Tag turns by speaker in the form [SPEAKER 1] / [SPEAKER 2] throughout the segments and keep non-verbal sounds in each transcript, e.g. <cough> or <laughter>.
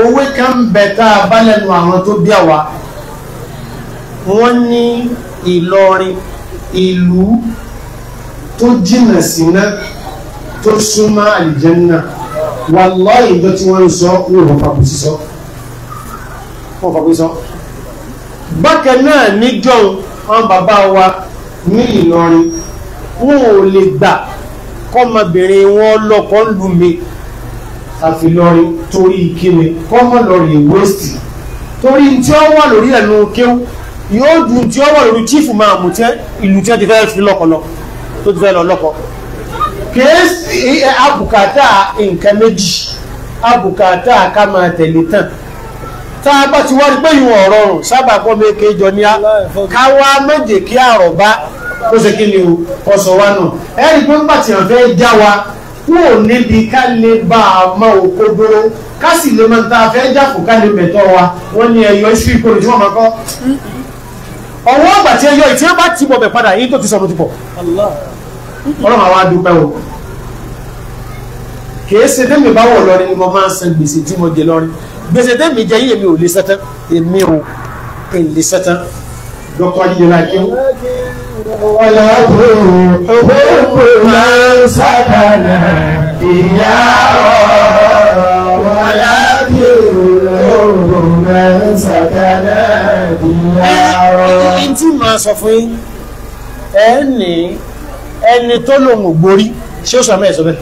[SPEAKER 1] òwe kan ń bẹ tá a bá lẹ́nu àwọn tó bí àwa wọ́n ní Ìlọrin ìlú tó jìnnà síná tó súnmọ́ àlìjẹ́nà wàláhì ìjọ tí wọ́n ń sọ ní ìwọ̀n pàpù sísọ wọ́n pàpù sísọ bákan náà níjọ́ àwọn bàbá wa ní Ìlọrin wọn ò lè gbà kọ́mọbìnrin wọn lọ́kọ́ lù mí àfi lọ́rí torí kíni kọ́mọ lọ́rí wẹ́sì torí tí ó wà lórí ẹ̀nu kéw yóò ju tí ó wà lórí chief máa mú tẹ́ ìlú tí ó ti fẹ́ fi lọ́kọ̀lọ́ tó ti fẹ́ lọ lọ́kọ̀ kèésì àbùkátà nǹkan méjì àbùkátà ká máa tẹ̀lé tán tá a bá ti wá rí pé ìwọ̀n ọ̀rọ̀rùn sábà pọ́ méke jọ ní a méje kí àrọ̀bá ó ṣe kí ni o ọ̀sọ̀ wa náà ẹ̀rí pé ń pàtìyàn fẹ́ já wa kúrò níbi ká lè bá a mọ òkò dúró ká sì lè máa ta afẹ́ jàpò ká lè mẹ̀tọ́ wa wọ́n ní ẹ̀yọ́ sí ìkọlù tí wọ́n máa kọ́. ọ̀wọ́ àgbà tí ẹyọ ìtí bá ti bọ̀ bẹ̀ padà yìí tó ti sọ̀rọ̀ ti pọ̀. ọlọ́run àwa dúpẹ́ o kìí ṣe tẹ́mi bá wọ̀ lọ́rin ni mo máa ń san gbèsè tí mo jẹ lọ́rin gbèsè tẹ́mi jẹ yìí èmi ò lè sẹ́tán èmi ò lè sẹ́tán. Dr. Adéjọba Akéwù.
[SPEAKER 2] Ọlọ́dún
[SPEAKER 1] òkú máa
[SPEAKER 2] ń sàkànà ìyá ọ̀rọ̀ ọ̀làdún
[SPEAKER 1] òkú máa ń sàkànà ìyá ọ̀rọ̀. Ẹni tí màá sọ fún yín, ẹ ní ẹni tó lòun ò ṣé ó sọ mẹ́ẹ̀ bẹ́ẹ̀?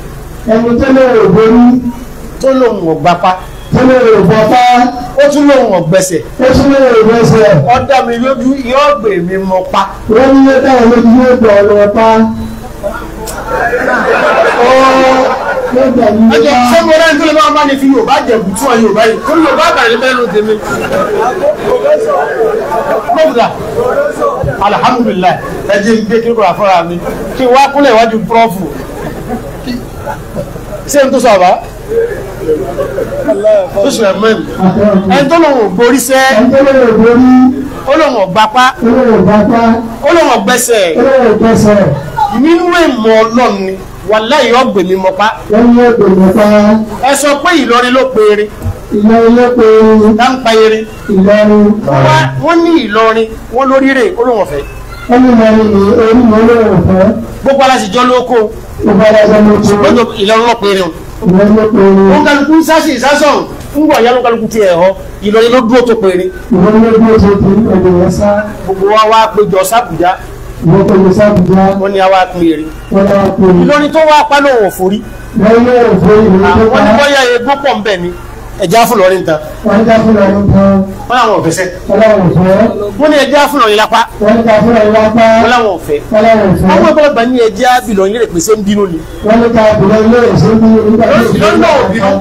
[SPEAKER 1] Ẹni tó lòun ò gborí. Tó tẹ́lẹ̀ rẹ̀ bọ́ fá. ó tún lóun ọ̀gbẹ́sẹ̀. ó tún lóun ọ̀gbẹ́sẹ̀. ọ̀dà mi lójú yóò gbè mí mọ pa. wọ́n ní yóò dáhùn lójú yóò gbà ọ́ lọ pa. ọjọ́ sẹ́gun ọ̀rẹ́ nítorí máa bá ní fi Yorùbá jẹ̀bù tún ọ Yorùbá yìí kó Yorùbá bàrẹ̀ mẹ́rin tèmi. lọ́dà alihamudulilayi ẹ jẹ́ gbé kí n kọ́ra fúnra mi kí n wá kúnlẹ̀ iwájú púrọ́fù ṣé n tó sọ àbá oṣù ẹ̀mọ́n ẹni tó lòun ò borí sẹ́ ó lòun ò gbapá ó lòun ò gbẹ́sẹ̀ nínú èèmọ̀ ọlọ́run ni wàláyé ọ̀gbẹ̀ mi mọ̀ pa. ẹ sọ pé ìlọrin ló peere. ìlọrin ló peere. dáńpa eré. ìlọrin. wọ́n ní ìlọrin wọ́n lórí rè olóhùn ọ̀fẹ́. wọ́n ní ìlọrin ní orí mọ́ olóhùn ọ̀fẹ́. gbogbo aláṣẹjọ́ ló kó. gbogbo aláṣẹjọ́ ló kó. ṣùgbọ́n ìlọrin ló peere o wọ́n kálukú sásì sásàn ń wà yá ló kálukú ti ẹ̀họ́ Ìlọrin ló dúró tó péré. Ìlọrin ló dúró tó gbogbo wa wá péjọ sábùjá. wọ́n péjọ sábùjá. wọ́n ní àwa pín eré. wọ́n ní àwa pín eré. Ìlọrin tó wá pálọ̀ wọ̀ forí. lọ́yẹ̀ òfò ìlú tó bá. àwọn onígbọ́yà egbó pọ̀ ń bẹ̀ ẹja fún lọrin tán. wọ́n ẹja fún lọrin tán. wọ́n làwọn ọ̀fẹ́ sẹ́. wọ́n làwọn ọ̀fẹ́. wọ́n ní ẹja fún lọrin lápá. wọ́n ẹja fún lọrin lápá. wọ́n làwọn ọ̀fẹ́. wọ́n làwọn ọ̀fẹ́. àwọn ọ̀pọ̀lọpọ̀ ní ẹja bìlọ̀ ilé ìpèsè ń bínú ni. wọ́n ẹja bìlọ̀ ilé ìpèsè ń bínú. lọ́nà òbínú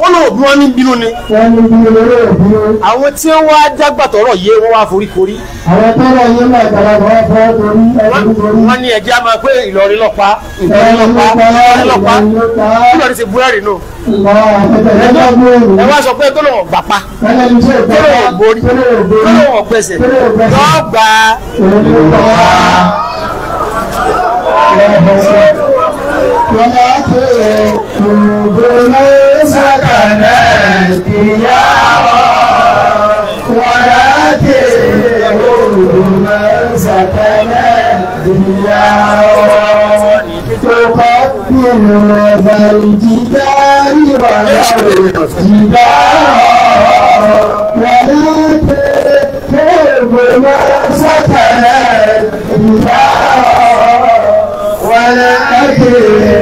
[SPEAKER 1] ó lọ òbí wọn ní bínú ni. sẹ́ni bínú lórí òbínú. àwọn tí wọ́n wá dágbà tọrọ yé wọ́n wá forí korí. àwọn tọrọ yé máa gbàgbà wọ́n fọ́ torí ẹ̀dùn torí. wọ́n ní ẹ̀jẹ̀ á máa pé Ìlọrin lọ́pàá Ìlọrin lọ́pàá Ìlọrin lọ́pàá Ìlọrin ti búrẹ́rì nù. ẹ wá sọ pé tọ́lọ̀ gbà pa tọ́lọ̀ borí tọ́lọ̀ gbẹ̀sẹ̀ tọ́ gbà.
[SPEAKER 2] Yeah, سكنت ديارا ولا تدعو من سكنت ديارا تقبل ذا الجدار ولو جدارا ولا تدعو من سكنت ديارا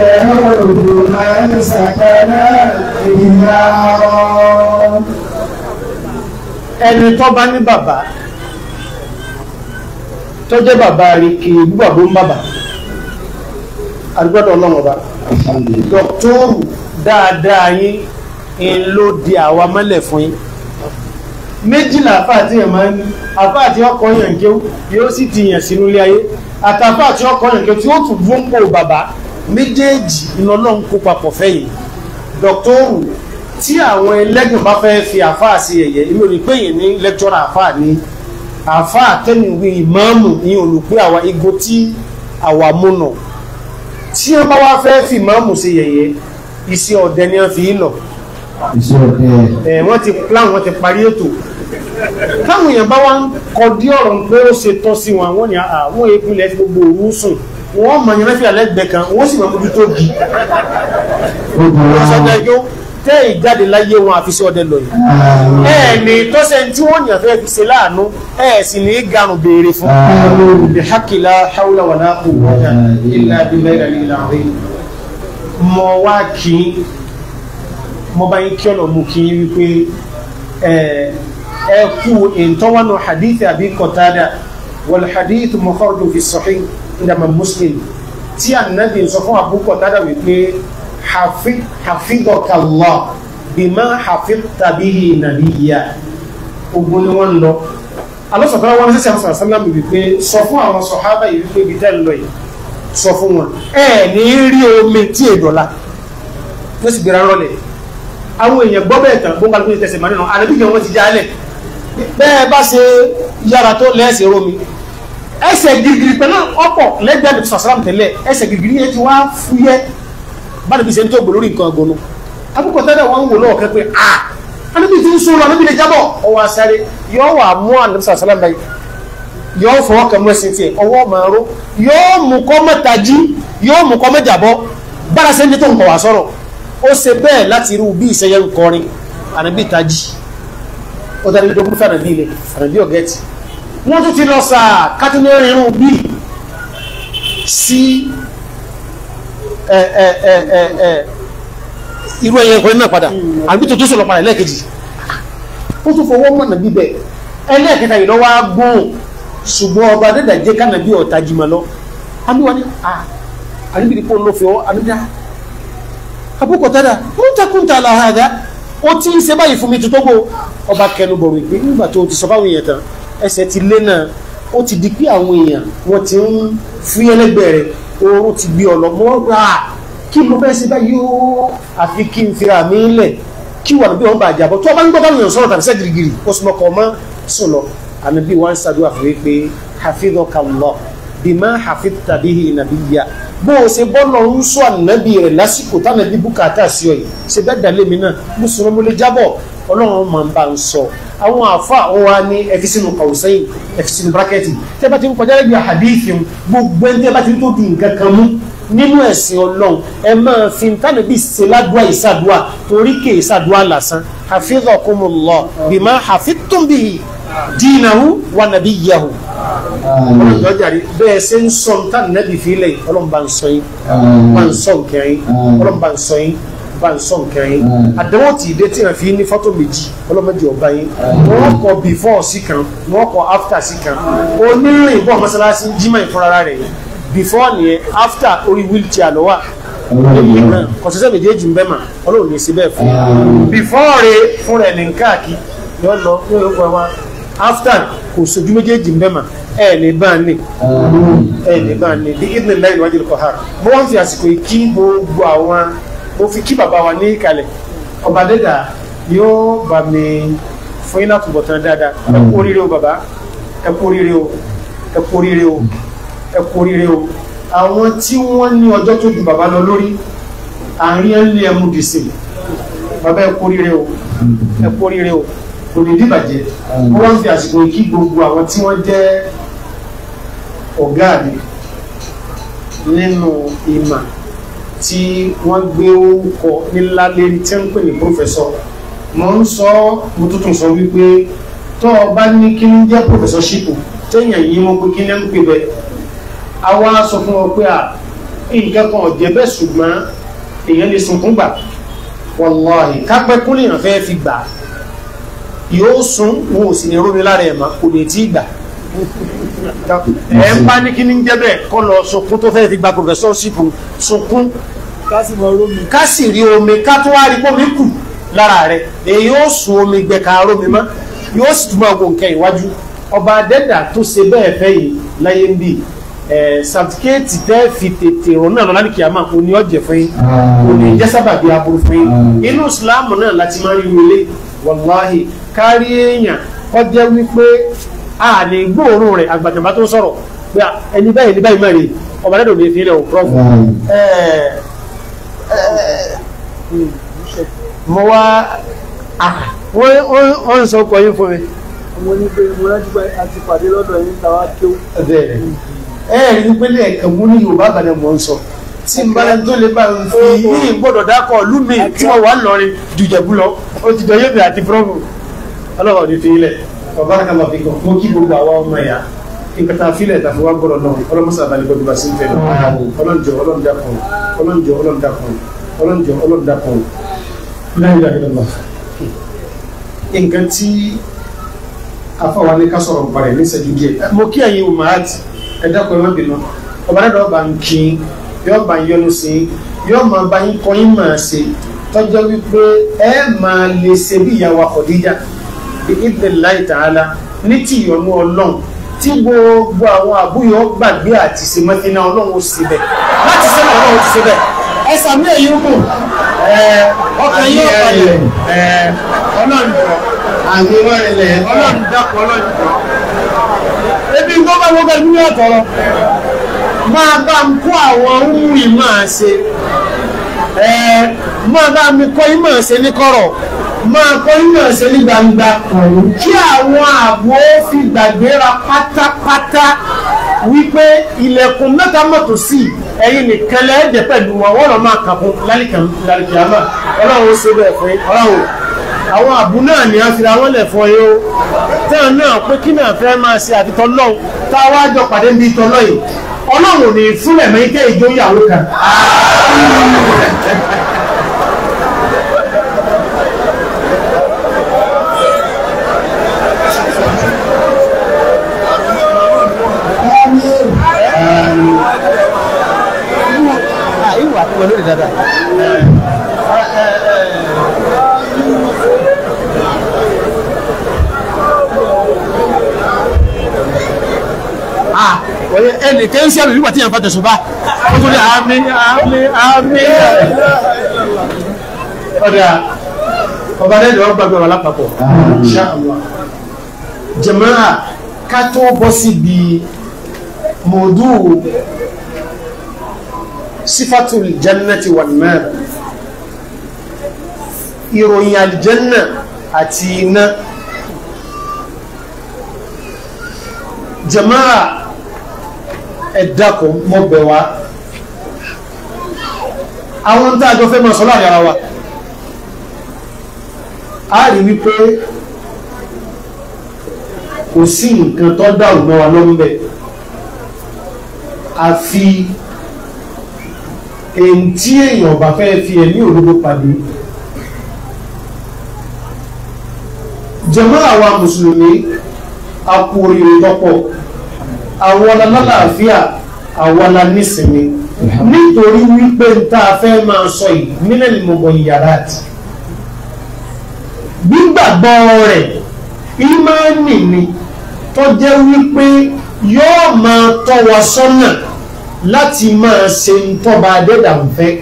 [SPEAKER 1] يرد من سكن الديار ẹni tó bá ní bàbá tó jẹ́ bàbá rí kì í gbàgbó ń bàbá àdúgbọ́dọ̀ ọlọ́run ọba dọ́kítọ́rù dáadáa yín ń ló di àwa mọ́lẹ̀ fún yín méjìlá àfáà tí yẹn máa ń àfáà tí ọkọ̀ yẹn kéwú yóò sì ti yàn sínú ilé ayé àtàfáà tí yẹn kéwú tí ó tún fún pò bàbá méjèèjì ìlọlọ́run kó papọ̀ fẹ́yìn dọ́kítọ́rù tí àwọn ẹlẹ́gùn bá fẹ́ fi àfáà sí ẹ̀yẹ èmi ò ní pé yìí ní lẹ́kítọ́rà àfáà ní àfáà tẹ́niwé ìmáàmù ní olùpẹ́ àwa igbó tí àwa múnà tí wọ́n bá wá fẹ́ fi ìmáàmù sí ẹ̀yẹ iṣẹ́ ọ̀dẹ ni wọ́n fi í lọ. iṣẹ́ ọ̀dẹ. ẹ wọ́n ti plan wọ́n ti parí ètò táwọn èèyàn bá wá ń kọ dí ọ̀rọ̀ pé ó ṣe tọ́ sí wọn àwọn èèyàn àwọn ìpínlẹ̀ gbogbo òru wọ́n mọ̀ yẹn mẹ́fìlà lẹ́gbẹ̀ẹ́ kan wọ́n sì mọ̀ mójú tó bí ọ̀sọ̀dájọ́ tẹ́ ìjáde láyé wọn àfi sí ọdẹ lọ yìí ẹ̀ẹ̀ni tó ṣe tí wọ́n yàn fẹ́ fi ṣe láàánú ẹ̀ sì ní gàrùn béèrè fún bí hákìlá haúlá wà láàpù ilá bí mẹ́rin ní ìlànà mọ wá kí mọ bá yín kí ọ̀nà mú kí wípé ẹ kú ìtọ́wọ́nù hadith àbí kọ̀tádà wal hadith mọ̀kọ́rọ̀dù fi sahih ìdàmà muslim tí ànábì sọ fún àbúkọ tádà wípé hafidọkàlá bímá hafid tàbí nàbíyà ogun ni wọn lọ alọ́sọ̀tọ́ wọn sẹ́sẹ̀ àwọn sàlám wípé sọ fún àwọn sọ̀hábà yìí wípé ibi tẹ́ ń lọ yìí sọ fún wọn ẹ ní rí omi tí èdọ̀la tó sì gbéra rọlẹ̀ àwọn èèyàn gbọ́ bẹ́ẹ̀ tán gbọ́ngbà lóko ní tẹ̀sẹ̀ mọ́ nínú àdébíyàn wọn ti jálẹ̀ bẹ́ẹ̀ bá ṣe yára tó lẹ́ẹ̀sì romi ẹsẹ̀ gírígírí pẹ̀lú ọ̀pọ̀ lẹ́gbẹ̀ẹ́ àdìsí sàṣàràm tẹ́lẹ̀ ẹsẹ̀ gírígírí yẹn ti wá fúyẹ́ bára bí ṣe ń tó gbò lórí nǹkan ọgbọ̀nù akókò tẹ́lẹ̀ wọn ń wò lọ́ọ̀kẹ́ pé a anábì ti ń sún lọ anábì lè jábọ̀ ọwọ́ asáré yọ wà mú àdìsí sàṣàràm báyìí yọ fọwọ́ kan mú ẹsẹ̀ tiẹ̀ ọwọ́ máa ró mú kọ́ mẹ́ta jí mú kọ́ mẹ́jà bọ́ bára ṣe ń dé tó nǹkan ó ṣe bẹ́ẹ̀ láti irú bí ìṣẹ́yẹ ń kọrin ànábì ó dárí wọ́n tún ti lọ sàá kátínú irun bí sí irú ẹyẹ ẹ̀kọ́ náà padà àbí tó tó sọ̀rọ̀ padà lẹ́ẹ̀kejì ó tún fọwọ́ mọ̀nà bíbẹ̀ ẹlẹ́ẹ̀kẹta yìí lọ́wọ́ á gbọ́n ṣùgbọ́n ọba dẹ́dà jẹ́ kánà bí ọ̀tá jìmọ̀ lọ àbíwá ni àníbìrì pọ̀ ló fi ọ́ àníbìrì àbúkọ̀ tẹ́lá kúntàkúntà làhàdá ó ti ń ṣe báyìí fún mi tó tó gbó ẹsẹ̀ ti lé náà ó ti di pé àwọn èèyàn wọ́n ti ń fún ẹlẹ́gbẹ́ rẹ̀ oorun ti gbé ọlọ́mọ́ rà kí mo fẹ́ ṣe báyìí ó àfi kí n fira mi lẹ̀ kí wà níbi wọn bá jà bọ́ tó o bá ń gbọ́ báwọn èèyàn sọ̀rọ̀ tàbí sẹ́ girigiri ó sì mọ́kọ́ ọmọ sùn lọ àmì bí wọ́n ń ṣàdúrà fún wípé hafidokallah bima hafidta bihi nabiyya bó o ṣe bọ́lọ̀ ń sọ ànábì rẹ̀ lásìkò tánàbí bùkátà sí ọ yìí ṣe bẹ́ẹ̀ dàlẹ́ mi náà mo sọ̀rọ̀ mo jábọ̀ ọlọ́run máa ń bá ń sọ àwọn àfa àwọn wa ní ẹfi sínú kàwùsẹ́yìn ẹfi sínú bírákẹ́tì tẹ́ bá ti ń kọjá lẹ́gbẹ̀ẹ́ àdéhìí gbogbo ẹni tẹ́ bá ti ń tó di nǹkan kan mú nínú ẹ̀sìn ọlọ́run ẹ máa fi ntánà bíi ṣèládùá ìṣàdùá torí kè ìṣàdùá lásán hafizakumullah bima hafidtum bihi dinahu wa nabiyahu. ọlọ́jàre bẹ́ẹ̀ ṣe ń sọ ntánà bíi fi lẹ́yìn ọlọ́run bá ń sọ yín ọlọ́run bá ń sọ nkẹ́yìn ọlọ́run bá ń sọ yín bá ń sọ nǹkan yín hmm. àdánwò tí ìdé tí wọ́n fi ní fọ́tò méjì ọlọ́mọdé ọba yín wọ́n kọ before sí kan wọ́n kọ after sí kan onírìn bọ́ mọ́sálásí jimá ìfúnra rẹ̀ yẹn before nìyẹn after orí wheelchair lọ́wọ́ kọ̀sọ́sẹ́ méjèèjì ń ma mà ọlọ́run ní ṣe bẹ́ẹ̀ fún hmm. before rẹ̀ fún rẹ̀ ní káàkì yọ lọ yóò yọ gbọ́ wa after kò sojú méjèèjì ń bẹ́ mà ẹ̀ ní hmm. bá ní ẹ̀ ní bá ní bí ìdílé láì wájú kọ̀ ha mo wá fi àsìkò yìí gbogbo àwọn mo fi kí bàbá wa ní ìkàlẹ̀ ọba dẹ́dà yóò bà mí fún yín láti bọ̀tán dáadáa ẹ kú mm. oríire o bàbá ẹ kú oríire o ẹ kú oríire o ẹ kú oríire o àwọn tí wọ́n ní ọjọ́ tó ju bàbá lọ lórí àárín ẹ̀ ń lé ẹmu dìsìn bàbá ẹ kú oríire o ẹ kú oríire o kò lè dìbàjẹ́ mm. wọ́n fi àsìkò kí gbogbo àwọn tí wọ́n jẹ́ ọ̀gá mi nínú ìmọ̀ tí wọ́n gbé orúkọ ńlá lérí tí ń pè ní pòfẹ́sọ̀ mo ń sọ mo tuntun sọ wípé tó o bá ní kí ní jẹ́ pòfẹ́sọ̀ṣìpù téèyàn yìí mo pé kí ní ń pè bẹ́ẹ̀ àwa sọ fún ọ pé à nǹkan kan ò jẹ́ bẹ́ẹ̀ ṣùgbọ́n èèyàn lè sunkún gbà wàláhì kápẹ́ kúnlẹ̀ yàn fi gbà yóò sún wọn ò sì ní rómi lára ẹ̀ mọ́ kò lè tí gbà ẹ ń bá ní kí ní jẹ́ bẹ́ẹ̀ kọ́ lọ sunkún tó fẹ́ẹ́ fi gba pòfẹ́sọ́ṣìpù sunkún ká sì rí omi ká tó wá rí bómi kù lára rẹ̀ èyí ó sun omi gbẹ ká rómi mọ́ yóò sì túnmọ̀ ogun nǹkan ìwájú ọba adẹ́dà tó ṣe bẹ́ẹ̀ fẹ́ yìí láyé ń bì sàtíkẹ́ẹ̀tì tẹ́ fi tètè rò náà lọ́la nìkìyà máa kò ní ọ̀jẹ̀ fún yín kò ní jẹ́ sábàbí aburú fún yín inú Islam náà láti máa ń wọlé wàláhì kárí èèyàn kọjá wípé a lè gbóòórùn rẹ̀ àgbàjọba tó ń sọ̀rọ̀ pé ẹni báyìí ní báyìí mẹ́rin ọmọ ẹ̀dọ̀ lè fi ilẹ̀ òpùrọ̀ fún hmm. hmm. mo wá wọ́n ń sọ ọkọ̀ yín fún mi. mo ní pé mo rájú pé a ti pàdé lọ́dọ̀ yín tàwa tó. bẹ́ẹ̀ ẹ ẹ ní pé lẹ́ẹ̀kan mú ní Yorùbá kan mọ̀ ń sọ tí n bá tó lè bá ń fi oh, oh. yìí gbọ́dọ̀ dákọ̀ lú mi tí wọ́n wà ń lọrin jùjẹ̀bú lọ ó ti jọ yóò bẹ̀rẹ̀ àti púrọ́bù ọlọ́run ò ní fi ilẹ̀ ọ̀bárakà lọ fi kàn mo kí gbogbo àwa ọmọ yà nǹkan tá a filẹ̀ tàfi wá gbọ́dọ̀ náà ọlọ́mọsá àbálẹ̀ gbọ́dọ̀ bá sí fẹ́ ọlọ́njọ ọlọ́ndàkùn ọlọ́njọ ọlọ́ndàkùn ọlọ́njọ ọlọ́ndàkùn láyé àgbẹ̀dọ̀lá. nǹkan tí afọwọ́ ní ká sọ̀rọ̀ bàrẹ̀ ní sẹ́jú díẹ̀ mo kí ẹ̀yin umahat ẹ̀dàkùn ẹ̀mọ́ bínú ọ̀bàdàdà ọba ń kí yóò bá yọnu sí yóò máa bá yín kọ́ yín máa ṣe tọ́jọ́ wípé ẹ máa lè ṣe bí ìyàwó àkọ́díjà bí idhnillahi ta'ala ní tí ìyọnú ọlọ́run tí gbogbo àwọn àbúyọ gbàgbé àti sèmọ́tínà ọlọ́run ó sì bẹ̀ láti sẹ́nà ọlọ́run ó sì bẹ̀ ẹ sàmì èyí kù ọkàn yóò balẹ̀ ọlọ́run jọ àmì ọlọ́run ọlọ́run dákọ̀ ọlọ́run jọ ebi ń gbọ́ bá wọ́n gbẹ́gbẹ́ ní ọ̀tọ̀rọ̀ máa bá ń kó àwọn ohun ìmáa ṣe máa bá mi kọ́ ìmáa ṣe ní kọ́rọ̀ máa kọ́ nínú ẹ̀sẹ̀ ní gbangba kí àwọn ààbò fi gbàgbéra pátápátá wípé ilẹ̀kùn mẹ́ta mọ̀tò sí ẹ̀yin nìkan lẹ́ẹ̀dẹ̀ pẹ̀lú wọn wọ́n lọ máa kàkún lálìkàn lálìkìámà ọlọ́run ó ṣe bẹ́ẹ̀ fún yín ọlọ́run àwọn àbú náà ni a fira wọ́n lẹ̀ fún yín o tẹ́ẹ̀ náà pé kí náà fẹ́ máa ṣe àti tọ́lọ́ tá a wá jọ pàdé níbi tọ́lọ́ yìí ọlọ́run ò ní fúnlẹ̀ mẹ́kẹ́ ìjọ ìyàwó kan. pẹ̀lú rẹ̀ dáadáa. Ah, oye ẹnì kẹ́hìn sí àbẹ̀bí pàtẹ́yàn fàtẹ̀ sùn bá ó tún ní àmì àmì àmì ọ̀dà ọba rẹ̀ lọ́wọ́ gbàgbé ọ̀rọ̀ lápapọ̀ jẹ̀mọ́ra ká tó bọ́ síbi mọ̀ọ́dún sífàtù jannati wal nar ìròyìn aljanna àti iná jama'a ẹ̀dàkùn mọ́bẹ̀wá àwọn tá a jọ fẹ́ máa sọ láàrin ara wa a rí wípé kò sí nǹkan tó dáhùn mọ́ wa lọ́mbẹ̀ àfi èyí tí èèyàn ọba fẹ́ fi ẹ̀mí òdodo pàdé jẹ̀mọ́ àwa mùsùlùmí akúri lọ́pọ̀ àwọn alálàáfíà àwọn alánísìnmi nítorí wípé tá a fẹ́ máa sọ yìí nílẹ̀ ni mo bọ̀ yàrá àti gbígbàgbọ́ rẹ̀ ìmáàmì ni tó wípé yóò máa tọ́ wa sọ́nà. So láti máa ṣe ń tọ́ba adẹ́dà ń fẹ́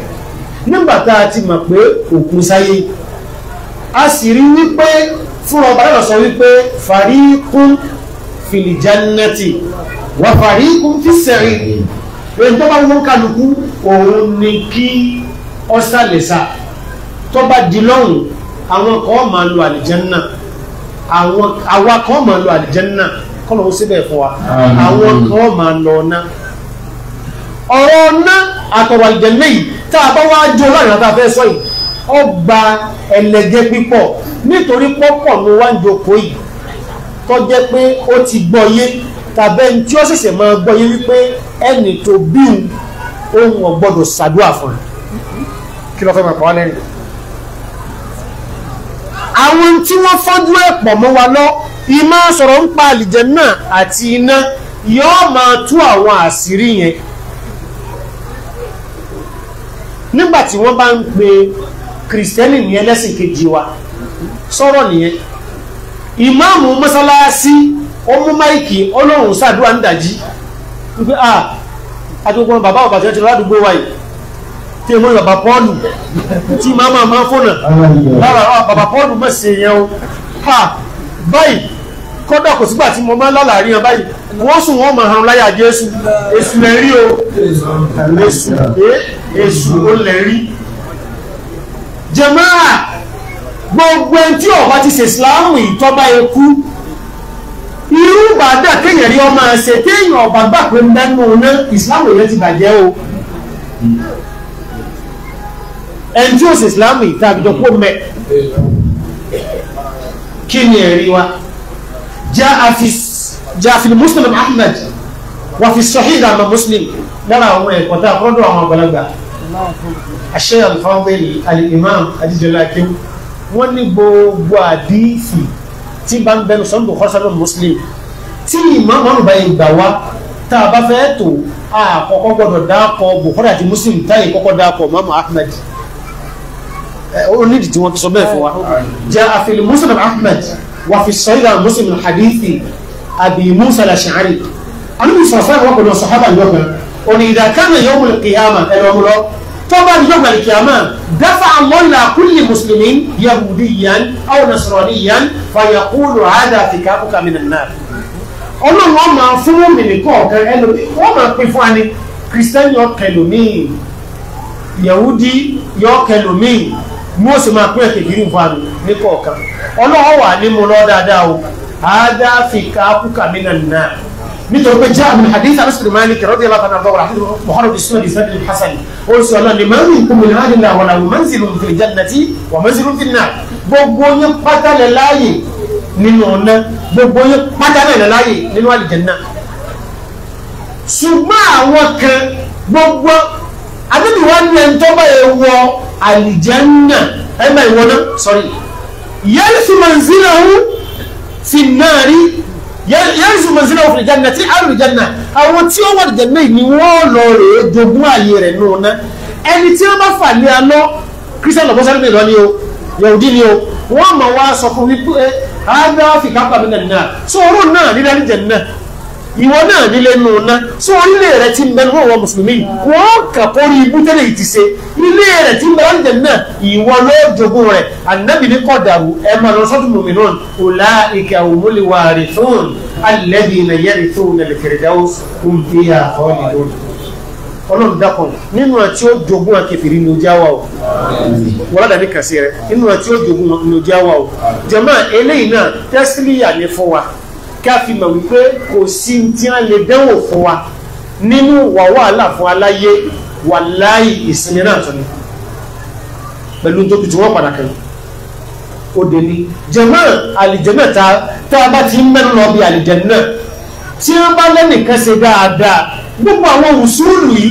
[SPEAKER 1] nígbà tá a ti mọ̀ pé òkun sáyé a sì rí wípé fúnra ọba náà sọ wípé fàríkún fìlìjánẹ́tì wà fàríkún fìsẹ̀rì èyí tó bá wọ́n kálukú òun ni kí ọ̀sàlẹ̀sà tó bá di lọ́hùn àwọn kan máa lo àlìjánná àwọn àwa kan máa lo àlìjánná kọ́ lóun síbẹ̀ fún wa àwọn kan máa lọ náà ọ̀rọ̀ ọ̀nà àtọ̀rọ̀ àlìjẹ̀lẹ̀ yìí tá a bá wá jó láàrin àtà fẹ́ sọ yìí ọ gba ẹlẹgẹ́ pípọ̀ nítorí pọ́pọ̀ ló wá ń jókòó yìí tó jẹ́ pé ó ti gbọ́yé tàbẹ́ ní tí ó ṣẹ̀ṣẹ̀ máa gbọ́yé wípé ẹnì tó bíun ohun ọ̀gbọ́dọ̀ ṣàdúrà fún
[SPEAKER 2] un
[SPEAKER 1] kí ló fẹ́ máa pa wá lẹ́rìn. àwọn tí wọ́n fọ́jú ẹ̀ pọ̀ mọ́ wa lọ ìmọ̀ sọ̀rọ̀ ń pa àlìjẹ́ náà àti iná yóò máa tú àwọn àṣírí yẹn nígbà tí wọ́n bá ń pe kìrìsìtẹ́nì ní ẹlẹ́sìn kejì wa sọ̀rọ̀ nìyẹn ìmáàmù mọ́sálásí ọmú máìkì ọlọ́run sàdúrà ń dàjí wípé a àtúgbọ́n bàbá ọ̀bà tí wọ́n ti lọ ládùúgbò wa yìí tí wọ́n yọ bàbá pọ́ọ̀lù tí màmá máa ń fònà lára bàbá pọ́ọ̀lù mọ̀ sí yẹn o ha báyìí kọ́dọ̀ kò sígbà tí mo máa ń lálàá rí yẹn báyìí wọ́n sùn wọ́n máa harun láyà jésù èsù lẹ̀ rí o èsù ó lẹ̀ rí jẹ̀máà gbogbo ẹni tí ọba ti ṣe ìsìláàmù ìtọ́ba ikú irú bàdà kéèyàn rí ọmọ ẹsẹ̀ kéèyàn ọba gbà pé mẹ́nu ọ̀nà ìsìláàmù yẹn ti bàjẹ́ o ẹni tí ó ṣe ìsìláàmù ìta àbíjọ kó mẹ́ kí ni ẹ̀rí wa já a fi sí. جاء في المسلم أحمد وفي الصحيح عن مسلم lára àwọn ẹ̀kọ́ tá a kọ́ dọ̀ àwọn àgbàlagbà àṣẹ alfawel alimam adijọla akéwù wọ́n ní gbogbo àdífì tí bá ń bẹnu sọ́nbù kọ́sọ́lọ́ muslim tí ìmọ̀ àwọn ọ̀rùn báyìí gbà wá tá a bá fẹ́ tó àkọ́kọ́ gbọ́dọ̀ dáàkọ́ bukhari àti muslim táyì kọ́kọ́ dáàkọ́ mamu ahmed onídìí tí wọ́n fi sọ bẹ́ẹ̀ fún wa jẹ́ àfẹ́lẹ́ muslim ahmed wàfi sọ́yìnà muslim hadithi abi musa al-ash'ari anu bi sọ̀rọ̀ sọ́rọ̀ wọ́pọ̀ lọ sọ̀hábà ní ọkùnrin òní idha kana yawm al-qiyama ẹ̀rọ mu lọ tọ́ba ní yawm al-qiyama dafa Allahu ila kulli muslimin yahudiyan aw nasraniyan fa yaqulu hadha fikafuka minan nar ọlọ́run ọmọ fún mọ́mìnì kọ̀ọ̀kan ẹlòmí wọ́n máa pín fún ani kristian yọ kẹlòmíì yahudi yọ kẹlòmíì mú òsì máa pín ẹ̀kẹ́ gírí ani ní kọ̀ọ̀kan ọlọ́run wà ní mo lọ dáadáa o hada fi kafuka minan nar nítorí pé jẹ́ àmì hadith alásìkò malik rọ́dí aláfàdà bọ́wọ́ àti mọ̀hánà bí sínú ìsẹ́dì hasan ó sọ lọ ní mẹ́rin ìkú mi náà nínú àwọn àwọn mẹ́sìlú fi jannati wà mẹ́sìlú fi náà gbogbo yẹn pátálẹ̀ láàyè nínú ọ̀nà gbogbo yẹn pátálẹ̀ láàyè nínú àlìjẹ̀nà ṣùgbọ́n àwọn kan gbogbo adébíwá ní ẹni tó bá yẹ wọ àlìjẹ̀nà ẹgbẹ́ ìwọ náà sọ́rí yẹ́lifí manzilahu fi náà rí yẹ́rìsì mọ̀sílẹ̀ òfin ìjànà tí àrùjànà àwọn tí ó wà ìjànà yìí ni wọ́n lọ rè é jogún ààyè rẹ̀ nù ná ẹni tí wọ́n bá fà ní alọ́ kristian lọ́bọ́sẹ́rì mi lọ ni o yahudi ni o wọ́n mọ̀ wá sọ fún wípé ẹ̀ ágbá fìkápá mi nà nà sọ oró náà nílẹ̀ ní jẹ̀ náà ìwọ náà nílé nù ná sí orílẹ̀ rẹ ti ń bẹ nínú àwọn mùsùlùmí wọ́n kà kórí ibú tẹ́lẹ̀ yìí ti ṣe ilé rẹ ti ń bẹ láti jẹun náà ìwọ ló jogún rẹ ànábì ní kọ̀dàrú ẹ máa lọ sọ́tún mu'minun ulaika humul warithun alladhina yarithuna al-firdaws hum fiha khalidun ọlọ́run dákan nínú àti ó jogún akẹfìrí ní ojú àwà o wọ́n dàbí kàṣí rẹ nínú àti ó jogún ní ojú àwà o jàmáà eléyìí náà tẹ́sílì àyẹ̀fọ́ wa kí a fi mọ̀ wípé kò sí tí wọ́n lè dẹ́wò fún wa nínú wà wàhálà fún aláyé wà láì ìsinmi náà tún ni pẹ̀lú tó kù tí wọ́n padà kẹ́yìn òde ni jẹ̀mọ́ àlìjẹ̀mọ́ ta tá a bá ti ń mẹ́nu lọ bí àlìjẹ̀mọ́ náà tí wọ́n bá lẹ́nìkan ṣe dáadáa gbogbo àwọn òṣùlù yìí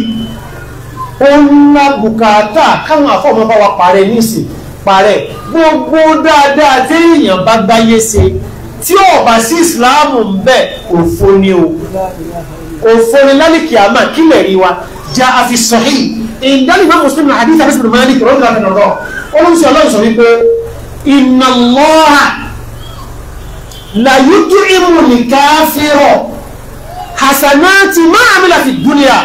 [SPEAKER 1] ó ń la bùkátà káwọn àfọ̀mọ́ bá wa parẹ́ nísìn parẹ́ gbogbo dáadáa téèyàn bá gbáyé ṣe tí ò bá sí ìsìláàmù ń bẹ òfo ni o òfo ni lálìkì àmà kílẹ̀ rí wa já a fi sahih ìdálì máa mùsùlùmí àdìs àdìs bìnnú máa ní kìrọ̀ nígbà mìíràn rọ̀ olùsí ọlọ́run sọ wípé inna Allah la yut'imu al-kafira hasanati ma amila fi dunya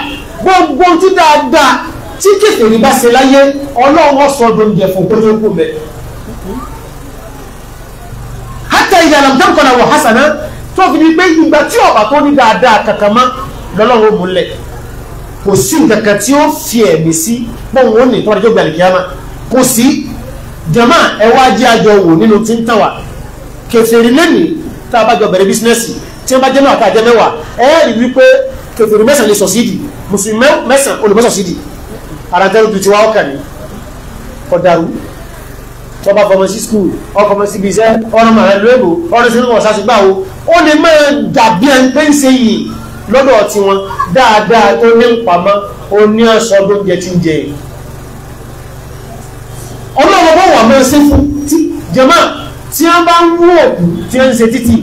[SPEAKER 1] gbogbo tí dáadáa tí kèfèrí bá ṣe láyé ọlọ́run ọ̀sọ̀ ọdún jẹ fún kótókù mẹ́rin. hata ìdá àlàmùtàkùnà wọ hasana tó fi di pé ìgbà tí ọba tó ní dáadáa kankan mọ́ lọ́lọ́run múlẹ̀ kò sí nǹkan kan tí ó fi ẹ̀mí sí bóun ó ní tọ́jú gbàlè kíámà kò sí jama ẹ wá jẹ́ àjọ wò nínú tí ń tàn wá kẹfẹ́rì lẹ́nìí tá a bá jọ bẹ̀rẹ̀ bísínẹ́sì tí wọ́n bá jẹ́ náà tá a jẹ́ mẹ́wàá ẹ rí wípé kẹfẹ́rì mẹ́sàn lè sọ̀sídì mùsùlùmí mẹ́sàn olùmọ́sọ̀sídì àràǹtẹ́rù tuntun wa ọkàn ni kọ̀dàrú ọba fọmọ sí skul ọkọmọ síbi iṣẹ́ ọ̀rọ̀ màrẹ lóòbò ọ̀rọ̀ sínú wọn sásìgbà wo ó lè má dàbí ẹni pé ń ṣe yìí lọ́dọ̀ tí wọn dáadáa tó ní pamọ́ ó ní ọ̀sọ́ ló ń jẹ tí ń jẹ yìí
[SPEAKER 2] ọlọ́run bọ̀ wà máa ṣe
[SPEAKER 1] fún tí jẹ̀mọ́ tí wọ́n bá ń wú òkú tí wọ́n ń ṣe títì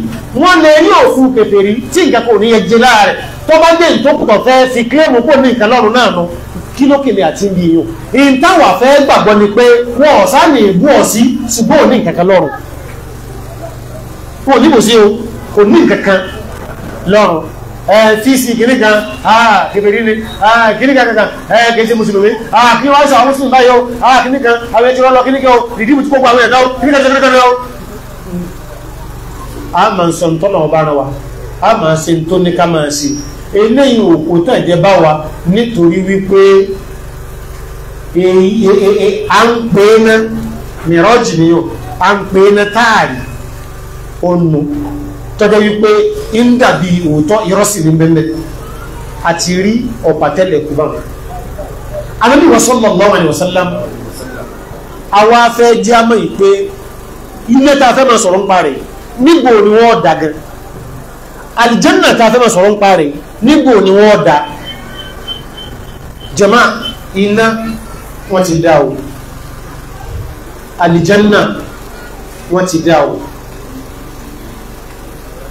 [SPEAKER 1] wọ́n lè rí òfin pèpè tí nǹkan kò ní yẹ jẹ láàrẹ̀ tó bá dé ìtókùtọ̀ fẹ́ fi kílẹ̀mù pò ní ìkàlọ́run náà nù. No kí ló kèmí àti ibi èèyàn èyí táwọn afẹ́ gbàgbọ́ ni pé wọn ò sáàmì ìbú ọ̀ sí ṣùgbọ́n ò ní nǹkan kan lọ́rùn wọn ò ní bòsí o kò ní nǹkan kan lọ́rùn ẹ fíìsì kìíní kan kìbìrì ni kìíní kan kankan ẹ kìí ṣe mùsùlùmí kìíní wọn sọ àwọn mùsùlùmí báyìí o kìíní kan àwọn ẹtí wọn lọ kìíní kan o rìdíìmù tí gbogbo àwọn ẹ̀dá o kìíní kan ṣe kìíní kan o. a máa ń sọ ntọ́nà ọba ara wa a máa ń ṣe ntọ́ni ká máa ṣe eléyìí òkú tàn jẹ́ bá wa nítorí wípé à e, e, e, ń pè é ná mìíràn nìyàn à ń pè é ná táàrí ọ̀nà tọ́jọ́ wípé ń dàbí òótọ́ ìrọ́sì ní bẹ́ẹ̀ àti rí ọ̀pá tẹ́lẹ̀ kú bá wọn. Ànábì sallallahu alaihi wasallam àwa fẹ́ jẹ́ àmọ́ ìpè ilé tá a fẹ́ máa sọ̀rọ̀ ń parẹ́ nígbò ni wọ́n dàgẹ́ àlìjẹ́nà tá a fẹ́ máa sọ̀rọ̀ ń parẹ́ nígbò ni wọ́n dá jama iná wọ́n ti dá o àlìjánná wọ́n ti dá o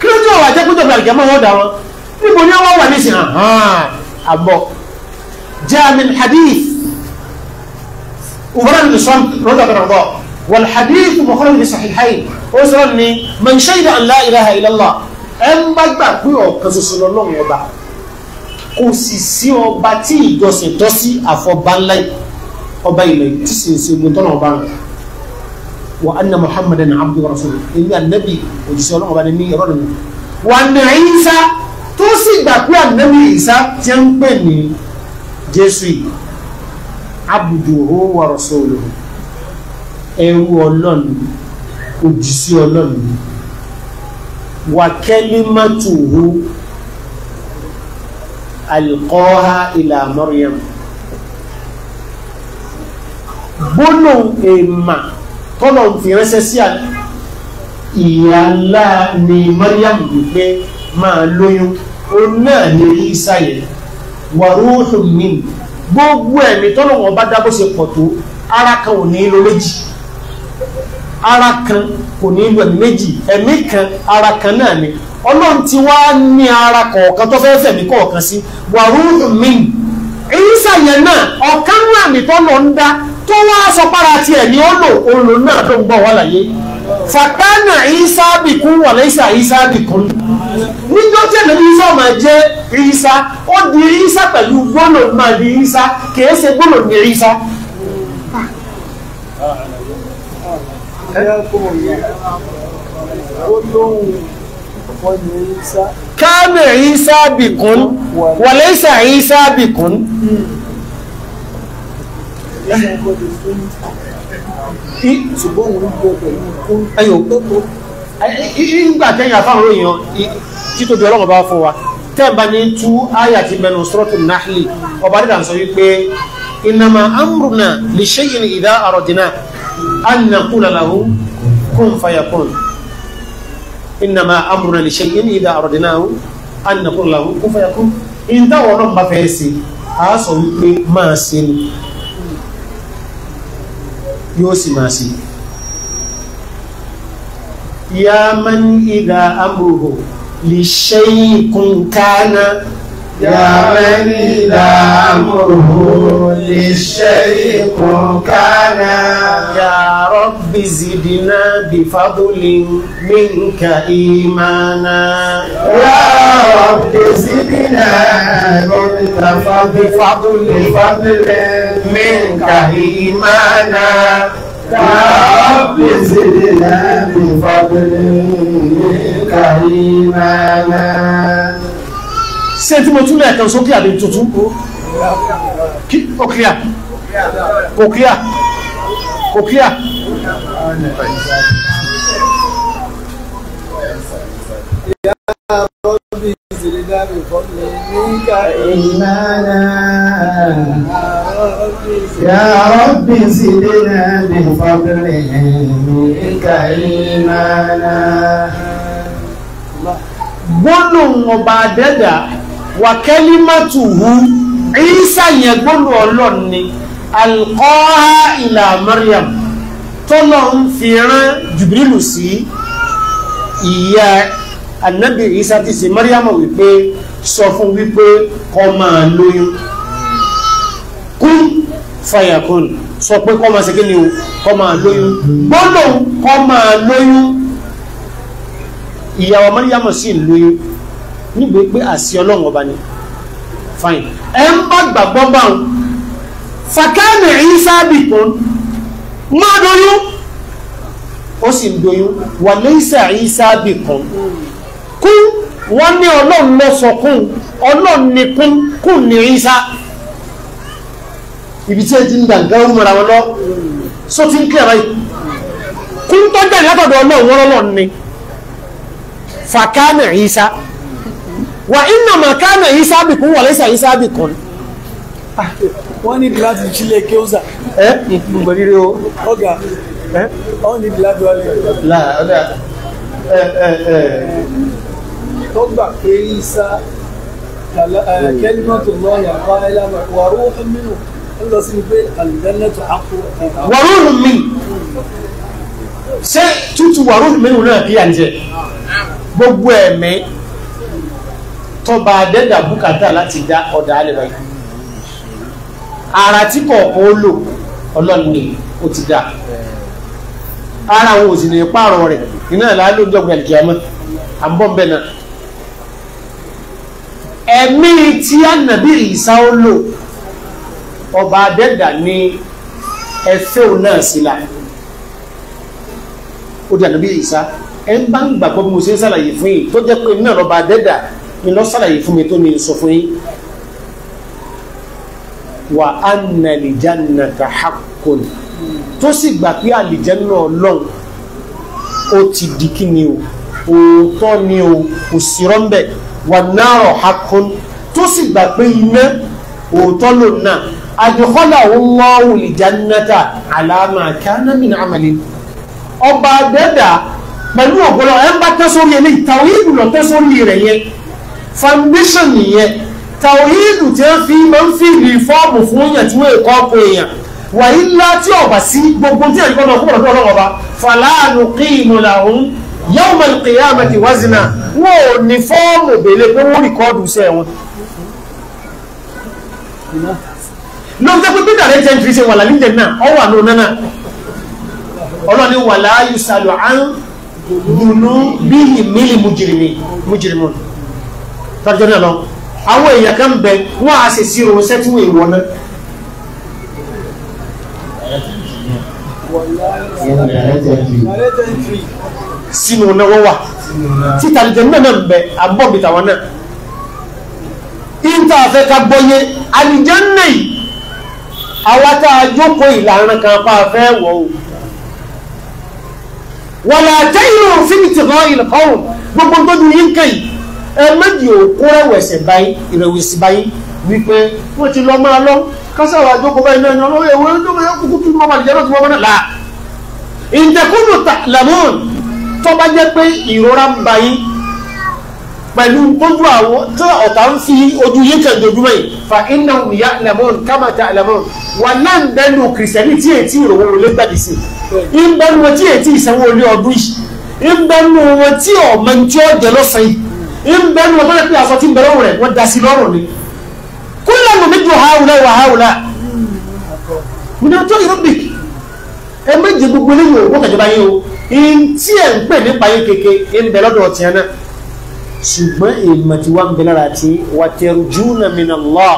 [SPEAKER 1] kí ló jẹ́ ọ̀wà jẹ́ pẹ́jọ́ gbàgbé àmọ́ wọ́n dá wọn nígbò ni wọ́n wà nísìnyí àbọ̀ jaamin hadith وبرد الإسلام رضا بن رضاء والحديث مخرج في صحيحين وصل من شهد أن لا إله إلا الله أم بقى بيو كسر الله وبعد kò sì sí ọba tí ìjọsìn tọ́ sí àfọ̀bá ńlá ọba ilẹ̀ tí sì ń ṣe gbọ́n tọ́nà ọba rẹ̀ wa anna muhammadan abdu wa rasul èmi ànábì òjíṣẹ́ ọlọ́mọba ni ní ẹ̀rọ nìyẹn wa anna Isa tó sì gbà pé ànábì Isa ti ń pè ní jésù yìí abduhu wa rasuluhu ẹrú ọlọ́run òjíṣẹ́ ọlọ́run wa kalimatuhu alqaha ila مريم. gbóná èèmà tọ́lọ̀ ti rẹ́sẹ̀ sí ìyá ńlá ni Maryam wípé máa lóyún ó náà ní Isa yẹn wàrúhùn mi gbogbo ẹ̀mí tọ́lọ̀ wọn bá dábò ṣe pọ̀ ara kan ò ní lọ ara kan kò ní lu ẹ̀mí méjì ẹ̀mí kan ara kan náà ni ọlọ́run ti wá ní ara kọ̀ọ̀kan tó fẹ́ẹ́ fẹ̀mí kọ̀ọ̀kan sí wàrúùrù mi ìrísà yẹn náà ọ̀kan náà àmì tó lọ ń dá tó wá sọ para tiẹ̀ ni ó lò òun náà tó ń gbọ́ wà láyé fàkánà ìsá bìkún wà lẹ́sà ìsá bìkún níjọ́ tí ẹ̀nà ìsá máa jẹ́ ìsá ó di ìsá pẹ̀lú gbólò máa di ìsá kìí ṣe gbólò ní ìsá káàmì ìsá bìkún wọlé ìsà ìsá bìkún ìgbà kẹ́yìn àfáwọn òyìn títóbi ọlọ́run bá fún wa tẹ́ẹ̀bá ní tú áyà ti mẹ́nu sọ́rọ̀tù náhìlì ọba dídà ń sọ wípé ìnàmà amruna lè ṣe ìrìn ìdá àrọ̀dínà أن نقول له كن فيكون إنما أمرنا لشيء إذا أردناه أن نقول له كن فيكون إن دعوا رب فيسي أصل ما سن يوسي ما سن يا من إذا أمره لشيء كان يا من إذا أمره للشيء كان يا رب زدنا بفضل منك إيمانا يا رب زدنا بفضل فضل منك إيمانا يا رب زدنا بفضل منك إيمانا ṣe tí mo tún lẹ́ẹ̀kan sókè àbí tuntun kò kíá kò kíá kò kíá. ربي زدنا بفضلك إيمانا يا ربي زدنا بفضلك إيمانا gbólóhùn ọba adẹ́dà wàkẹ́lí mọ́tòhù ìsà yẹn gbọ́dọ̀ ọlọ́run ni alqaha ila Maryam tọ́lọ̀ ń fi rán Jibrilu sí ìyá anabi ìsà ti ṣe Maryam wípé sọ fún wípé kọ́ máa lóyún kún fàyàkùn sọ pé kọ́ máa ṣe o kọ́ máa lóyún gbọ́dọ̀ kọ́ máa lóyún ìyàwó Maryam sì lóyún nígbè pé àṣì ọlọ́run ọba ni fine ẹ ń bá gbàgbọ́ bá wọn fàkẹ́ẹ̀nì ìsáàbì kan máa doyún ó sì ń doyún wà lẹ́sà ìsáàbì kan kún wọ́n ní ọlọ́run lọ sọ kún ọlọ́run ní kún kún ní ìsá ibi tí ẹ ti ń dàgbà ó mọ̀ra wọn lọ só ti ń kílẹ̀ báyìí kún tọ́jà látọ̀dọ̀ ọlọ́run wọn lọ́lọ́run ni fàkẹ́ẹ̀nì ìsá wà iná màkánà yìí sábìkún wọlé sàyí sábìkún. wọ́n ní láti chile kéwúsà. ẹ n kò rírí o. ọ̀gá wọ́n ní láti wọlé. là ọ̀dà ẹ ẹ ẹ. ó gbà pé isa kẹ́límọ́tò lọ́ọ̀yà kọ́ ẹ lábàá wà rúwọ́ mímú ń lọ sí pé àlùdánná tó àkó. wà rúwọ́ mi ṣé tútù wà rúwọ́ mímú náà bí à ń jẹ ah. gbogbo ẹ̀mí tọba adẹ́dà bùkátà láti dá ọ̀dà alẹ́ báyìí ara tí kọ̀ọ̀kan ó lò ọlọ́ni ó ti dá ara àwọn òsì ní pààrọ̀ rẹ̀ iná ìlà ló ń dọ̀gbìn àlìkè ọmọ àbọ̀nbẹ̀ náà ẹ̀mí tí ànàbí ìsá ó lò ọba adẹ́dà ní ẹfẹ́ òun náà sí ó di ànàbí ìsá ẹ̀ ń bá ń gbàgbọ́ bí mo ṣe ń ṣàlàyé fún yìí tó jẹ́ pé náà lọ́ba adẹ́dà ni lọ sàlàyé fún mi tó ní sọ fún yín wà á nà lìjánà ká hakùn tó sì gbà pé àlìjánà ọlọ́run ó ti di kí ni o òótọ́ ni o kò sí rọ́ńbẹ́ wà náà hakùn tó sì gbà pé iná òótọ́ ló náà àdìkọ́là Allahu lìjánátà àlàmà kánàmìn àmàlì ọba dẹ́dà pẹ̀lú ọ̀pọ̀lọ ẹ̀ ń bá tẹ́sórí ẹ̀ ní ìtàwé ìlú lọ tẹ́sórí rẹ̀ yẹn foundation nìyẹn tàwíìdù tí wọ́n fi máa ń fi rìfọ́ọ̀mù fún yàn tí wọ́n èkó ọ̀pọ̀ èèyàn wàyí ńlá tí ọ̀bà sí gbogbo tí ẹ̀yìn kọ́nà kúrò lọ́wọ́ ọba fàlànù kí ìmọ̀ làwọn yawma al-qiyamati wazna wọn ò ní fọ́ọ̀mù bèlè pé wọ́n rìkọ́ọ̀dù iṣẹ́ wọn. ló ń tẹ́kọ̀ pípa rẹ̀ jẹ́ntì ṣe wà lálẹ́ náà ọwọ́ àná nánà ọlọ́ni wàlá yusalu an dunu bíi mílì mujrimin tọ́jọ́ náà lọ àwọn èèyàn kan bẹ wọ́n á ṣe sí irun sẹ́tìwé ìwọ náà. sínú náwó wà títà lè jẹ́ náà náà bẹ àbọ̀bì tàwọn náà ìta àfẹ́ ká gbọ́yé àlìjẹ́nà yìí àwa tá ìlànà kan pa àfẹ́ wọ̀ o wàlá àtẹ́yìn òfin ti rán ìlẹ̀kọ́rùn gbogbo tó dùn yín kẹ́yìn ẹ méjì ò kó ẹ̀wẹ̀sẹ̀ báyìí ìrẹ̀wẹ̀sì báyìí wípé wọ́n ti lọ máa lọ kásáwà àjọkọ̀ báyìí náà yan lọ́wọ́ èwo ló máa kúkú tún mọ́ bàjẹ́ náà tún mọ́ náà là. ìdẹ́kùnù làmọ́ọ̀n tó bá jẹ́ pé ìrora ń ba yín pẹ̀lú bójú àwọn tó ọ̀tá ń fi ojú yín kẹ̀ dojúmọ́ yìí fa iná òmìyá làmọ́ọ̀n kámà ta làmọ́ọ̀n wà náà ń bẹ́nu kìrìsìtẹ́nì tí ètí ìrọ̀wọ́ wọlé gbàdì sí i ń bẹ́nu wọn tí ètí ìsanwó wọlé ọdún yìí ń ń bẹ́ẹ̀ ní wọ́n tó yẹ pé aṣọ tí ń bẹ̀rẹ̀ rẹ̀ wọ́n da sí lọ́rùn ni kúlẹ̀ ló mi dùn hàwùlẹ̀ wà hàwùlẹ̀ múná tó yẹ rúbì ẹ méje gbogbo eléyìí òwò kẹjọba yìí o n tí ń pè nípa yìí kéke ń bẹ lọ́dọ̀ ọ̀tí ẹ̀ná ṣùgbọ́n èèmọ̀ tí wà ń bẹ lára ti wà mìíràn lọ́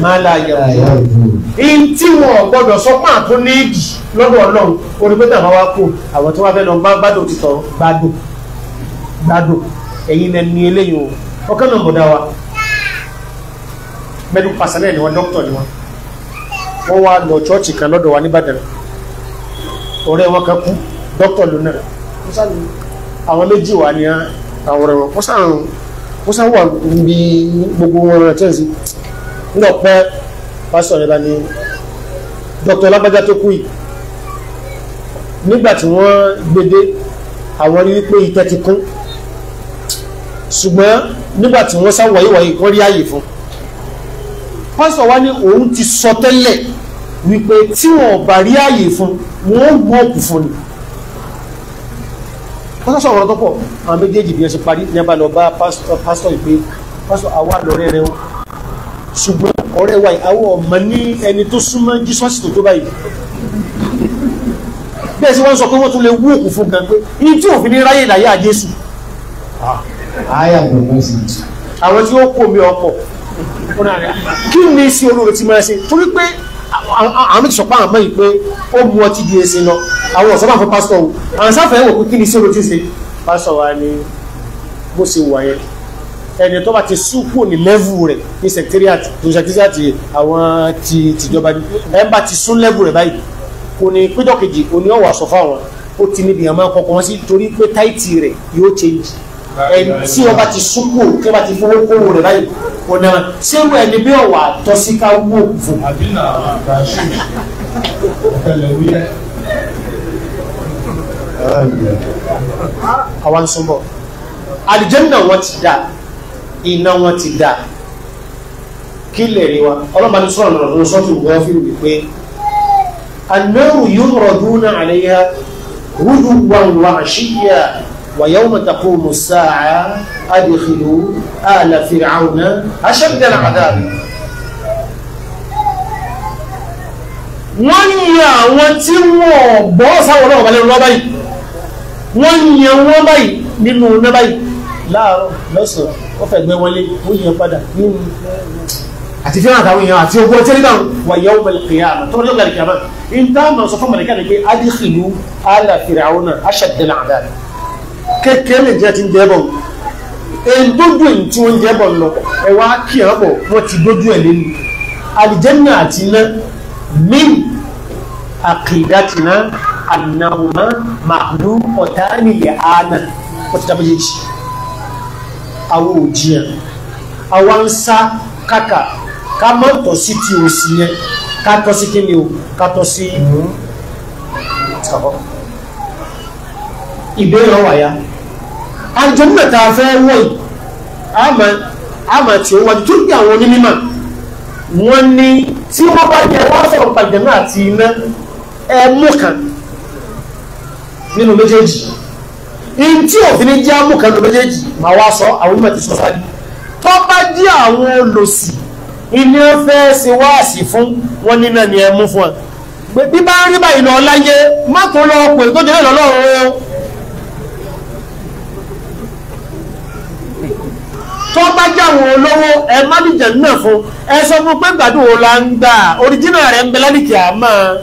[SPEAKER 1] máa la yàrá ẹ̀yin lẹ ní eléyìí o ọkàn náà bọ̀dá wa mẹ́lú pàṣẹlẹ̀ ni wọn dókítọ̀ ni wọn wọ́n wá lọ chọ́ọ̀chì kan lọ́dọ̀ wa nìbàdàn ọ̀rẹ́ wọn kan kú dókítọ̀ lónà àwọn méjì wà ní àwọn ọ̀rẹ́ wọn wọ́n sàn wọ́n sàn wà bí gbogbo wọn rẹ̀ tẹ́sí ńlọ pẹ́ pásítọ̀ rẹ̀ bá ní dókítọ̀ lágbájá tó kú nígbà tí wọ́n gbede àwọn rí wípé ìtẹ́ ti kún ṣùgbọ́n nígbà tí wọ́n sá wáyé wáyé wọ́n rí ààyè fún pásítọ̀ wa ní òun ti sọ tẹ́lẹ̀ wípé tí wọn ò bá rí ààyè fún wọn ó gbọ́ òkú fún ni wọ́n sọ̀rọ̀ ọ̀rọ̀ tó pọ̀ àwọn méjèèjì bí wọ́n ṣe parí ní abá lọ bá pásítọ̀ yìí pé pásítọ̀ àwa lọ́rẹ́ rẹ wọn ṣùgbọ́n ọ̀rẹ́ wa yìí àwọn ọ̀mọ ní ẹni tó súnmọ́ jísọ́sì tó tó báyìí bẹ́ẹ̀ sì wọ́n sọ pé wọ́n tún lè wú òkú fún gan pé ní tí òfin ní ráyè láyé àjẹsù ah àyà gbogbo sí. àwọn tí ó kó mi ọkọ̀ kí ni sí olóore ti máa ṣe torí pé àwọn ti sọpá àmọ́ yìí pé ó mu ọtí di èsì lọ àwọn ọ̀sán máa fọ pásítọ̀ o àwọn sáfẹ́ wò pé kí ni sí olóore ti ṣe pásítọ̀ wa ni bó ṣe wà yẹn ẹni tó bá ti súpò ní lẹ́vù rẹ̀ ní sẹkítẹ́rìàtì tó sẹkítẹ́rìàtì àwọn ti tìjọba ni ẹ bá ti sún lẹ́vù rẹ̀ báyìí kò ní péjọ kejì òní ọ̀wà sọ fáwọn ó ti níbi àmọ́ kọ̀ọ̀kan sí torí pé táìtì rẹ̀ yóò change tí wọ́n bá ti súnkù tí wọ́n bá ti fowó kówó rẹ̀ láyé ọ̀nà sẹ́wọ̀n ẹni bí ọ̀wà tọ́sí ká wó fún. àbí nà bá ṣe ọ̀tẹlẹ̀ wúyẹ́. àwa ń súnbọ̀ àlìjẹ́nà wọn ti dà iná wọn ti dà kí lè rí wa ọlọ́mọba ní sọ̀rọ̀ lọ́rọ̀ lọ́sọ́ tó wọ́n fi wí pé anáwó yóò rọ̀ dúnà àlẹ́ yá rúdùn wa wà ṣíyà. ويوم تقوم الساعة أدخلوا آل فرعون أشد العذاب wọ́n ní àwọn tí wọ́n bọ́ sáwọn náà balẹ̀ lọ báyìí wọ́n yẹ wọ́n báyìí nínú iná báyìí láàárọ̀ lọ́sàn-án wọ́n fẹ̀gbẹ́ wọlé wọ́n yẹ padà nínú àti fẹ́ràn àtàwọn èèyàn àti ogun ọtí nígbà wà yẹ ọmọ ìkìyàmà àmà sọ fún mọ̀lẹ́kà ni kékeré lè jẹ́ ti ń jẹ́ bọ̀ èyí dójú èyí tí wọ́n ń jẹ́ bọ̀ lọ ẹ̀wá kí hàn bọ̀ wọ́n ti dójú ẹ̀ lẹ́nu àlìjẹ́nà àti iná min àkìdátìná ànàwòmá màálù ọ̀tá nìyẹ̀ àánà wọ́n ti dábọ̀ yéjì àwọn òjìyàn àwọn ń sá kàkà ká mọ́ tọ́ sí ti òsì yẹn ká tọ́ sí kíni o ká tọ́ sí ìmú ìbéèrè ọ̀wà ya àjọmọ́ tá a fẹ́ wọ̀nyí àmọ́ àmọ́ tí ó wájú tó gbé àwọn onímọ̀ wọ́n ní tí wọ́n bá jẹ wọ́n sọ̀rọ̀ pàjẹ́ náà àti iná ẹ mú kan nínú méjèèjì in tí òfin ní jẹ́ mú kan nínú méjèèjì máa wá sọ àwọn onímọ̀ ti sọ sáré tó bá jẹ́ àwọn olòṣì ilé ọ̀fẹ́ ṣe wáàsì fún wọn nínú ni fún ọ bí bá ń rí báyìí lọ láyé má lọ pè tó jẹ́ lọ́lọ́run tó bá jáwọn olówó ẹ má lè jẹ náà fún ẹ sọ fún pé gbàdúrà wo la ń gbà oríjìnà rẹ ń bẹ lálìkì àmọ́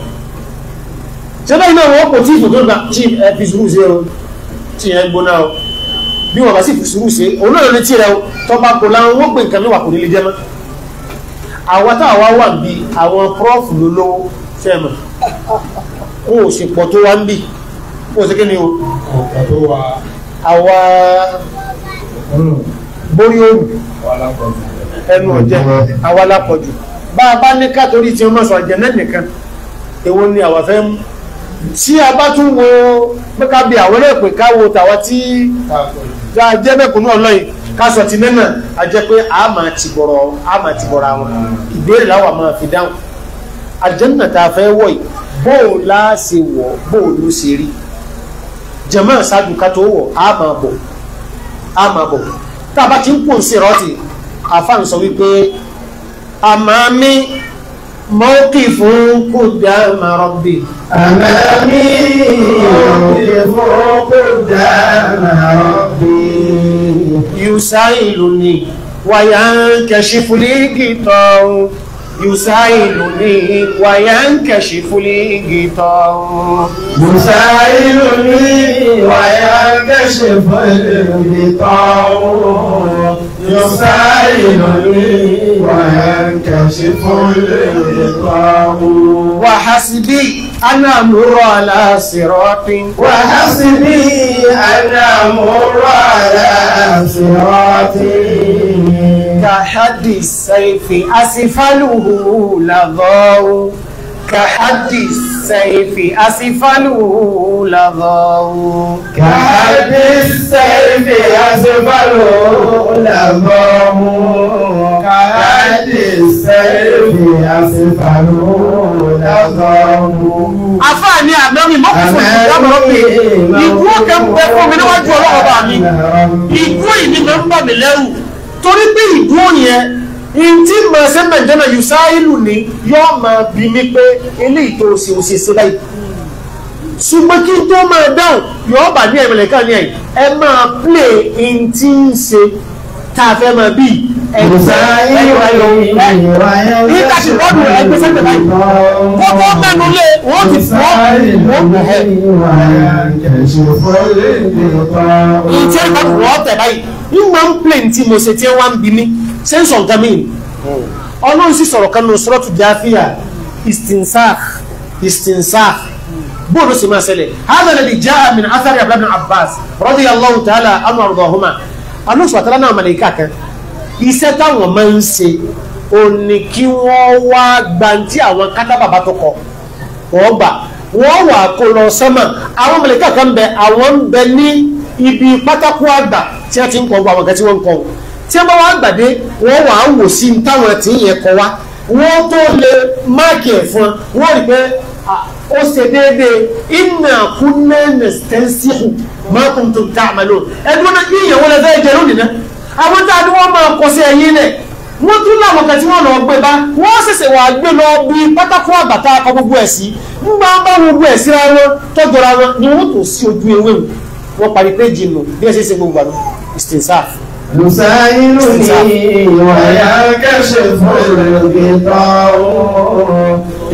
[SPEAKER 1] ṣé báyìí náà wọn kò tí ì fòtó náà tí ẹ fi sùúrù ṣe o tí ẹ gbóná o bí wọn bá sì fi sùúrù ṣe òun náà lè tí rẹ o tó bá kó láwọn wọn gbé nǹkan mẹ́wàá kò ní lè mọ́ àwọn táwa wà ń bi àwọn prọ́fù lólówó fẹ́ mọ̀ kó o sì pọ̀ tó wá ń bì kó o sì kí ni o. ọ̀pọ̀ tó wà. àwa borí òòlù ẹnu ọ̀jẹ́ awalapọ̀jù bá a bá ní ká torí tí wọ́n máa sọ àjẹ́ náà nìkan èwo ni àwa fẹ́ mú tí a bá tún wo pẹ́ka bí àwọn ẹ̀pẹ̀ ká wo tàwa tí tá a jẹ́ mẹ́kùnú ọlọ́yìn ká sọ ti nínà a jẹ́ pé a máa ti bọ̀rọ̀ a máa ti bọ̀rọ̀ àwọn ìbéèrè láwa máa fi dáhùn àjẹ́nà tá a fẹ́ wọ̀ yìí bóò láàṣe wọ̀ bóò ló ṣe rí jẹ̀mọ́ ṣáájú ká tó wọ̀ a máa bọ̀ a máa bọ̀ tá a bá ti ń kú sí rọ́ọ̀tì àfáàn sọ wípé àmàmí mọ́ọ̀kì fún kódà màrọ́bì. àmàmí mọ́ọ̀kì fún kódà màrọ́bì. yusa ìlú ni wàyà ń kẹ́sí fúlígì tán. يساعدني وينكشف لي غطاء يساعدني وينكشف لي غطاء يسائل لي وينكشف الغطاء وحسبي أنا مر على صراط وحسبي أنا مر على صراط كحد السيف أسفله لظاء كحد السيف أسفله لظاه كحد السيف أسفله لظاه
[SPEAKER 2] كحد السيف أسفله لظاه àfààní àná mi mọ́ fún mi lábàá mi ìkú òkè ń bẹ fún mi níwájú ọlọ́wọ́ bá mi
[SPEAKER 1] ìkú ìní mi ntí màá ṣe mẹ̀jọ́nà yusáìlù ni yóò máa bí mi pé ilé ìtò òsì òsì sí báyìí ṣùgbọ́n kí n tó máa dáhùn yóò bà ní ẹ̀mẹ̀lẹ̀ kan ní ẹ̀ ẹ máa plé ntí ń ṣe tá a fẹ́ máa bí yusáìlù nígbà tí wọ́n dùn ẹgbẹ́ sẹ́gbẹ̀ báyìí kókó mẹ́nu lé wọ́n ti fọ́ wọ́n tẹ̀ báyìí ń máa ń plé ntí mo ṣe tí wọ́n ń bí mi sense of gamin hmm. ọlọ́run sì sọ̀rọ̀ kan ní sọ́rọ́tù jáfíà istinsakh istinsakh bóòlù sì máa ṣẹlẹ̀ hádà lè já àmì àtàrí àbúrò abbas Allahu ta'ala anhu àrùdọ̀húnmá alóòsù àtàrà náà màlàíkà kan iṣẹ́ táwọn máa ń ṣe o ní kí wọ́n wá gbantí àwọn kátàbà bá tó kọ wọ́n gbà wọ́n wà kó lọ sánmà àwọn màlàíkà kan bẹ àwọn ń bẹ ní ibi pátákó àgbà tí wọ́n ti ń kọ́ gbọ́ àwọn kan tí wọ́n ń kọ́ tí wọ́n bá wá gbàdé wọ́n wà á wò sí táwọn tí yẹn kọ wá wọ́n tó lè máàkì ẹ̀ fún wọn rí pé ó ṣe déédéé iná kúnná nẹ̀sítẹ́nsìhù máa kún tó tá àmà lò ẹ̀dùn náà yíyan wọn lè fẹ́ jẹ lónìí náà àwọn tá a ní wọ́n máa kọ sí ẹ̀yìn náà wọ́n tún láwọn kan tí wọ́n lọ gbé bá wọ́n ṣẹ̀ṣẹ̀ wà gbé lọ bí pátákó àbàtà akọ gbogbo ẹ̀ sí nígbà bá gbogbo ẹ̀ síra wọn tọ́jọra wọn ni wọ́n tó sí ojú ewé wọn parí péjì nù bí ẹ ṣe ṣe gbogbo àná ìsìnsáàfù يسائلني ويا كشف الغطاء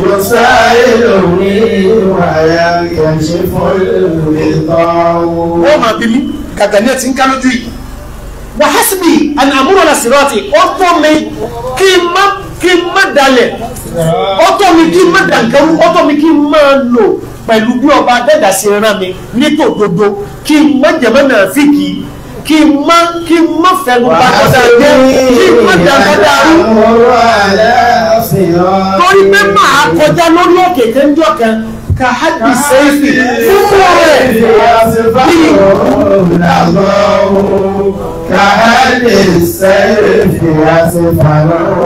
[SPEAKER 1] يسائلني ويا كشف الغطاء ó máa bí mi kàtàní ẹ̀ ti ń ká lójú yìí wàhásìbì àni àmúrànà sírọ́ọ̀tì ó tó mi kí n má kí n má dalẹ̀ ó tó mi kí n má dànkẹ́rú ó tó mi lò pẹ̀lú bí ọba adẹ́dàsí rán mi nítòdodo kí n má jẹ̀mọ́ náà fìkì kí n má kí n má fẹnu bá kọ́dà dé kí n má dà kọ́dà rú. torí pé màá kọjá lórí òkè kéńjọ kan ka hadi sẹ́yìn fún rẹ̀ bí.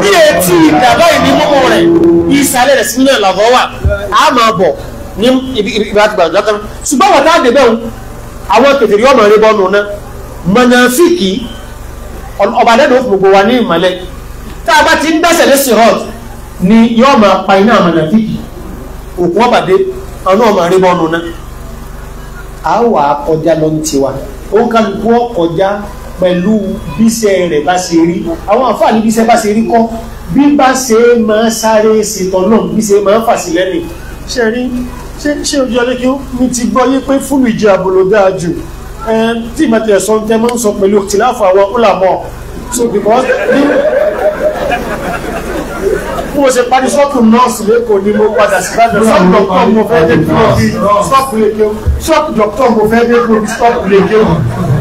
[SPEAKER 1] bí etí ìdàbọ̀ ìní mọ́mọ́ rẹ̀ ìsàlẹ̀ rẹ̀ sílẹ̀ lọ́wọ́ wa a máa bọ̀ ní ibi ibi àti gbàgbọ́ ṣùgbọ́n wọ́n tá dé bẹ́ẹ̀ o àwọn kẹfìrí ọmọ rẹ bọ́ nù náà mọ̀nàfíkì ọba dẹ́dọ̀ ó fi gbogbo wa ní ìmọ̀lẹ̀ tá a bá ti ń dẹ́sẹ̀ lé sirot ni yóò máa pa iná mọ̀nàfíkì òkú ọ̀bàdé ọ̀nà ọmọ rí bọ́ọ̀nù náà a wà á kọjá lọ ní tiwa ó ń kálukú ọkọjá pẹ̀lú bíṣẹ́ rẹ̀ bá ṣe rí àwọn àǹfààní bíṣẹ́ bá ṣe rí kọ́ bí bá ṣe máa sáré ṣètọ́ náà bí ṣe máa fà sí lẹ́nu ṣe rí ṣe ojú ọlẹ́kí mi ti gbọ́ yé pé fúlù ìjẹ́ àbòlò dáa jù tí ìmọ̀tẹ̀ sọ ń tẹ́ máa ń sọ pẹ̀lú tìláfà àwọn ọlàmọ́ so because bí mo ṣe parí ṣọ́ọ̀pù nọ́ọ̀sì lẹ́kọ̀ọ́ ni mo padà sí ìbàdàn ṣọ́ọ̀pù dọ́kítọ̀ mo fẹ́ dé kúrò bí ṣọ́ọ̀pù lè kéwò ṣọ́ọ̀pù dọ́kítọ̀ mo fẹ́ dé kúrò bí ṣọ́ọ̀pù lè kéwò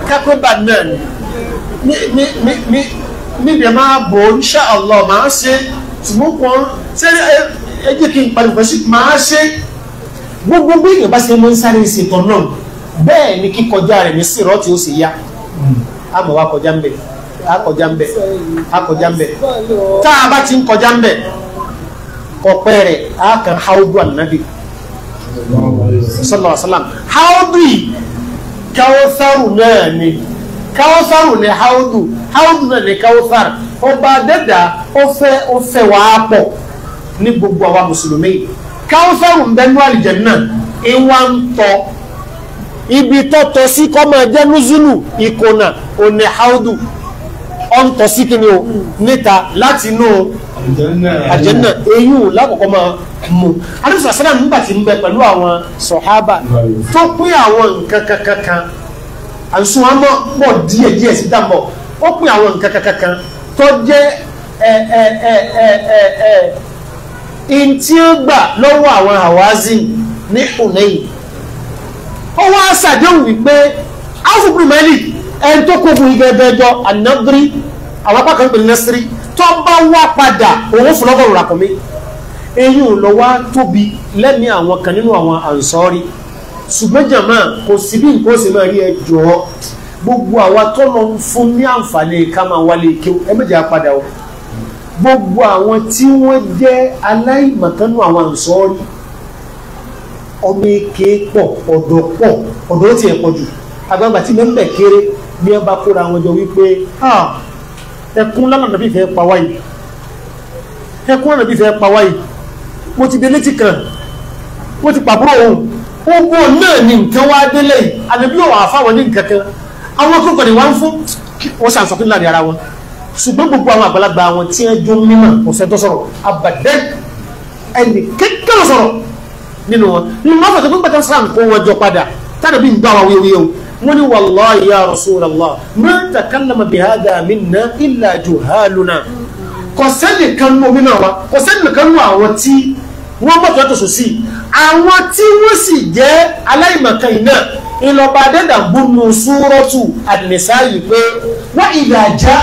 [SPEAKER 1] kápẹ́ bá náà ni mi máa bò ó insha Allah máa ṣe ṣùgbọ́n kan ṣé ẹ jẹ́ kí n parí ìfẹ́ sí máa ṣe gbogbo bí èèyàn bá ṣe máa ń sáré ìṣètò náà bẹ́ẹ̀ ni kíkọjá rẹ̀ ní sírọ́ọ̀tì ó sì yá àmọ́ hmm. wa kọjá ń bẹ̀ a kọjá ń bẹ̀ tá a bá ti ń kọjá ń bẹ̀ ọ̀pẹ a kàn haudu anabi sallallahu alaihi haudu kawusaru náà ni kawusaru ni haudu haudu náà ni kawusaru ọba dẹ́dà ó fẹ́ ó fẹ́ wàá pọ̀ ní gbogbo àwa mùsùlùmí kawusaru ń bẹ nú àlìjẹ náà ìwà ń tọ́. ibi tọ́tọ́ sí kọ́ máa jẹ́ núzúlù ìkònà òní haudu ọ̀ntọ́ sí kí ni o níta láti inú àjẹ́nà eyín lákọ̀ọ́kọ́ máa mú alẹ́sà sẹ́dá nígbà tí ń bẹ pẹ̀lú àwọn sọ̀hábà tó pín àwọn nǹkan kankan àǹsùn àmọ́ pọ̀ díẹ̀ díẹ̀ sí dàmọ́ ó pín àwọn nǹkan kankan tó jẹ́ ẹ̀ẹ́ẹ̀ẹ́ẹ̀ẹ́ lọ́wọ́ àwọn Hawazin ní Hunayn ó wá ṣàdéhùn wípé áfùkù mẹ́lì ẹni tó kógun igi ẹgbẹ́ ẹjọ́ ànádírí àwọn apá kan ń pè ní nẹ́sírí tó bá wá padà òun fún lọ́gọ́rùn ràkùnmí eyín ò lọ wá tóbi lẹ́mí àwọn kan nínú àwọn ànsọ́rí ṣùgbọ́n jàmá kò sí bí nǹkan ó máa rí ẹ jọ̀ọ́ gbogbo àwa tó lọ fún ní àǹfààní ká máa wálé kí ẹ méjì á padà o gbogbo àwọn tí wọ́n jẹ́ aláìmọ̀kánú àwọn ànsọ́rí ọmọ èké pọ̀ ọ̀dọ́ pọ̀ ọ̀dọ́ tiẹ̀ pọ̀ jù àgbààgbà tí mẹ́mbẹ̀ kéré bí wọ́n bá kóra wọn jọ wípé ẹkún lánàá bí fẹ́ pa wáyé ẹkún lánàá bí fẹ́ pa wáyé mo ti dé létí kan mo ti pàbúrò òun gbogbo náà ni nǹkan wá délé yìí àdébí òun àfáwọn ní nǹkan kan àwọn akẹ́kọ̀ọ́ ni wọ́n ń fún wọ́n ṣàǹsọ̀kún láàrin ara wọn ṣùgbọ́n gbogbo àwọn àgbàlagbà wọn tí jó mímọ̀ kò sẹ́ńtọ́ sọ̀rọ̀ àbàdẹ́ ẹnì kékeré sọ̀rọ̀ nínú wọn ní wọn fẹsẹ̀ pípẹ́ tán sáà ń kó wọn jọ padà tàbí bí ń gbà wá wíwí o wọn ni wàláhi ya rasulallah ma takallama bihada minna illa juhaluna kò sẹ́ni kan nù omi náà wa kò sẹ́ni kan nù àwọn tí wọ́n bọ̀ tó tòṣù sí àwọn tí wọ́n sì jẹ́ aláìmọ̀kan iná ìlọba dẹ́dà gbónú súrọ́tù àdìnísáyì pé wọ́n ìdàjá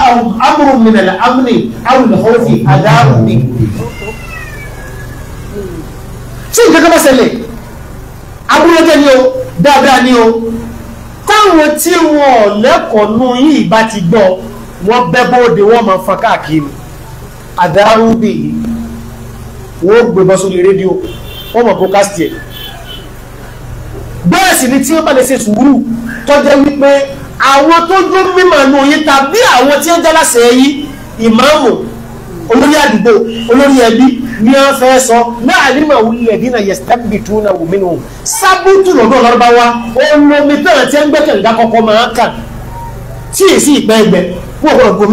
[SPEAKER 1] amúrùmìnàlá amúnì awùlọ́fọ́fì adáàrùn ni tí nǹkan kan bá ṣẹlẹ̀ abúlé jẹ́ ni o dáadáa ni o táwọn tí wọn ò lẹ́kọ̀ọ́ nù yìí bá ti gbọ́ wọ́n bẹ́ bóde wọ́n máa fọn káàkiri àdárúbì wọ́n gbé bọ́ sórí rédíò wọ́n máa broadcast ẹ̀ bẹ́ẹ̀ sì ni tí wọ́n bá lè ṣe sùúrù tọ́jẹ́ wípé àwọn tó dún mímọ̀ nù yìí tàbí àwọn tí wọ́n jẹ́ láṣẹ yìí ìmáàmù olórí àdúgbò olórí ẹbí ní wọn fẹ́ sọ náà nínú àwọn ilẹ̀dí náà yẹsítẹ́bì tún náà wùmí nù sábútù lọ́dọ̀ lọ́dọ̀báwá olómi náà ti ń gbẹ́kẹ̀lẹ́dá kọ́kọ́ máa kà tí èsì ìpẹ́ ẹgbẹ́ wọ́n kọ̀ ọ̀gbọ̀n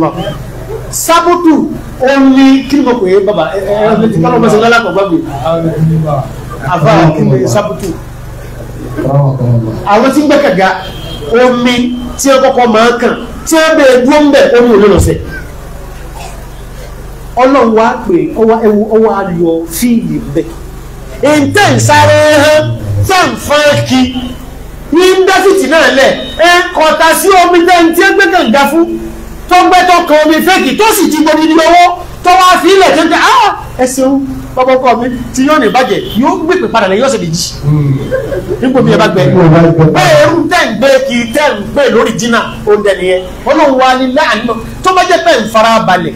[SPEAKER 1] mẹ́. sábútù ó ní kí ló kò é, bàbá ẹ ẹ ẹ ti kálọ̀ mọ́sẹ̀ lọ́lá kọ̀ gbàgbé àfa sábútù àwọn tí ń gbẹ́ kàga omi tí wọ́n kọ́kọ́ máa ń kàn tí wọ́n bẹ̀rẹ̀ dúró ń bẹ̀ omi ò lè lọ sẹ̀ ọlọ́run wá pé ọwọ́ ayọ̀ fíìlì bẹ̀ ǹtẹ́ ń sáré hàn fẹ́ǹfẹ́ kí ní dẹ́fìtì náà lẹ̀ ẹ kọ̀tà sí omi tẹ́ ń tí ń gbẹ́ kàga fún tọ́gbẹ́tọ̀ kan omi fẹ́ẹ̀kì tó sì ti gbogbo owó tó wá fi ilẹ̀ tó ń tẹ́ ah, bàbá ọkọ mi ti yọ̀ ní ìbàjẹ́ yóò gbèpè padà lẹ́yìn ọ̀sẹ̀ méjì nígbò mi ẹ bá gbẹ bẹ́ẹ̀ ẹrú tẹ̀ ń gbé kì í tẹ̀ ń gbé lórí dínà ó ń dẹni wa ni láàánú tó bá jẹ́ pé ń fara balẹ̀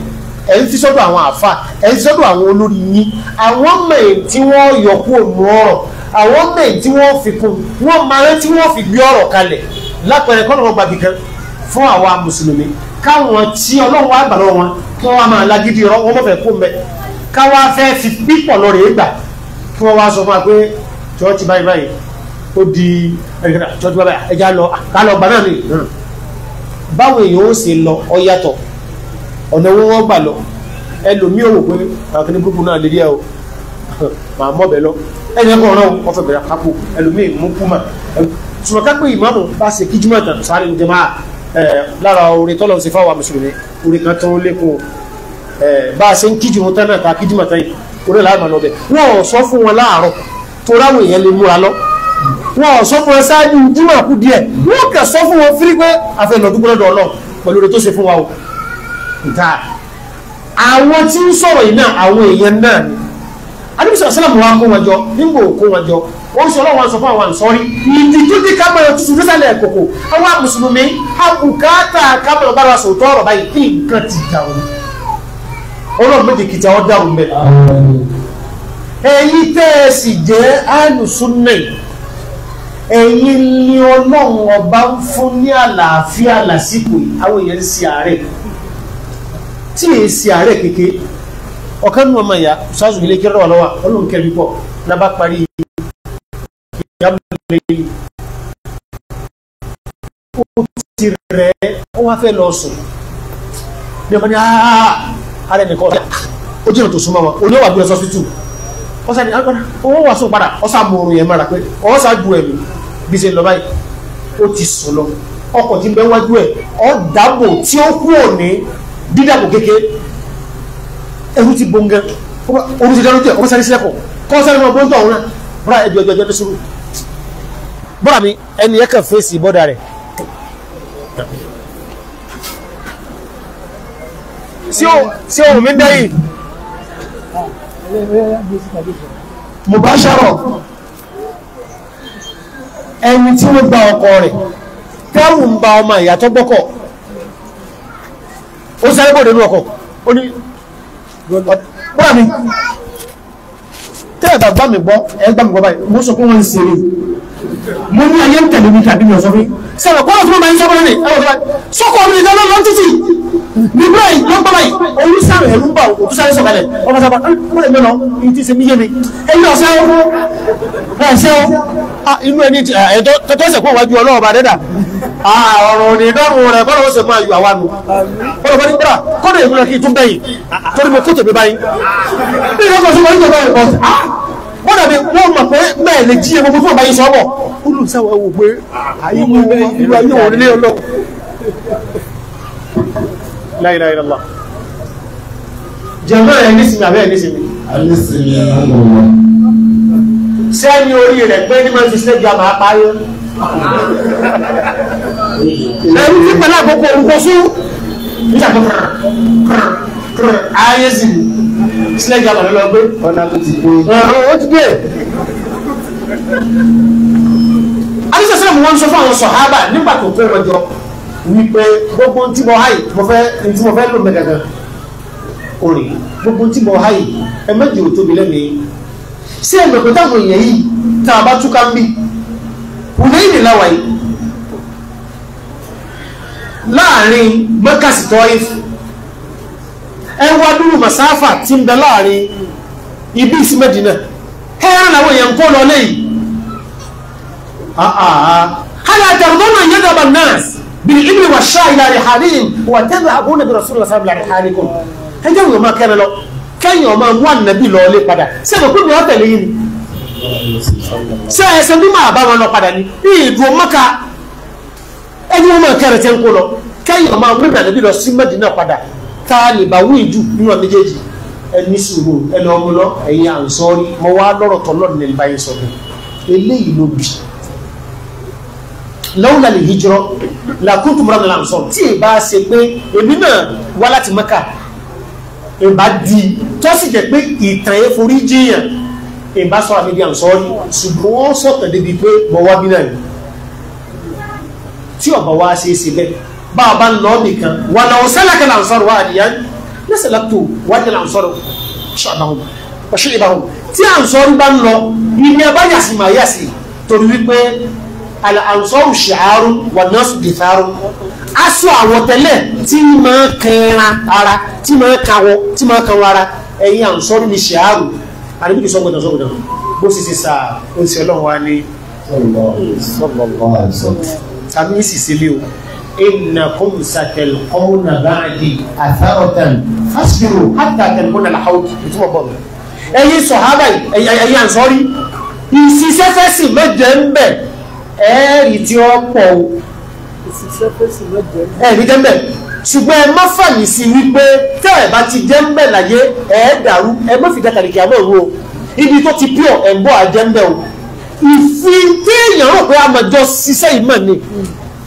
[SPEAKER 1] ẹ̀ ń fi àwọn àfa ẹ̀ ń sọ́dọ̀ àwọn olórí yín àwọn mẹ̀yìn tí wọ́n yọkú òmù ọ̀rọ̀ àwọn mẹ̀yìn tí wọ́n fi kún wọ́n máa tí wọ́n fi gbé ọ̀rọ̀ kalẹ̀ lápẹẹrẹ kọ́nà wọn gbàgbé kan fún àwa mùsùlùmí káwọn tí ọlọ́run wa gbà lọ́wọ́ wọn kí wọ́n máa lágídí ọ̀rọ̀ wọn mọ̀fẹ́ kó mẹ́ káwá fẹ́ fi pípọ̀ lọ rèé gbà kí wọ́n wá sọ fún wa pé chọ́ọ̀chì báyìí báyìí ó di ẹ̀ríkàtà chọ́ọ̀chì báyìí báyìí ẹja lọ ká lọ gbà náà ni hmm. báwo èèyàn ó ṣe lọ ọ yàtọ̀ ọ̀nà owó wọn gbà lọ ẹlòmíì ò wò pé àkíní gúrúpù náà lè rí ẹ o <laughs> màá mọ̀ bẹ́ẹ̀ lọ ẹni ẹkọ ọ̀rọ̀ wọn fẹ́ bẹ̀rẹ̀ àpapọ̀ ẹlòmíì mú kúmà ṣùgbọ́n ká pé ìmáàmù bá ṣe kí jùmọ̀ tàn sáré ní jẹmáà lára orin tọ́lọ̀ ṣe fáwọn mùsùlùmí orin kan tó lékun Eh, bá a ṣe ń kíjì wọn tánà ta kíjì màtá yìí orí làwọn àmàlà ọbẹ̀ wọn ò sọ fún wọn láàárọ̀ tó ráwọn èèyàn lè múra lọ wọn ò sọ fún wọn ṣáájú júmọ̀ kú díẹ̀ wọn kà sọ fún wọn fírí pé àfẹnudúgbò lọ́dọ̀ ọlọ́ pẹ̀lú rẹ tó ṣe fún wa o nta àwọn tí ń sọ̀rọ̀ yìí náà àwọn èèyàn náà ni adébísọ̀ sálàmù wa kó wọn jọ nígbò kó wọn jọ wọ́n sọ ọlọ́wọ́n sọ fún àwọn àǹsọ́rí ìdí tó dé kámẹ́rà tuntun nísàlẹ̀ kòkò àwọn mùsùlùmí àbùkátà kámẹ́rà bára sòótọ́ ọ̀rọ̀ báyìí kí nǹkan ti dà wọ́n ọlọ́run méje kìtì àwọn dàrú mẹ́. ẹ̀yin tẹ́ ẹ sì jẹ́ àlùsúnnà ẹ̀yin ni ọlọ́run ọba ń fún ní àlàáfíà lásìkò yìí àwọn èèyàn ń ṣe àárẹ̀ tí èyí ṣe àárẹ̀ kékeré ọ̀kan nù ọmọ ìyá ṣáàṣù ilé kẹrọ lọ́wọ́ ọlọ́run kẹrin pọ̀ lábá parí ìyàmúlẹ̀ yìí ó ti rẹ̀ ó wá fẹ́ lọ sùn ní ọmọ ní àá ara ẹnì kan ó jìnnà tó súnmọ́ wọn oníwà gbé ọsọ tútù ọsàn ní agbára owó wà sùn padà ọsàn mú oorun yẹn mọ́ra pé ọsàn ju ẹ̀mí bí ṣe lọ báyìí ó ti sùn lọ ọkọ̀ tí ń bẹ wájú ẹ̀ ọ́ dàbò tí ó kú òní dídàbò kékeré ẹ̀rú ti bọ́ngẹ́ orí ti dánú tẹ̀ ọmọ sáré sílẹ̀kọ̀ kọ́ sáré náà bọ́ńtọ̀ ọ̀hún náà bọ́ra ẹ̀jọ̀ ẹ̀jọ̀ ẹ̀jọ̀ tó sùúrù bọ́ra mi ẹni yẹ kàn fèsì sí ohun mi dẹ́yìn. mubasharo ẹni tí wọ́n gba ọkọ rẹ̀ tẹ́rù ń ba ọmọ ìyá tó gbọ́kọ̀ ó sáré bòde ní ọkọ̀ ó ní bọ́ra mi tẹ́ẹ̀ bá gbá mi gbọ́ ẹ gbá mi gbọ́ báyìí mo sọ pé wọ́n ń ṣeré mo ní ayé ń tẹ̀lé mi tàbí mi ọ̀sọ́ fún sẹ́wọ̀n kọ́nà tó máa ń sọ́kọ́ lónìí ẹ̀wọ̀n tó bá sọ́kọ́ mi nìkan lọ́nà títì ní bíláì ló ń bábáyì òun sáré ẹ̀rú ń bà òkú sáré sọ̀kalẹ̀ ọmọ sábà ọmọ ẹ̀mí lọ ní ti ṣe mí yé mi ẹ̀yin ọ̀sẹ́ o wọ́n ṣe o ah, inú ẹni tí ẹ̀tọ́ tọ́tọ́ ṣe kó wájú ọlọ́ọ̀bà dẹ́dà ah, ọ̀rọ̀ ní dọ́rùn rẹ̀ bọ́lá ó ṣe máa yọ àwa nù tún bẹ́yìn ah, torí mo kó tèmi báyìí bí ìrọ́kọ̀ sí wọ́n ń jọba ẹ̀kọ́ wọ́n dàbí wọ́n mọ̀ pé bẹ́ẹ̀ lè jí egungun fún àbáyé sọ́bọ̀ olùsáwọ̀ wò pé ayé wọn ìlú ayé wọn lé ọlọ́ la ilaha illallah
[SPEAKER 2] jẹ̀mọ́ ẹ̀ nísìnyí àbẹ́ ẹ̀
[SPEAKER 1] nísìnyí. alẹ́sìnyí àlọ́wọ́. sẹ́ni orí rẹ̀ pé ní ma fi ṣe gba màá parí. ẹni tí pẹ̀lú àkókò orúkọ sún nígbà tó kàrà kàrà kàrà ayé sì ni sílẹ̀ ìjàmbá ló lọ gbé. ọ̀nà tó ti gbé. ó ti gbé. alisa sẹ́yìn mo wọ́n sọ fún àwọn sọ̀hábà nígbà tó kó wọn jọ wípé gbogbo tí mo háì mo fẹ́ tí mo fẹ́ lò mẹ́gàgà orin gbogbo tí mo háì ẹ méjì ò tá a bá túká ń bì kùnẹ́ ìdè láwàá yìí láàrin mọ́kàsí tọ́ìfù ẹ wá dúró màsáfà tí ń bẹ láàrin ibi sí Mẹ́dínà ẹran làwọn èèyàn kó lọ léyìí alájàrúdọ́nà yẹ́dọ̀bà náà bí ibi wà ṣá ìlà rẹ̀ hàríyìn wà tẹ́lẹ̀ àbúrò bí rasulullah sábìlà rẹ̀ hàrí kò ẹjẹ́ ìwọ̀n máa kẹ́rin lọ kẹ́yìn ọmọ wà nàbí lọ lé padà sẹ́gbẹ̀ pé mi ọ́ tẹ̀lé yìí ṣe ẹsẹ̀ bí máa bá wọn lọ padà ní ní ìdúró mọ́ka ẹni wọ́n máa kẹ́rin tẹ́ ń kó lọ kẹ́yìn ọmọ wíwà nàbí lọ sí Mẹ́dínà padà ta ni bàwú ìjù nínú méjèèjì ẹni sùúrù ẹni ọmọ lọ ẹ̀yin à ń sọrí mo wá lọ́rọ̀ tọ́ lọ́rọ̀ ní báyìí sọ bẹ́ẹ̀ eléyìí ló bì lọ́wọ́lá lè hijrọ́ làkúntù mọ́ra nílà ń sọ tí ì bá ṣe pé èmi náà wá láti Mẹ́kà ìbá di tó sì jẹ́ pé ìtàn ẹ̀ forí jiyàn ìbá sọ àmìdí à ń sọrí ṣùgbọ́n wọ́n sọ̀tàn débi pé bọ́wá bí náà tí ọ̀bà wá ṣe é ṣe bẹ́ẹ̀ bá a bá ń lọ nìkan wà lọ sálàkà lansọrọ wa àdìyá lẹsẹ làtò wájà lansọrọ ṣàbàwọn ọṣẹ ìbàwọn tí ansọrọ bá ń lọ ibi abáyàsí máa yàsí torí wípé alansọrọ ṣàárùn wà nọọsù dìtàrùn aṣọ àwọ̀tẹ́lẹ̀ tí máa kẹran ara tí máa kawọ tí máa kawọ ara ẹ̀yin ansọrọ ni ṣàárùn àdébìkì sọgbọdọ tàbí sísè lé o. إنكم ستلقون بعدي أثرة فاصبروا حتى تلقون الحوض ìtumọ̀ bọ̀ mi. ẹ̀yin sọ̀hábà yìí ẹ̀yin ànsọ́rí ìsísẹ́fẹ́sì mẹ́jọ ń bẹ̀ ẹ̀ẹ́rì tí ó pọ̀ o.
[SPEAKER 2] ìsísẹ́fẹ́sì mẹ́jọ ń bẹ̀. ẹ̀ẹ́rì jẹ́ ń bẹ̀
[SPEAKER 1] ṣùgbọ́n ẹ má fàmì sí wípé tẹ́ ẹ̀ bá ti jẹ́ ń bẹ̀ láyé ẹ̀ dàrú ẹ má fi dàkàlì kìá mọ̀ ru o ibi tó ti pure ẹ̀ ń bọ̀ àjẹ́ ń bẹ̀ o ìfi téèyàn rò pé àmọ̀jọ ṣiṣẹ́ ìmọ̀ ni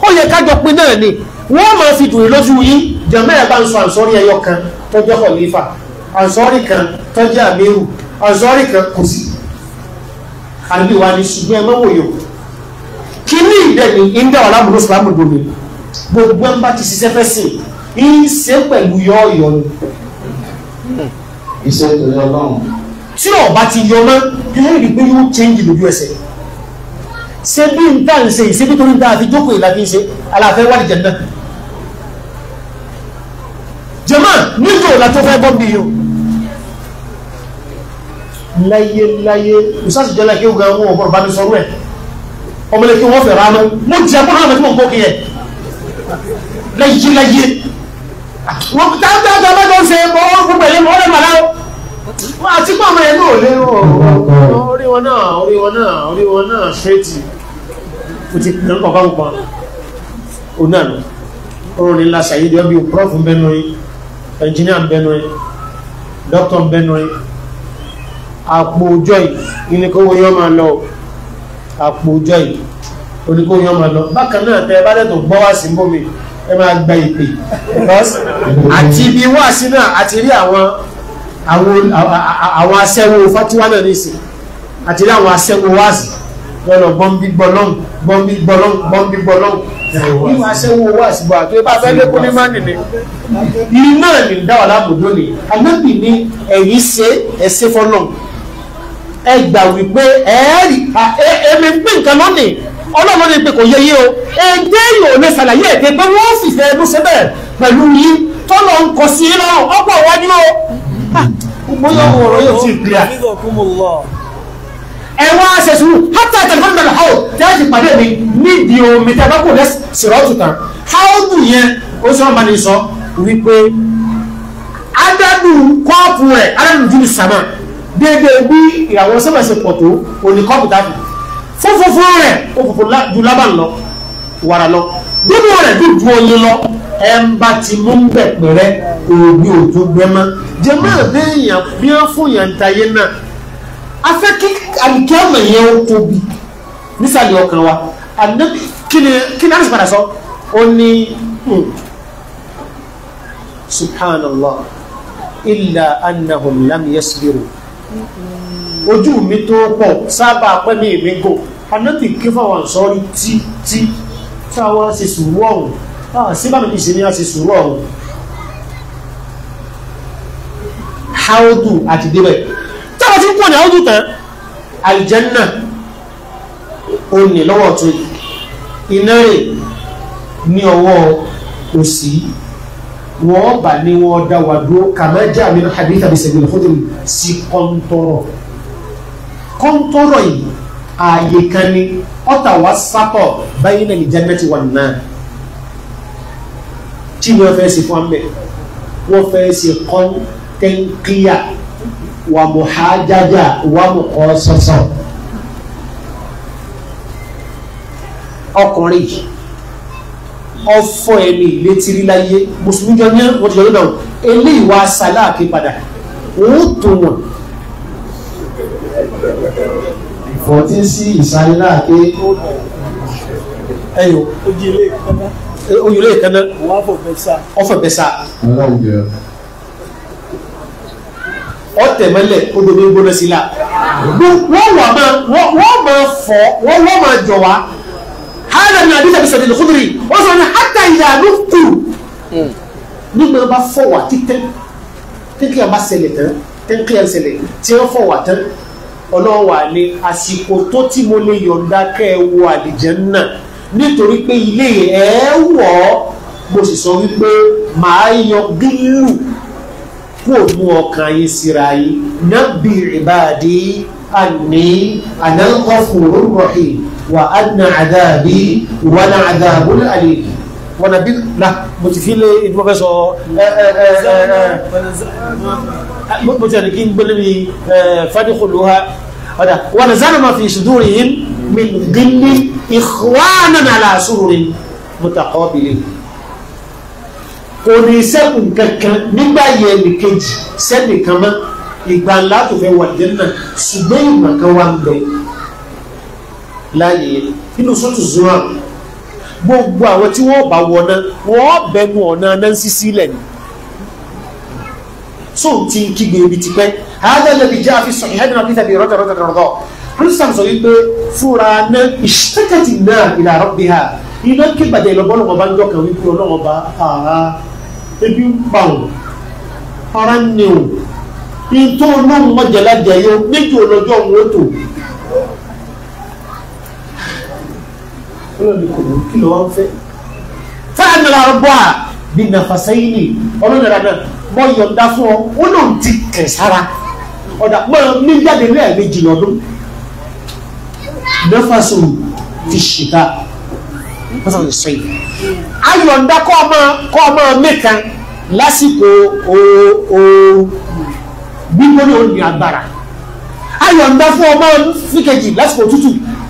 [SPEAKER 1] ó yẹ kájọ pin náà ni wọ́n máa fi dùn lójú yín jẹ̀mọ́ ẹ̀ bá ń sọ àǹsọ́rí ẹyọ kan tó jẹ́ kọ̀lífà àǹsọ́rí kan tó jẹ́ àmẹ́rù àǹsọ́rí kan kò sí àbí wa ni ṣùgbọ́n ẹ má wòye o kí ní ìdẹ́ni ìdá ọ̀la mú lọ́sọ̀lámù domi gbogbo ẹ̀ ń bá ti ṣiṣẹ́ fẹ́ I ń ṣe pẹ̀lú yọ̀ọ̀yọ̀ ni. iṣẹ́ ìtọ́jú ọlọ́run. tí ọba ti yọ mọ́ ẹ rí i pé yóò change lójú ẹsẹ̀ ṣé bí n tá n ṣe ìṣebí torí n tá a fi jókòó ìlà fi ń ṣe aláfẹ́ wà ní jẹ̀ndà jẹ̀mọ́ nígbà òla tó fẹ́ bọ́ bí yìí o láyé láyé ìsáàsì jẹ́ láyé kéwù gan wọn ò gbọ́dọ̀ bá mi sọ̀rọ̀ ẹ̀ ọmọlẹ́ kí wọ́n fẹ̀ ránú mo jẹ́ kó hàn mí tí mo ń bọ́ kí yẹ láyé láyé wọ́n dáadáa bá tó ń ṣe mọ́ gbogbo ẹ̀yẹ́ mọ́ lẹ́màá láwọ́ wọ́n àti pọ̀ ọmọ ẹ̀ náà lé orí wọn náà orí wọn náà orí wọn náà ṣéètì o ti nà kọ̀ báwo kan o nà nù ọrùn ni lasa yìí di ọbi prof ń bẹ nù yìí ẹnjìníà ń bẹ nù yìí dókítà ń bẹ nù yìí àpò òjọ yìí oníkówó yọ máa lọ àpò òjọ yìí oníkówó yọ máa lọ bákan náà tẹ ẹ bá dẹ̀ gbọ́ wá sí bómi ẹ máa gba ìpè àti ibi wá sí náà àti rí àwọn àwọn fatiwa náà nìsín àti rí àwọn aṣẹ́wó wá sí lọ́nà gbọ́nbí gbọ́lọ́n gbọ́nbí gbọ́lọ́n gbọ́nbí gbọ́lọ́n. ìwà sẹ́wọ́ owó àsìgbà tó bá fẹ́ lé kúndé máa nìní. ìlú náà lè dá wà lábùdó ni ànábì ni ẹ̀yìn ṣe ẹ̀ṣẹ́ fọ́nà ẹ gbà wípé ẹ̀ẹ́rì ẹ̀mí pé nǹkan lónìí ọlọ́run ní pé kò yẹ yé o ẹgbẹ́ yóò lè ṣàlàyé èdè pé wọ́n sì fẹ́ ẹdún síbẹ̀ pẹ̀lú yín tọ́lọ̀ ń kọ sí lọ́rùn ọ̀pọ̀ wájú o. gbogbo ah, yóò wọ̀rọ̀ yóò ti gbìyà ẹ wá ṣe sùúrù hátà tẹlifóònù bẹ̀rẹ̀ hàó tẹ́ẹ̀tì pàdé mi nídìí omi tẹ́ bá kò lẹ́ sèrọ́ọ̀tù tán háódù yẹn ó sọ ma ní sọ wípé adadu kọ́ọ̀pù rẹ̀ adadu jùlọ sàmà dédé bí ìràwọ̀ sẹ́mẹ̀sẹ̀ pọ̀ tó òní kọ́ọ̀pù tàbí fúnfúnfún rẹ̀ ó fòfò ju lábà lọ wàrà lọ dúdú rẹ̀ dúdú oyin lọ ẹ ń bá ti mú bẹ̀ pẹ̀rẹ́ òbí òjò gbẹmọ jẹmọ àbẹ́yàn bí wọn fún yàn ń náà afẹ́ kí àlùkìyàmọ̀ yẹn ó tóbi nísàlẹ̀ ọkàn wa ànábì kí ni kí ni àdìsí padà sọ ó ní hmm, subhanallah illa annahum lam yasbiru ojú mi tó pọ̀ sábà pẹ́ mi mi gò ànábì kí fáwọn sọ́ọ́rí tí tí táwọn ṣe sùúrù ọ̀hún síbàmì ìsinmi á ṣe sùúrù ọ̀hún háódù àti débẹ̀ ti ń pọ̀ ní àwùjọ tán àlìjẹ́nà ò ní lọ́wọ́ tó yìí iná rẹ̀ ní ọwọ́ òsì wọ́n bá ní wọ́n dá wa dúró kàmá jẹ́ àmì hadith àbí fún mi sí kọ́ńtọ́rọ̀ kọ́ńtọ́rọ̀ yìí ààyè kan ní ọ̀tà wa sápọ̀ báyìí náà ìjẹ́mẹ́tì wà náà tí wọ́n fẹ́ ṣe fún amẹ́ wọ́n fẹ́ ṣe kọ́ńtẹ́ńkíyà wa muhajaja wa muqasasa ọkùnrin ọfọ ẹni létírí láyé mùsùlùmí jọ ní wọn ti jọ lọdọ eléyìí wá sàláàkì padà wọn ó tó wọn. ìfọ̀tí sí ìsàlẹ̀ náà pé ojú ilé ìkànnà oyún ilé ọ̀tẹ̀ mẹ́lẹ̀ kó domi gbóná sí la wọ́n wà máa wọ́n máa fọ́ wọ́n wọ́n máa jọ wá hàdà ní àdìsẹ́ bí sẹ̀dẹ̀ lùkúdùrì wọ́n sọ ní hàtà ìyá ló kù hmm. nígbà bá fọ́ wà títẹ́ tẹ́kí àbá ṣẹlẹ̀ tán tẹ́kí àbá ṣẹlẹ̀ tí wọ́n fọ́ wà tán ọlọ́wà ni àsìkò tó tí mo lè yọ̀ǹda kẹ́ ẹ wo àlìjánnà nítorí pé ilé ẹ̀ wọ̀ mo sì sọ wípé màá yan bílù kó mú ọkàn yín síra yín nábì ìbáàdí àní ànáńkọ́fùrù rọ̀hì wà á na àdáàbí wà na àdáàbò àlè wọn àbí na mo ti fi lé ibi wọn mo ti rìn kí n gbélé mi fadíkòló ha ọ̀dà wọn zánà máa fi sùdúrì yín min gíní ìhùwánà nàlà sùrùrì mùtàkọ́ bìlì kò ní sẹ́kù kankan nígbà yẹn nìkejì sẹ́nìkan mọ́ ìgbà ńlá tó fẹ́ wà jẹ́ náà ṣùgbọ́n ìmọ̀ kan wà ń bẹ láàyè yẹn nínú sọ́tù zura gbogbo àwọn tí wọ́n bá wọ̀ náà wọ́n bẹnu ọ̀nà náà ń sísí lẹ̀ ni tó ti kígbe ibi ti pẹ́ adájọ́bi jẹ́ àfi sọ̀rọ̀ ìhẹ́dùn àbí tàbí rọ́tọ̀ rọ́tọ̀ rọ́tọ̀ christian sọ wípé fúra náà ìṣẹ́kẹ̀tì náà ìlà rọ́bì ha iná kébàdé ìlọ́gbọ́n bá ń jọ kàn wípé ọlọ́wọ́ bá ààrá ebi ń pa òun ara ń ní òun ìtò olóhùn mọ̀jẹ̀lájẹ̀ yóò méjì olójọ́ òun ó tò ọlọ́ni kò ní kí ló wá ń fẹ́ fáàmì àrùbọ́ à bí nàfàsẹ́yìn ni ọlọ́ni rà náà mọ̀ yọ̀ǹda fún ọ ó lóun ti kẹ̀ sára ọ̀dà mọ̀ ní jáde lẹ́ẹ̀mejì lọ́dún nàfàsẹ́yìn ti ṣìkà lọ́sọ̀rọ̀ sọ yìí ayọ̀ǹda kọ́ ọmọ kọ́ ọmọ mẹ́kan lásìkò ooru gbígbóni òní agbára ayọ̀ǹda fún ọmọ fíkejì lásìkò tútù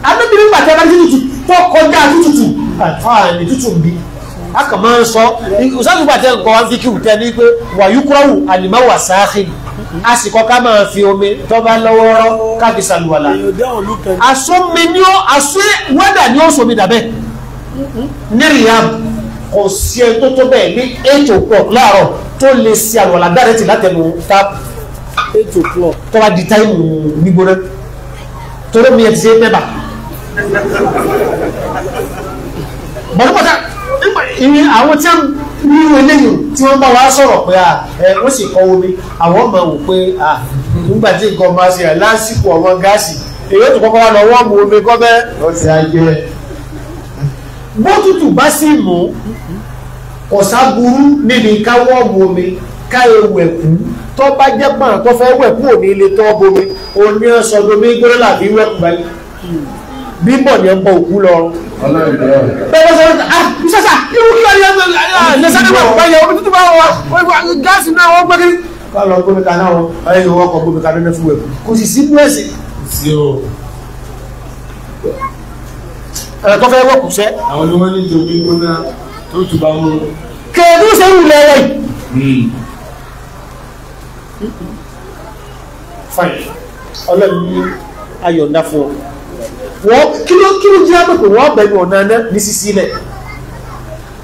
[SPEAKER 1] anábìrin gbàtẹ́ abájú tútù tó kọjá tútù àfààní tútù bí aka máa ń sọ ìsáàlù gbàtẹ́ nǹkan wá fi kíwù tẹ́ ní pé wàyú kúrọ́wù àlìmáwà sáàkìrì àsìkò ká máa fi omi tó bá lọ́wọ́ rọ́ káfíṣàlùwàlà asómi ni ó asó wẹ́dà ni ó sọmi dàbẹ́ ní Riyadh kò sí ẹni tó tó bẹ́ẹ̀ ní eight o'clock láàárọ̀ tó lè ṣe àlùwàlá dáre tì látẹnu tap eight o'clock tó bá di táìmù nígbóná torí mi ẹ ti ṣe mẹ́bà bọ̀dọ̀bọ̀dọ̀ ìyẹn àwọn tí nínú eléyìí tí wọ́n bá wá sọ̀rọ̀ pé wọ́n sì kọ omi àwọn ọmọ wò pé nígbà tí nǹkan máa ṣe lásìkò ọmọ gáàsì èyí ó tún kọ́kọ́ wá lọ wọ́n mu omi kọ́ bẹ́ẹ̀. ó ti á jẹ́ bótútù bá sì mú kọ̀sáburú níbi káwọ́ bomi ká ewẹ̀ kú tó bá jẹ́ pàrọ̀ tó fẹ́ wẹ̀ kú òní ilé tó bomi òní ọ̀sán domi gbọ́dọ̀ làbí wẹ̀ kú báyìí bímbọ̀ ni ẹ ń òkú lọ. bẹ́ẹ̀ bá sọ ah bisasa irú kí wàá yẹn ẹ sáré wà wọ́n yẹ omi tuntun bá wọ́n wá gáàsì náà wọ́n gbẹ́kẹ́. ká lọ gbómi ká náà wọn ayé ìwọ ọkọ̀ gbómi ká lọ́nà fún wẹ̀ kò sì sí búrẹ́sì ẹ̀rọ tó fẹ́ wọ́pù sẹ́. àwọn ni wọ́n ní tòmí gbóná tó tù bá mú. kèédú ṣe ń lẹ̀ ẹ̀. Hmm. fine ọlọ́run ayọ̀ ńlá fún ọ wọ́n kí ló kí ló jẹ́ àpòpò wọ́n bẹ̀rù ọ̀nà náà ní sísí lẹ̀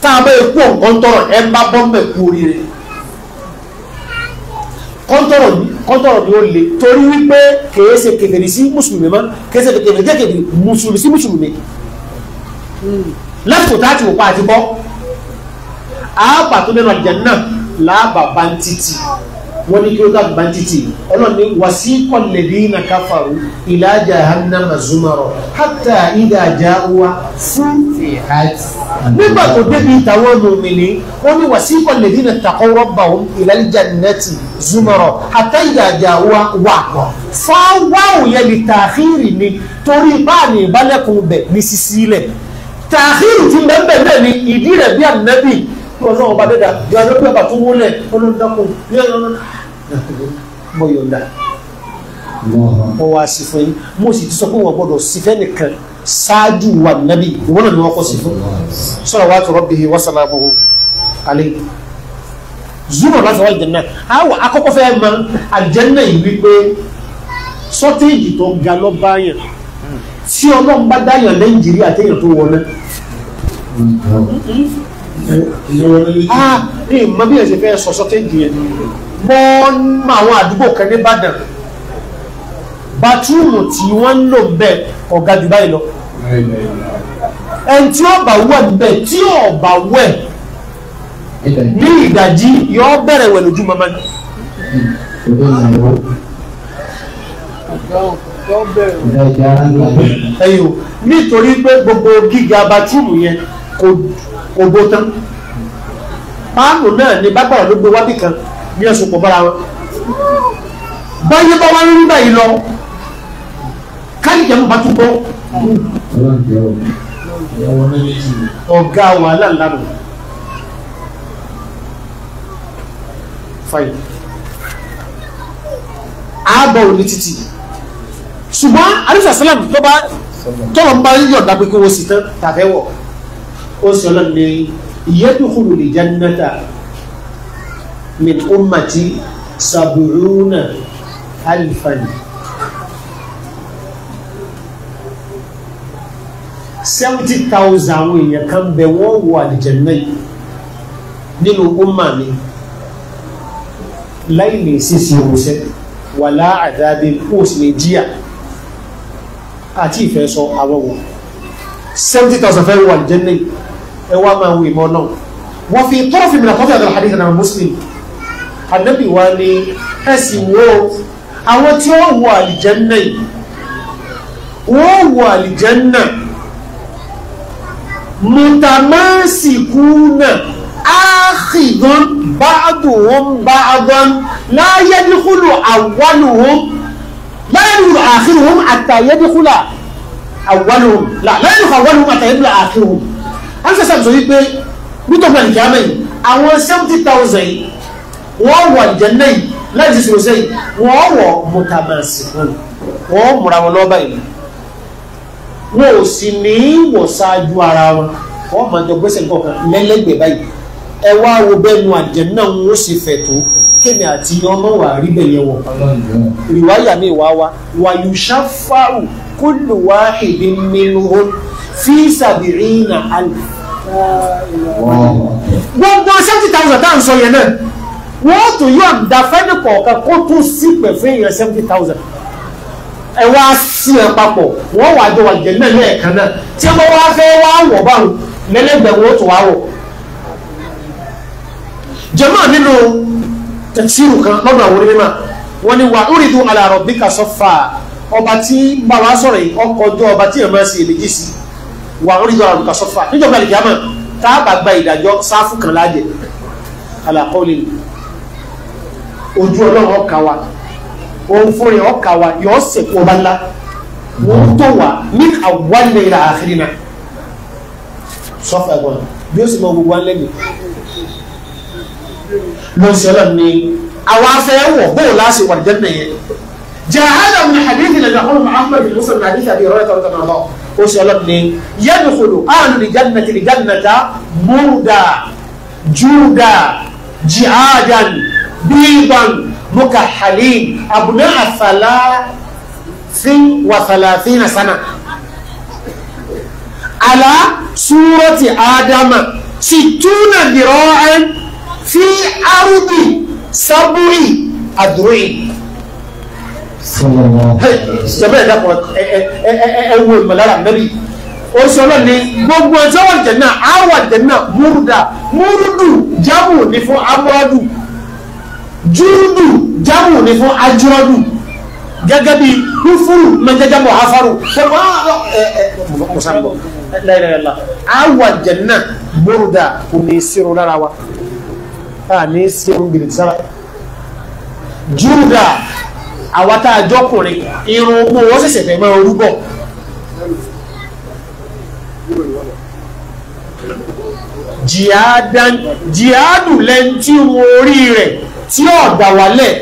[SPEAKER 1] tá a bá epo kọ́ńtọ̀rọ̀ ẹ̀ ń bá bọ́m̀bẹ̀ kú oríire kọ́ńtọ̀rọ̀ ni kọ́ńtọ̀rọ̀ ni ó le torí wípé kèé kèfèrè sí mùsùlùmí mọ́ kèé ṣe kèfèrè sí mùsùlùmí lásìkò tá a ti wò pa àti bọ́ àápà tó nínú àlùjánnà làábà bá ń títì wọ́n ní kí ó dàbí bá ń títì ọlọ́run ní wàsíkọ̀ lẹ́dínà káfàrú ìlà jahannama zumarọ̀ hátà ìdá jáwá fún ìhàjì. nígbà tó débi ìtàwọn lómìnì wọ́n ní wàsíkọ̀ lẹ́dínà tàkọ́rọ́ bàwọn ìlà jannati zumarọ̀ hátà ìdá jáwá wà pọ̀. fáwọn wáwò yẹn ni torí báà ní ìbálẹ̀kùn bẹ̀ ní sísílẹ̀ tààkìrù ti bẹ́ẹ̀ bẹ́ẹ̀ ni ìdí rẹ̀ bí ànábì kí ọ̀nà ọba dẹ́dà bí ọ̀nà bí ọba tó wọlé ọlọ́dọ́kùn ní ọ̀nà mo yọ̀ǹda mo wá sí fún yín mo sì ti sọ pé wọ́n gbọ́dọ̀ sí fẹ́ nìkan ṣáájú wa nábì ìwọ́n náà ni wọ́n kọ́ sí fún sọ̀rọ̀ wa tọ̀rọ̀ bíi wasalamuhu alayhi zuma láti wá ìjẹ̀nà àwọn akọ́kọ́ fẹ́ mọ àjẹ́nà yìí wípé sọ́téèjì tó ga lọ́ báyàn tí ọlọ́run bá dáyàn nàìjíríà téèyàn tó wọlé. ìmọ̀ ah, bí ẹ̀sìn fẹ́ sọ sọ́tẹ́jì yẹn mọ́ mọ́ àwọn àdúgbò kan ní Ìbàdàn bàtúùmù tí wọ́n ń lò bẹ́ẹ̀ ọ̀gá jù báyìí lọ. ẹni tí ó bá wẹ̀ bẹ́ẹ̀ tí ó bá wẹ̀ ní ìdajì yọ bẹ̀rẹ̀ wẹ̀ lójú mọ́mọ́ ni
[SPEAKER 2] ẹ̀yìn
[SPEAKER 1] o nítorí pé gbogbo gíga batúùmù yẹn kò bó tán páànù náà ni bágbára ló gbé wábì kan ní ẹ̀sùn pọ̀ bára wọn báyé bá wá nígbà yìí lọ káyìjẹ́ mú batúbọ̀ ọ̀gá wàhálà lánàá fàyè ààbọ̀ òní títì ṣùgbọ́n àríṣà sálàmù tó bá tọ́lọ̀ ń bá yọ̀dá pé kí wọ́n sì tán tàfẹ́ wọ̀ ó sì ọlọ́run ní yadkhulu al-jannata min ummati sab'una alifan seventy thousand àwọn èèyàn kan bẹ wọ́n wọ àlìjẹ̀nà yìí nínú umma mi láì lè ṣe ṣe òṣè wàlá àdáde kó o sì lè jíyà àti ìfẹ́ sọ àwọ̀wọ̀ seventy thousand fẹ́ wà jẹ́nẹ́ ẹ wá máa wo ìmọ̀ náà wọ́n fi tọ́rọ̀ fi mìíràn tọ́fẹ́ àgbàlá hadith náà muslim anabi wa ni ẹ sì wo àwọn tí wọ́n wọ àlìjẹ́nẹ́ wọ́n wọ àlìjẹ́nẹ́ mutamansikuna akhidun ba'duhum ba'dan la yadkhulu awwaluhum láyẹ̀dùn àkírùhùn àtàyẹ́dìkúlà àwọlùhùn láyẹ̀dùn àwọlùhùn àtàyẹ́dìkúlà àkírùhùn ansẹ́sàm sọ wípé nítorí àlìkàmẹ́ yìí àwọn seventy thousand yìí wọ́n wọ̀ jẹ́nẹ́ yìí láti ṣe ṣe wọ́n wọ̀ mọ̀tàmásì wọ́n múra wọn lọ́ba yìí wọn ò sì ní wọ̀ ṣáájú ara wọn wọ́n máa jọ gbẹ́sẹ̀ kọ̀ọ̀kan lẹ́lẹ́gbẹ̀ẹ́ báyìí ẹ wá wo bẹ́ẹ̀ nu àjẹ́ náà wọ́n sì fẹ̀ tó kémi àti ọmọ wà rí bẹ́ẹ̀ yẹn wọ̀ rìwáyà mi wá wá wàyùṣà fáwù kúlù wahidin minhum fi sàbìrìnà alif. gbogbo seventy thousand tá à ń sọ yẹn náà wọ́n tún yóò da fẹ́ni kọ̀ọ̀kan kó tún sípè fún èèyàn seventy thousand ẹ wá sí ẹ papọ̀ wọ́n wà jọ wà jẹ́ náà lẹ́ẹ̀kan náà tí wọ́n wá fẹ́ wá wọ̀ báwọn lẹ́lẹ́gbẹ̀ẹ́ wọ́n tún wá wọ̀ jẹ́mọ̀ nínú tẹ̀síìrù kan lọ́dọ̀ àwọn onímọ̀ wọ́n ní wà lórí ìdún alàrọ̀ bí ká sọ fà ọba tí ń bá wa sọ̀rọ̀ yìí ọkọ̀ ọjọ́ ọba tí èèyàn máa ṣe èméjì sí wà lórí ìdún alàrọ̀ bí ká sọ fà níjọba àlìkíyàmọ̀ tá a bá gba ìdájọ́ sáfù kan láàjẹ̀ alàkọ́lẹ̀ ojú ọlọ́run ọkà wa òun fúnra ẹ̀ ọkà wa yọ sẹ̀kú ọba ńlá wọ́n tó wà ní àwálẹ̀ ìlà àkìrìnà sọ́fà ẹ̀gbọ́n bí ó sì mọ gbogbo wa lẹ́nu ló ń ṣe ọlọ́run ní àwọn afẹ́ wọ̀ bóò láti wà jẹ́ nìyẹn jahada min hadithi la yaqulu ahmad bin musa min hadithi abi hurairah radhiyallahu anhu ó ṣe ọlọ́run ní yadkhulu ahlu al-jannati al-jannata murda juda jihadan bidan mukahhalin abna'a thalathin wa thalathina sana ala surati adama situna dira'an fi arúgbì sábúrì àdúrì. jẹ́bẹ́ ẹ̀dá kan ẹ wo ìmọ̀lára mẹ́rin oṣooṣo ni gbogbo ẹjọ́ wà jẹ̀ náà á wà jẹ̀ náà múrúdà múrúdù jámù ní fún amúrádù júrúdù jámù ní fún ajúrádù gẹ́gẹ́ bí kúfúrú mẹjẹjẹmọ afaru musamman láìláìlá á wà jẹ̀ náà múrúdà kò ní í sírun lára wa àní sẹ́wọ̀n bìrì sára júdà àwa tá a jọkùnrin irun ogun wọn ṣẹ̀ṣẹ̀ fẹ́ máa rúbọ. jihadu lẹ́ni tí wọn orí rẹ̀ tí ọ̀dà wálẹ̀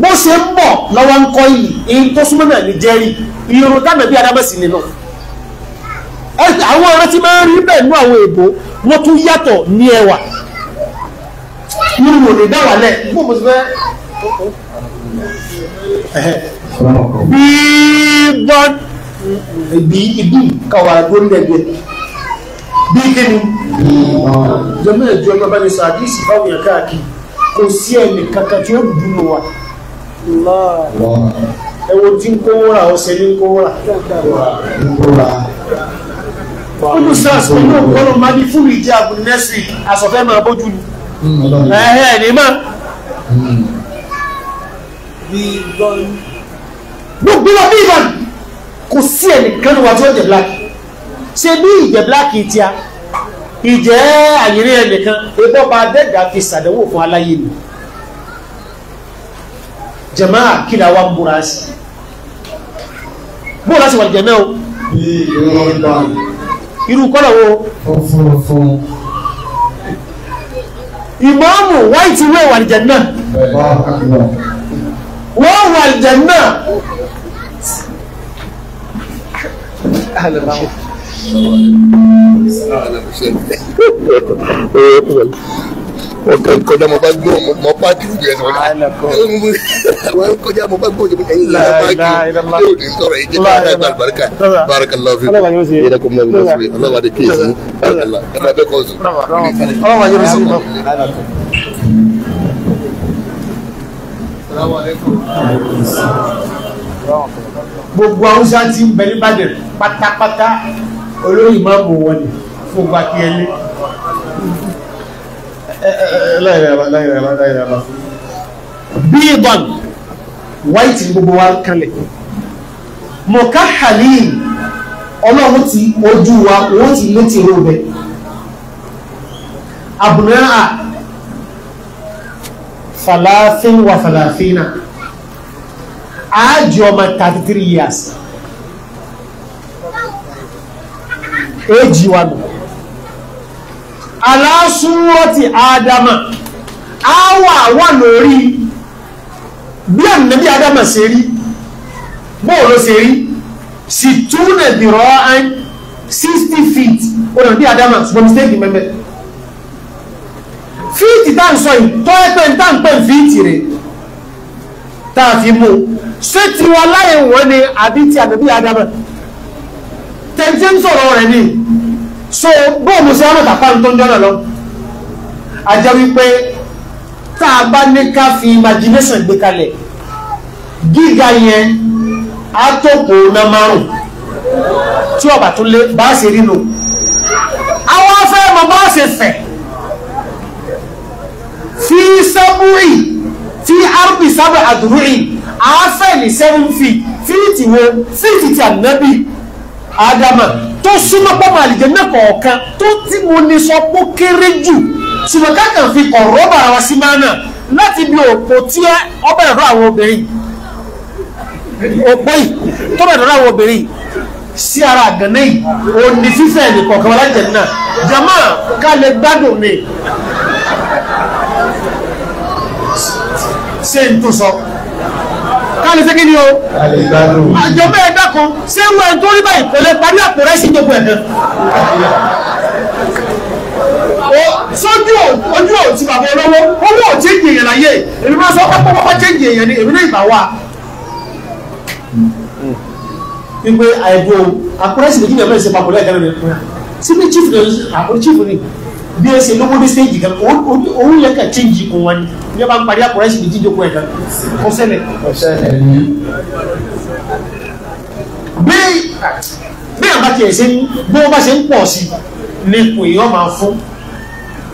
[SPEAKER 1] bó ṣe ń bọ̀ lọ́wọ́ ń kọ́ yìí èyí tó súnmọ́ náà ní jẹ́rí irun tábẹ̀ bí adámẹ́sì nínú àwọn ọ̀rẹ́ tí máa ń rí bẹ́ẹ̀ nú àwọn èèbó wọ́n tún yàtọ̀ ní ẹwà
[SPEAKER 2] nínú wò lè dá wà lẹ̀ bó mo ti fẹ́.
[SPEAKER 1] bí bọ́ ibi ibi kàwá gbóndẹ̀gbẹ̀ bí kíni jọmọ ẹjọ ọmọ bá mi sọ àdìsí fáwọn yẹn káàkiri kò sí ẹnì kankan tí ó dùn wa ẹ wo tí ń kówó ra ọ̀sẹ̀ ní kówó ra
[SPEAKER 2] olùsọ̀ọ̀sọ̀ ní òkúrò
[SPEAKER 1] máa ní fúlù ìjà àbùnẹ́sì àsọ̀fẹ́ máa bójú ni ẹ̀hẹ́ ní mọ́. gbogbo wa bí ìbọn kò sí ẹnìkan wa tí ó jẹ black ṣe bí ìjẹ black ti a ìjẹ àyèrè ẹnìkan ebọ́ bá dẹ́gbà fi ṣàdánwò fún aláyé mi jamaa kila wa ń búra sí bó láti wà jẹ́mẹ́ o irú kọ́lọ̀ wo ìmáàmù wáìtì wé wà lìjẹ̀ náà wọ́n wà lìjẹ̀ náà ọkàn kọjá mo bá gbọ́ mo páàkì ojú ẹsẹ̀ wọn kọjá mo bá gbọ́ ojú ẹyin lọ páàkì yóò ní sọ̀rọ̀ yìí jẹ́ ká ká barika barika lọ́fi yẹn kò mọ̀ nínú fún mi ọlọ́wà de kéèsì barika lọ ẹ̀ máa bẹ́ kọ́ sùn. ọlọ́wà yóò sì mọ̀. gbogbo haúsá tí ń bẹ ní Ìbàdàn pátápátá olóyìn máa mú wọn ni fún gbàgbé ẹni láìláìláìláìláìláìlá bíbọn wáìtì gbogbo wa kalẹ̀ mọ̀ká halil ọlọ́run ti ojú wa wọ́n ti létí ròbẹ̀ abùnáà falafin wa falafina ájì ọmọ 33 years éjì wa nù aláṣúwọ́tì ádámà á wà wà lórí bí ànàbí ádámà ṣe rí bóò ló ṣe rí sì túnà dìrọ́ án 60 feet ọ̀nà bí ádámà ṣùgbọ́n mistake mẹ́mẹ́ fíìtì tá ń sọ yìí tọ́ ẹgbẹ́ ń tá ń pẹ́ fíìtì rẹ̀ tá a fi mú ṣé tiwọn láyé wọn ni àbí ti ànàbí ádámà tẹ̀jẹ́ ń sọ̀rọ̀ rẹ̀ ni so bóòmù sí àmọ̀tà pa tó ń jọ́nà lọ a jẹ́ wípé tá a bá ní ká fi imagination gbé kalẹ̀ gíga yẹn á tó pò ná márùn tí ọba tó lé bá ṣe rínu àwọn afẹ́ mọ bá ṣe fẹ̀ fi sábúrì fi arbi sábà àdúrì àáfẹ́ ní seven feet fíìtì wo fíìtì ti ànábì ádámà tó súnmọ́ pọ́mọ àlìjẹ́ náà kọ̀ọ̀kan tó tí mo ní sọ pé kéré jù ṣùgbọ́n kákan fi ọ̀rọ̀ bàrà wa sí máa náà láti bí òpó tí ọbẹ̀ rọ̀ àwọn obìnrin òpó yìí tó bẹ̀rẹ̀ rọ̀ àwọn obìnrin sí ara àgànná yìí ò ní fífẹ́ ẹ̀nì kọ̀ọ̀kan wọn láti tẹ̀lé náà jama ká lè gbádùn ni ṣé n tó sọ kálí sí kí ni o. àjọ bẹ́ẹ̀ dákan ṣé ń wọ ẹni tó rí báyìí kò lè parí àpò rẹ̀ sí gbogbo ẹ̀dẹ̀. sójú ojú ò ti bàbá olówó owó ò chéjì èèyàn láyé èmi máa sọ pápá pápá chéjì èèyàn ni èmi náà ìgbà wà. wípé àìbò àpò rẹ̀ sì kí ni ọ̀bẹ ṣe papọ̀ lẹ́ẹ̀kan ní ẹ̀kọ́ sí ní chief ní àpò chief ní bí ẹ ṣe lówó dé stage kan òun yẹ ká change kun wọn ni bí ẹ bá ń parí àpò ẹsìn méjì jókòó ẹ kan kó ṣẹlẹ̀. bẹ́ẹ̀ bẹ́ẹ̀ bá tiẹ̀ ṣe bí wọ́n bá ṣe ń pọ̀ sí ni kò yọ máa fún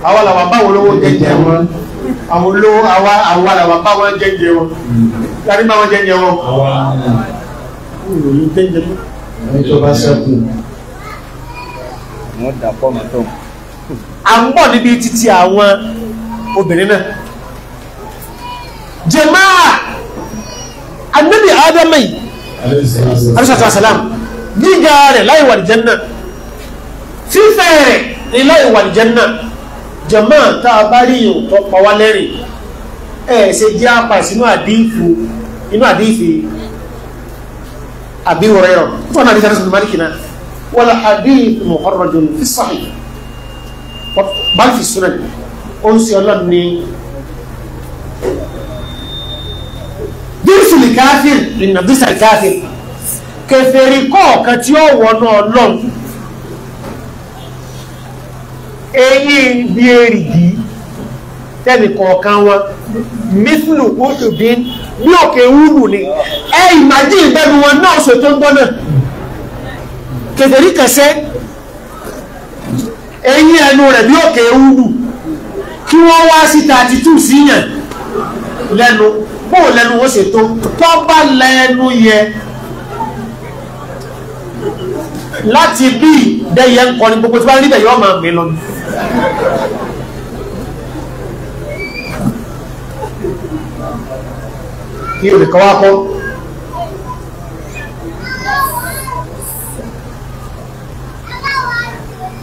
[SPEAKER 1] àwa làwa báwo lówó jẹjẹ wọn àwọn olówó àwa àwa làwa báwo jẹjẹ wọn yàrá báwo jẹjẹ wọn. ìròyìn jẹjẹ mọ́. ẹni tó bá ṣẹ́kù. wọ́n dà pọ̀ mọ́tò à ń bọ̀ níbi títí àwọn obìnrin náà jẹmáà annabi adamai alaihissalam gíga rẹ̀ láì wà nìjẹ́nà fífẹ́ rẹ̀ ní láì wà nìjẹ́nà jẹmáà tá a bá rí ìyòntọ́ pàwá lẹ́rìn ẹ̀ ṣe jẹ́ apà sínú àdífù inú àdífì àbí wọ̀rẹ́rọ̀ fún àdífì àdífì mọ́rọ̀jùn fi sahih báńkì sunan ó ń ṣe ọlọ́run ní dísìlì káfíìn ìnà dísìlì káfíìn kẹfẹ́rí kọ̀ọ̀kan tí ó wọnà ọlọ́run eyín bí èrìgì tẹ́lẹ̀ kọ̀ọ̀kan wọn mísìlù òṣùbí ní òkè wúlù ni ẹ ìmájì ìbẹ̀rù wọn náà ṣètò ń gbọ́nà kẹfẹ́rí kẹsẹ́ eyín ẹnu rẹ̀ bí òkè ewúdù kí wọ́n wá sí thirty two síyàn lẹ́nu bó lẹ́nu ó ṣe tó tó bá lẹ́nu yẹ láti bí dẹ́yẹ ń kọrin gbogbo tí bá rí bẹ̀yọ́ máa gbé lọ kí olùkọ́ wá kọ́.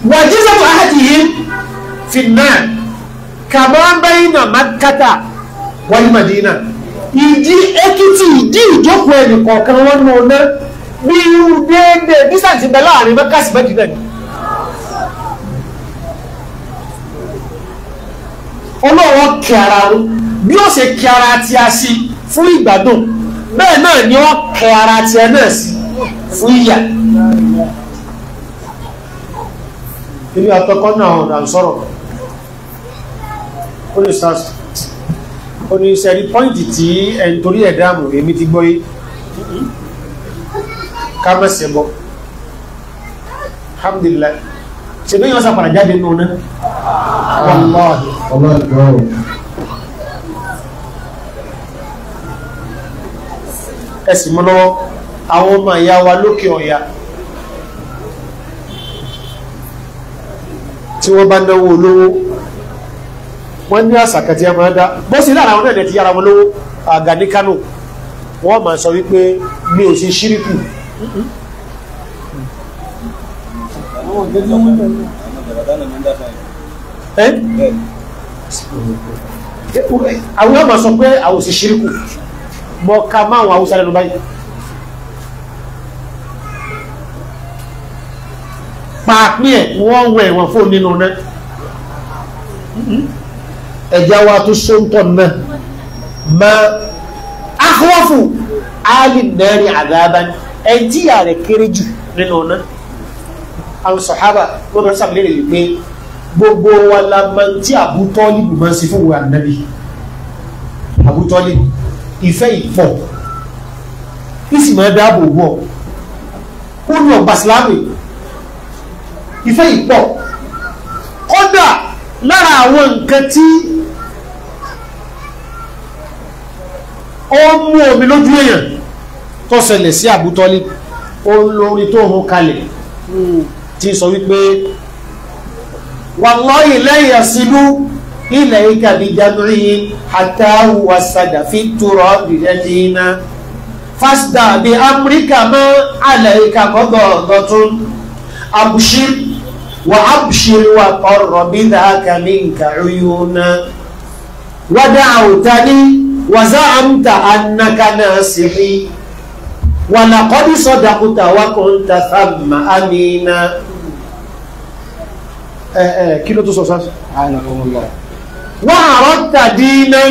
[SPEAKER 1] wàjísàtò ahadìyí fìnnán kàmá bẹ́yìnà mákàtà wal Madina ìdí ekiti ìdí ìjókòó ẹnì kọ̀ọ̀kan wọn nù ná bí irú déédéé dísàǹtì bẹ láàrin mẹ́kàsí Mẹ́dínà ni. ọlọ́wọ́ kí ara wọn bí ó ṣe kí ara ti a sí fún ìgbádùn bẹ́ẹ̀ náà ni wọ́n kí ara ti ẹ náà sí fún ìyà. ilé àtọ́kọ́ náà ọ̀nà sọ̀rọ̀ ó lè sàásì ó ní sẹ́rí pọ́ìntì tí ẹni torí ẹ̀ dáàmù èmi ti gbọ́ yìí ká mẹ́sẹ̀ bọ́ alhamdulillah ṣe bí yọ́n sá padà jáde nù ná wàláhì ẹ̀sìn mọ́ lọ́wọ́ àwọn ọmọ ìyá wa lókè ọ̀yà tí wọ́n bá náwó olówó wọ́n ní àṣà kan tí wọ́n máa ń dá bó sì lára àwọn náà lè ti yára wọn lówó àgà ní Kánò wọ́n máa sọ wípé mi ò ṣe ṣíríkù àwọn àmà sọ pé àwọn ò sì ṣíríkù máa àwọn Haúsá lẹ́nu paapin ẹ̀ wọ́n wẹ̀ wọ́n fún nínú náà ẹ̀já wa tó sóńtọ̀ náà mọ akọ́wọ́fù áálì nẹ́rin àdáàbá ẹ̀ tí ìyá rẹ̀ kéré jù nínú náà àwọn sọ̀hábà lọ́dọ̀ sàmìlẹ̀ rẹ̀ pé gbogbo wa la máa tí Abu Talib máa ṣe fún wa nàbí Abu Talib ìfẹ́ ìpọ̀ kí máa dáàbò wọ̀ ó ní ọgbà sílámù ìfẹ́ ìpọ̀ kódà lára àwọn nǹkan tí ó mú omi lójú èèyàn tó ṣẹlẹ̀ sí àbútọ́lé ó lórí tó hun kalẹ̀ tí sọ wípé wallahi lẹ́yìn àsìlú ilẹ̀ ìkàbí jami'i àtàwù àsàdà fi túrọ̀ ìrẹ́lẹ̀ iná fásità bí amríkà mọ́ àlẹ́ ìkàmọ́gọ̀ọ̀gọ̀ tún àbùṣírí وأبشر وقر بذاك منك عيونا ودعوتني وزعمت أنك ناصحي ولقد صدقت وكنت ثم أمينا كيلو تصوصات عانكم الله وعرضت دينا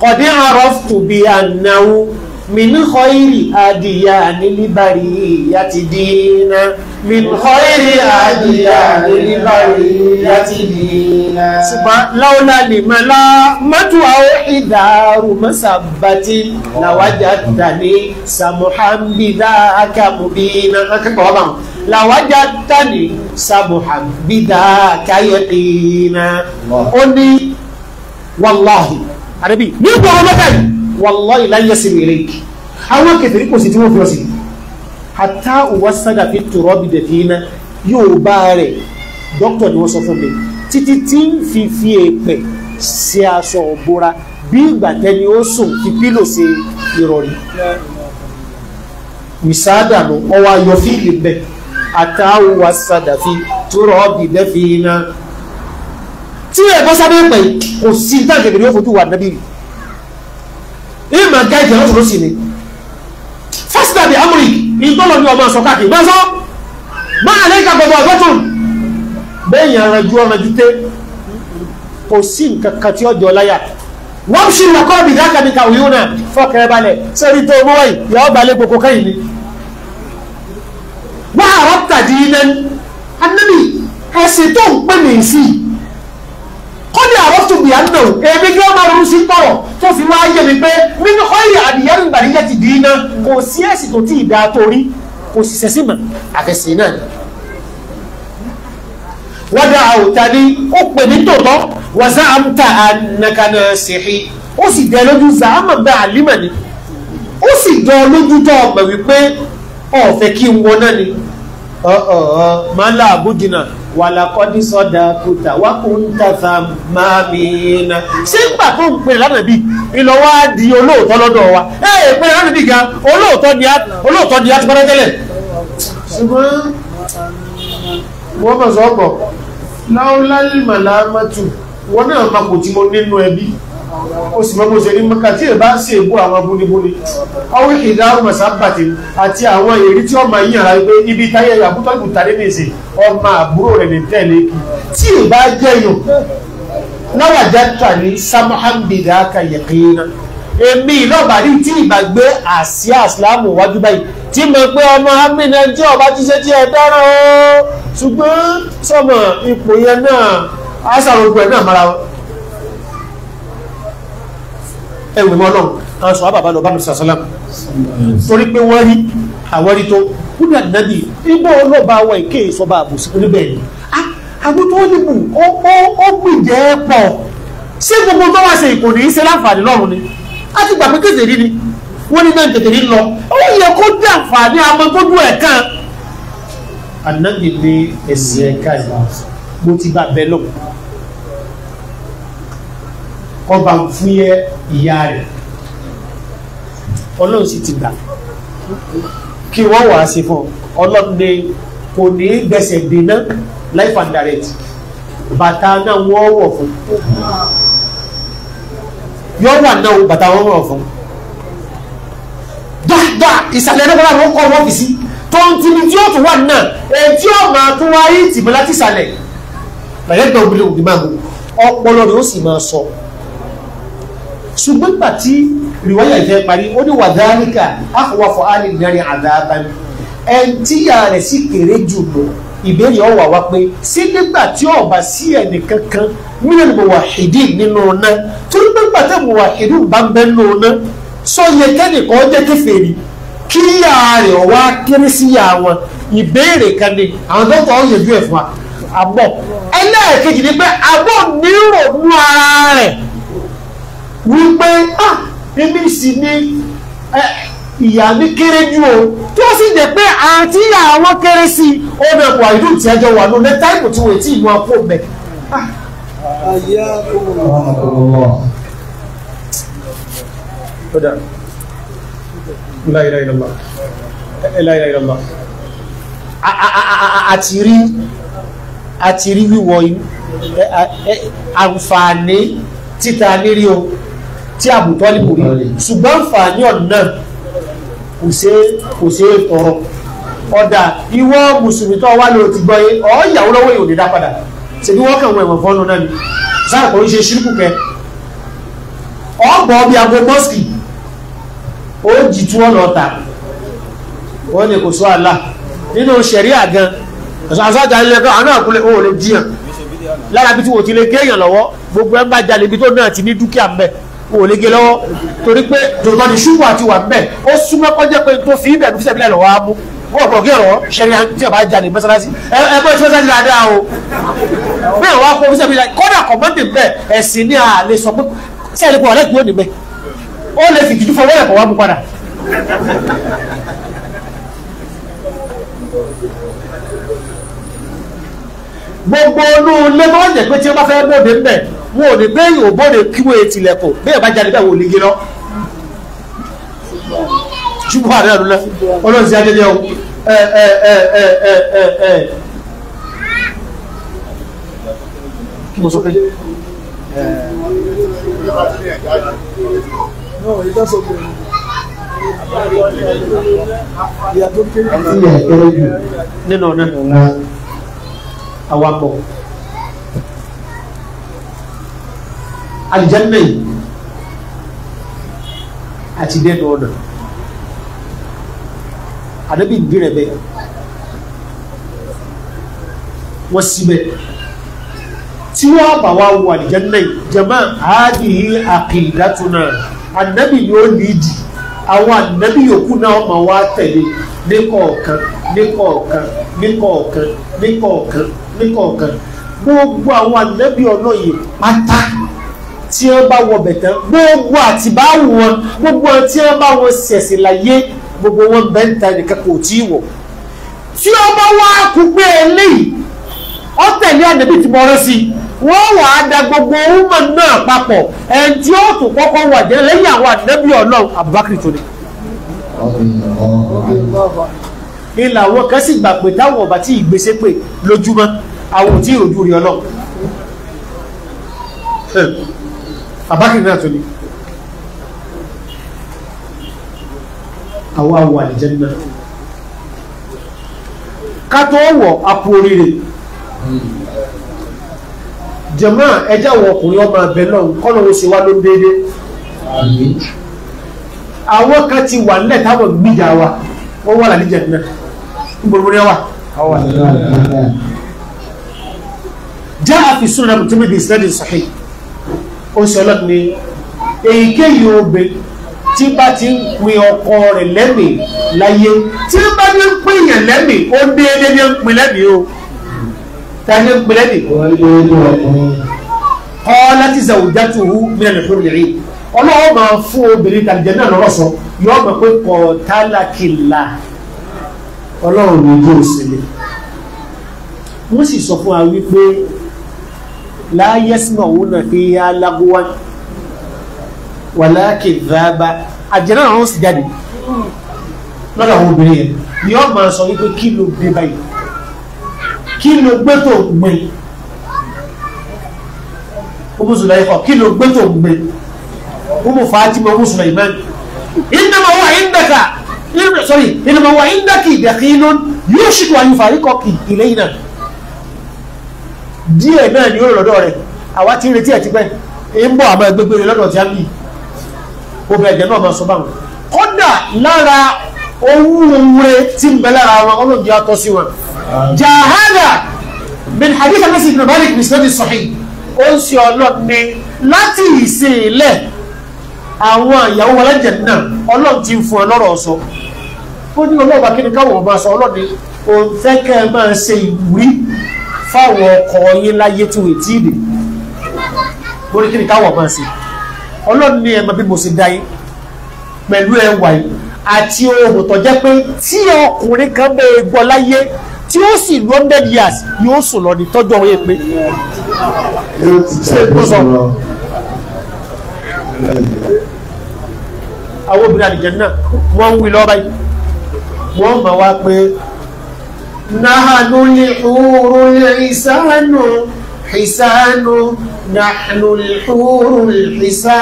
[SPEAKER 1] قد عرفت بأنه min khoiri adiya nilibari yati dina min khoiri adiya nilibari yati dina suba laula limala matu au idaru masabati lawajadani samuhan bidaka mubina akakpa wabam lawajadani samuhan bidaka yaqina ó ní wàláhi àdébí nígbà wọn mẹ́ta yìí wallahi la yasilu ilayki àwọn kẹfẹ́rí kò sí tí wọ́n fi ọ̀sìn àtà òwò sádà fi tòrọ́ bìdẹ̀ fi iná yóò bá rẹ̀ dókítà ni wọ́n sọ fún mi títí tí ń fi fi èèpẹ̀ sí aṣọ òbora bí ìgbà tẹni ó sùn fi pílò ṣe ìrọ̀rí wìsáàdà ọwọ́ ayọ̀ fíìlì bẹ̀ àtà òwò fi tòrọ́ bìdẹ̀ fi iná tí ẹ̀ bọ́ sábẹ́ pẹ̀ kò sí dáàkẹ́bẹ̀rẹ̀ ó fojú wà nábìrì ìmọ̀ gáìdì àwọn sọ̀rọ̀ sí ni fásitì àbí amúrì ìtọ́lọ̀ ní ọmọ sọ̀ká kì í gbọ́nsọ́ máa lẹ́yìn kàgbọ̀gbọ̀ ọ̀gọ́tún bẹ́yìn arànjú ọ̀rànjú tẹ́ kò sí nǹkan kan tí ọjọ́ láyà wọ́n ṣì wà kọ́ bìdá kan ní kàwé yóò náà fọ́kẹ̀rẹ́ balẹ̀ sẹ́ni tó mú wáyì yàwó balẹ̀ gbogbo kẹ́yìn ni wọ́n àrọ́ tàdí iná anábì ẹ̀sìn tó ń pè mí sí i ní àrọ́tù bìyàndò èmi kí wọ́n máa ronú sí tọ̀rọ̀ tó fi wá yé mi pé mímú ọ̀yà àdìyẹ́rù ìgbàdíyẹ́ ti dì í ná kò sí ẹ̀sìn tó tí ì dáa torí kò sì sẹ́sì mọ̀ àfẹsẹ̀ náà ni. wọ́n dá àwòtá ní ó pè ní tòótọ́ wọ́n sá àmúta ànàkànà sèhí ó sì dẹ lójú zàámà bá àlímà ni ó sì dán lójú tó ọgbà wípé ọ̀fẹ́ kí n wọ náà ni mọ́lá àbújìnà wàlàkọ́dí sọ́dà kùtà wákùntà sàmàmìnà. ṣé ń gbà tó ń pè lánàá bí ìlọ́wọ́ á di olóòótọ́ lọ́dọ̀ wa ẹ̀ pè lánàá bí ga olóòótọ́ ni a ti pọ́n tẹ́lẹ̀. ṣùgbọ́n wọ́n mọ̀ sọ́kọ̀ láwọn lálẹ́ màlámàtù wọ́n náà máa kò tí mo nínú ẹbí ó sì mọ́ bó ṣe ní mọ́ká tí èbá ń ṣe èbú àwọn abúnibúni ọwọ́ ìdá ọmọọ̀sá bàtì àti àwọn èrí tí ọmọ yìí yàrá pé ibi táyé àbútọ́ ìbùtà nínú ìsìn ọmọ àbúrò rẹ̀ ní tẹ̀lé kí tí èbá jẹ́yàn náwà játa ní samuhambida kayekina èmi ìlọ́ba rí tí ìgbàgbé àsíá àsìlámù wájú báyìí tí mo pé ọmọ amínà jẹ́ ọba jíṣẹ́ tí ẹ dára o ṣùgbọ́n sọmọ ipò yẹn náà aṣàrògbò ẹ̀ náà mara wọn ẹ̀wẹ̀ mọ́ lọ́wọ́ àwọn sọ̀rọ̀ bàbá lọ bá mùsùlùmí sàlám torí pé wọ́n rí àwárí tó kúndà nàbì igbó ọlọ́ba wa èké ìsọba àbòsí níbẹ̀ ni àgùntàn oníbù ó gbìjẹ́ pọ̀ ṣé gbogbo tó wá ṣe ìkò ní í ṣe láǹfààní lọ́rùn ni a ti gbà pé kékeré ni wọ́n ní náà kékeré lọ ó yẹ kó dé àǹfààní amọ́tọ́dún ẹ̀ kan ànábì ní ẹ̀sìn ẹ̀ka ìgbà mo ti gbà bẹ́ẹ̀ lọ́wọ́ kọba fún yẹ ìyá rẹ̀ ọlọ́run sì ti gbà kí wọ́n wàá ṣe fún ọ ọlọ́run ní kò ní gbẹ̀sẹ̀ dènà life and direct bàtà náà wọ́n wọ̀ fún yọ wà náà bàtà wọ́n wọ̀ fún dáadáa ìsàlẹ̀ ẹ̀dọ́gbọ́n àwọn ọkọ̀ wọ́n fi sí tontini tí ó tún wà náà ètí ọ̀nà tó wáyé tìmọ́lá tìsàlẹ̀ làyẹ̀dọ̀ òbílẹ̀ òbí máa mú ọpọlọ rẹ̀ ó sì máa sọ. So ṣùgbọ́n gbà tí rìwáyà ìfẹ́ parí ó ní wàdánìkà àfọwọ́fọ́ alìnàrin àdáàbá ẹn tí ìyá rẹ̀ sì kéré jù lọ ìbéèrè ọ̀wà wa pé ṣé nígbà tí ọba sí ẹnìkan kan mílíọ̀nù mùwàhídì nínú ọ̀nà torí pé pàtẹ́ mùwàhídì bá ń bẹ nínú ọ̀nà sọ yẹ kẹ́nìkan jẹ́ kèfèrí kí ìyá rẹ̀ ọ̀wá kéré sí ìyá wọn ìbéèrè kan ni àwọn tó tọ́ yẹjú ẹ̀ àbọ̀ ẹlẹ́ẹ̀kejì ni pé àbọ̀ nírò mú ara rẹ̀ wípé ah èmi sì ni ìyá mi kéré jù o tí ó sì jẹ́ pé àti ìyá àwọn kéré sí i ó bẹ kó àìdù tí ẹjọ́ wà ló lẹ́tà ìbò tí wọ́n ti ìlú àpò mẹ́. La ilaha illallah la ilaha illallah àti rí àti rí wíwọ àǹfààní títa nírí o tí àbùtọ́lì kò rí ṣùgbọ́n àǹfààní ọ̀nà kò ṣe kò ṣe é tọrọ ọ̀dà ìwọ mùsùlùmí tó wà lóò ti gbọ́ yé ọ̀ ìyàwó lọ́wọ́ èèyàn ní dá padà ṣèbí wọ́n kàn wọ́n ẹ̀wọ̀n fọ́nù náà ni sáà kò ń ṣe ṣírùkù kẹ ọ̀bọ̀ bíi aago mọ́sìkì ó jì tú ọ̀nà ọ̀tà ó ní kò sọ àlà nínú ṣẹ̀ríà gan àṣàjà ilẹ̀ kan àánú àkúlẹ̀ òun lè jiyàn lára bí tí wò ti lè gé èèyàn lọ́wọ́ gbogbo ẹ̀ ń bá jalè ibi tó náà ti ní dúkìá mbẹ́ kò lè gé lọ́wọ́ torí pé jọ̀gbọ́n ní ṣùgbọ́n àti wà mbẹ́ ó súnmọ́ kọjá pé tó fi ibẹ̀ fífẹ́ bílẹ̀ lọ́wọ́ á mú wọ́n kọ̀ kí ọ̀rọ̀ ṣẹlẹ̀ tí ọba jalè mọ́sálásí ẹgbẹ́ tí mọ́sálásí la dáa o bẹ́ẹ̀ wá kó fífẹ́ bílẹ̀ kọ́dà kọ̀mọ́ndì mbẹ́ ẹ̀sìn ní àlè sọ pé sẹ́yìn kó ọ̀lẹ́gbẹ́ òní mbẹ́ ó lè fi jùjú fọwọ́ ẹ̀kọ́ wá mú padà gbogbo inú ilé tó wọ́n jẹ́ pé tí wọ́n bá fẹ́ bóde ń bẹ̀ wọn ò ní gbé yòó bóde kí wọ́n etí lẹ́kọ̀ọ́ bẹ́ẹ̀ bá jáde bẹ́ẹ̀ wò lè gé lọ. ṣùgbọ́n àdéhà ló lẹ́ ọlọ́run ti adéjẹ́ o ẹ ẹ ẹ ẹ ẹ ẹ ẹ kí mo sọ pé. nínú nínú awakọ̀ alìjẹ́nà yìí àti dẹ́nu ọ̀nà àdébí ìdí rẹ̀ bẹ́ẹ̀ wọ́n síbẹ̀ tí wọ́n bá wá wọ àlìjẹ́nà yìí jẹ̀mọ́ àádìí àkìlìdátúnà ànábì yóò nídìí àwọn ànábì yòókù náà máa wá tẹ̀lé ní kọ̀ọ̀kan ní kọ̀ọ̀kan ní kọ̀ọ̀kan ní kọ̀ọ̀kan ní kọ̀ọ̀kan gbogbo àwọn ànábì ọ̀nà yìí pátá tí wọ́n bá wọ bẹ̀tán gbogbo àti bá wọn gbogbo tí wọ́n bá wọn ṣẹ̀ṣẹ̀ láyé gbogbo wọn bẹ́ẹ̀ ta nìkan kò tí ì wọ̀ tí wọ́n bá wá kú pé eléyìí ó tẹ̀lé ànábì tí mo rán sí wọ́n wà á da gbogbo ọmọ náà papọ̀ ẹ̀ tí ó tún kọ́kọ́ wà jẹ́ lẹ́yìn àwọn ànábì ọ̀nà Abubakar tó ni ilà àwọn kan sì gbà pé táwọn ọba tí ìgbésẹ pé lójúmọ́ àwọn tí ìròjú rí ọlọ abákìrì náà tó ní àwọn àwọn àlìjẹ́nà ká tó wọ̀ apò oríire jẹ̀mọ́ ẹjẹ́ àwọn ọkùnrin ọmọ abẹ náà kọ́nà ó ṣe wá ló déédéé àwọn kan ti wà nílẹ̀ táwọn gbìjà wa wọ́n wà lálẹ́ jẹ̀dínà gbogbo rẹ̀ wà. jaa fi sunan mùtúmí bí isnad sahih ó sọ lọ́dún ní èyíkéyìí obe tí bá ti ń pin ọkọ rẹ̀ lẹ́mìí láyé tí bá ti ń pin yẹn lẹ́mìí ó déédéé ní ń pin lẹ́mìí o ta ní ń pin lẹ́mìí. kọ́ láti zàwùjá tuhu mílíọ̀nù fún mi rí ọlọ́wọ́ máa fún obìnrin tàlìjẹ́ náà lọ́rọ̀ sọ yọ mọ̀ pé kọ̀ tálákìlá ọlọ́run ní ojú òsèlè wọ́n sì sọ fún wa wípé láyẹ́sìmọ̀ òun náà fi yá lágúwá wà láàkì dábà àjẹ́ náà wọ́n sì jáde lọ́dọ̀ àwọn obìnrin yẹn ni wọ́n máa sọ wípé kí ló gbé báyìí kí ló gbé tó gbé ó bó láyé kọ kí ló gbé tó gbé umu fatima umu sulaiman innama huwa indaka sorry innama huwa indaki dakhilun yushiku an yufariqaki ilayna díẹ̀ náà ni ó lọ́dọ̀ rẹ̀ àwa ti ń retí ẹ̀ tipẹ́ ń bọ̀ àmọ́ ẹgbẹ́gbẹ́ rẹ̀ lọ́dọ̀ tí a ń bì ó bẹ ẹ̀jẹ̀ náà máa sọ báwọn kódà lára owó rẹ̀ tí ń bẹ lára wọn ọlọ́run jẹ́ atọ́ jahada min hadith anasi ibn malik bisnadi sahih ó ń ṣe ọlọ́ni láti ìsìn ilẹ̀ àwọn àyàwó alájẹ̀ náà ọlọ́run ti ń fún ọ lọ́rọ̀ ọ̀sọ́ ó ní ọlọ́ọ̀bá kí ni káwọn ọba sọ ọlọ́ọ̀ni òun fẹ́ kẹ́ ẹ máa ṣe ìwúrí fáwọn ọkọ̀ yín láyé tí wèé tíì dè lórí kí ni káwọn máa ṣe ọlọ́ọ̀ni ni ẹ máa bí mo ṣe dá yín pẹ̀lú ẹwà yìí àti ohun tó jẹ́ pé tí ọkùnrin kan bẹ́ẹ̀ gbọ́ láyé tí ó sì lọ hundred years yóò sùn lọ ní tọ́jú ọ̀hún yẹn pé àwọn obìnrin àlìjẹ̀nà wọ́n ń wí lọ́ba yìí wọ́n mọ̀ wá pé nahanu lixuru lixisanu xisanu naxnu lixuru lixisa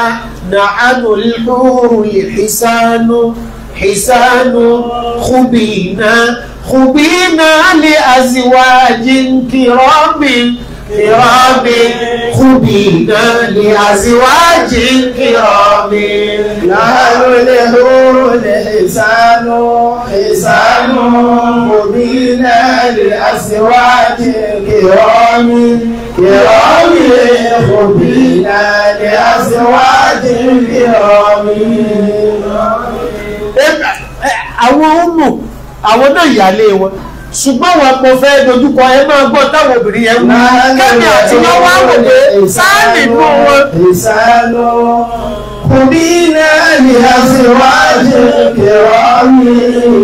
[SPEAKER 1] naxnu lixuru lixisanu xisanu xubina xubina liasiwaajin kiraamin kiraamin. خبي لأزواج كرام نحن له الحسان حسان خبينا لأزواج كرام
[SPEAKER 2] كرام خبينا لأزواج كرام
[SPEAKER 1] àwọn ọmọ àwọn náà ìyáálé wọn ṣùgbọ́n wọn kò fẹ́ dojúkọ ẹ máa gbọ́ táwọn obìnrin yẹn wú kẹ́mi àti wọn wá wò pé sáàlì nù wọn. Kùbí náà ni a sì wájú kìrọ́mì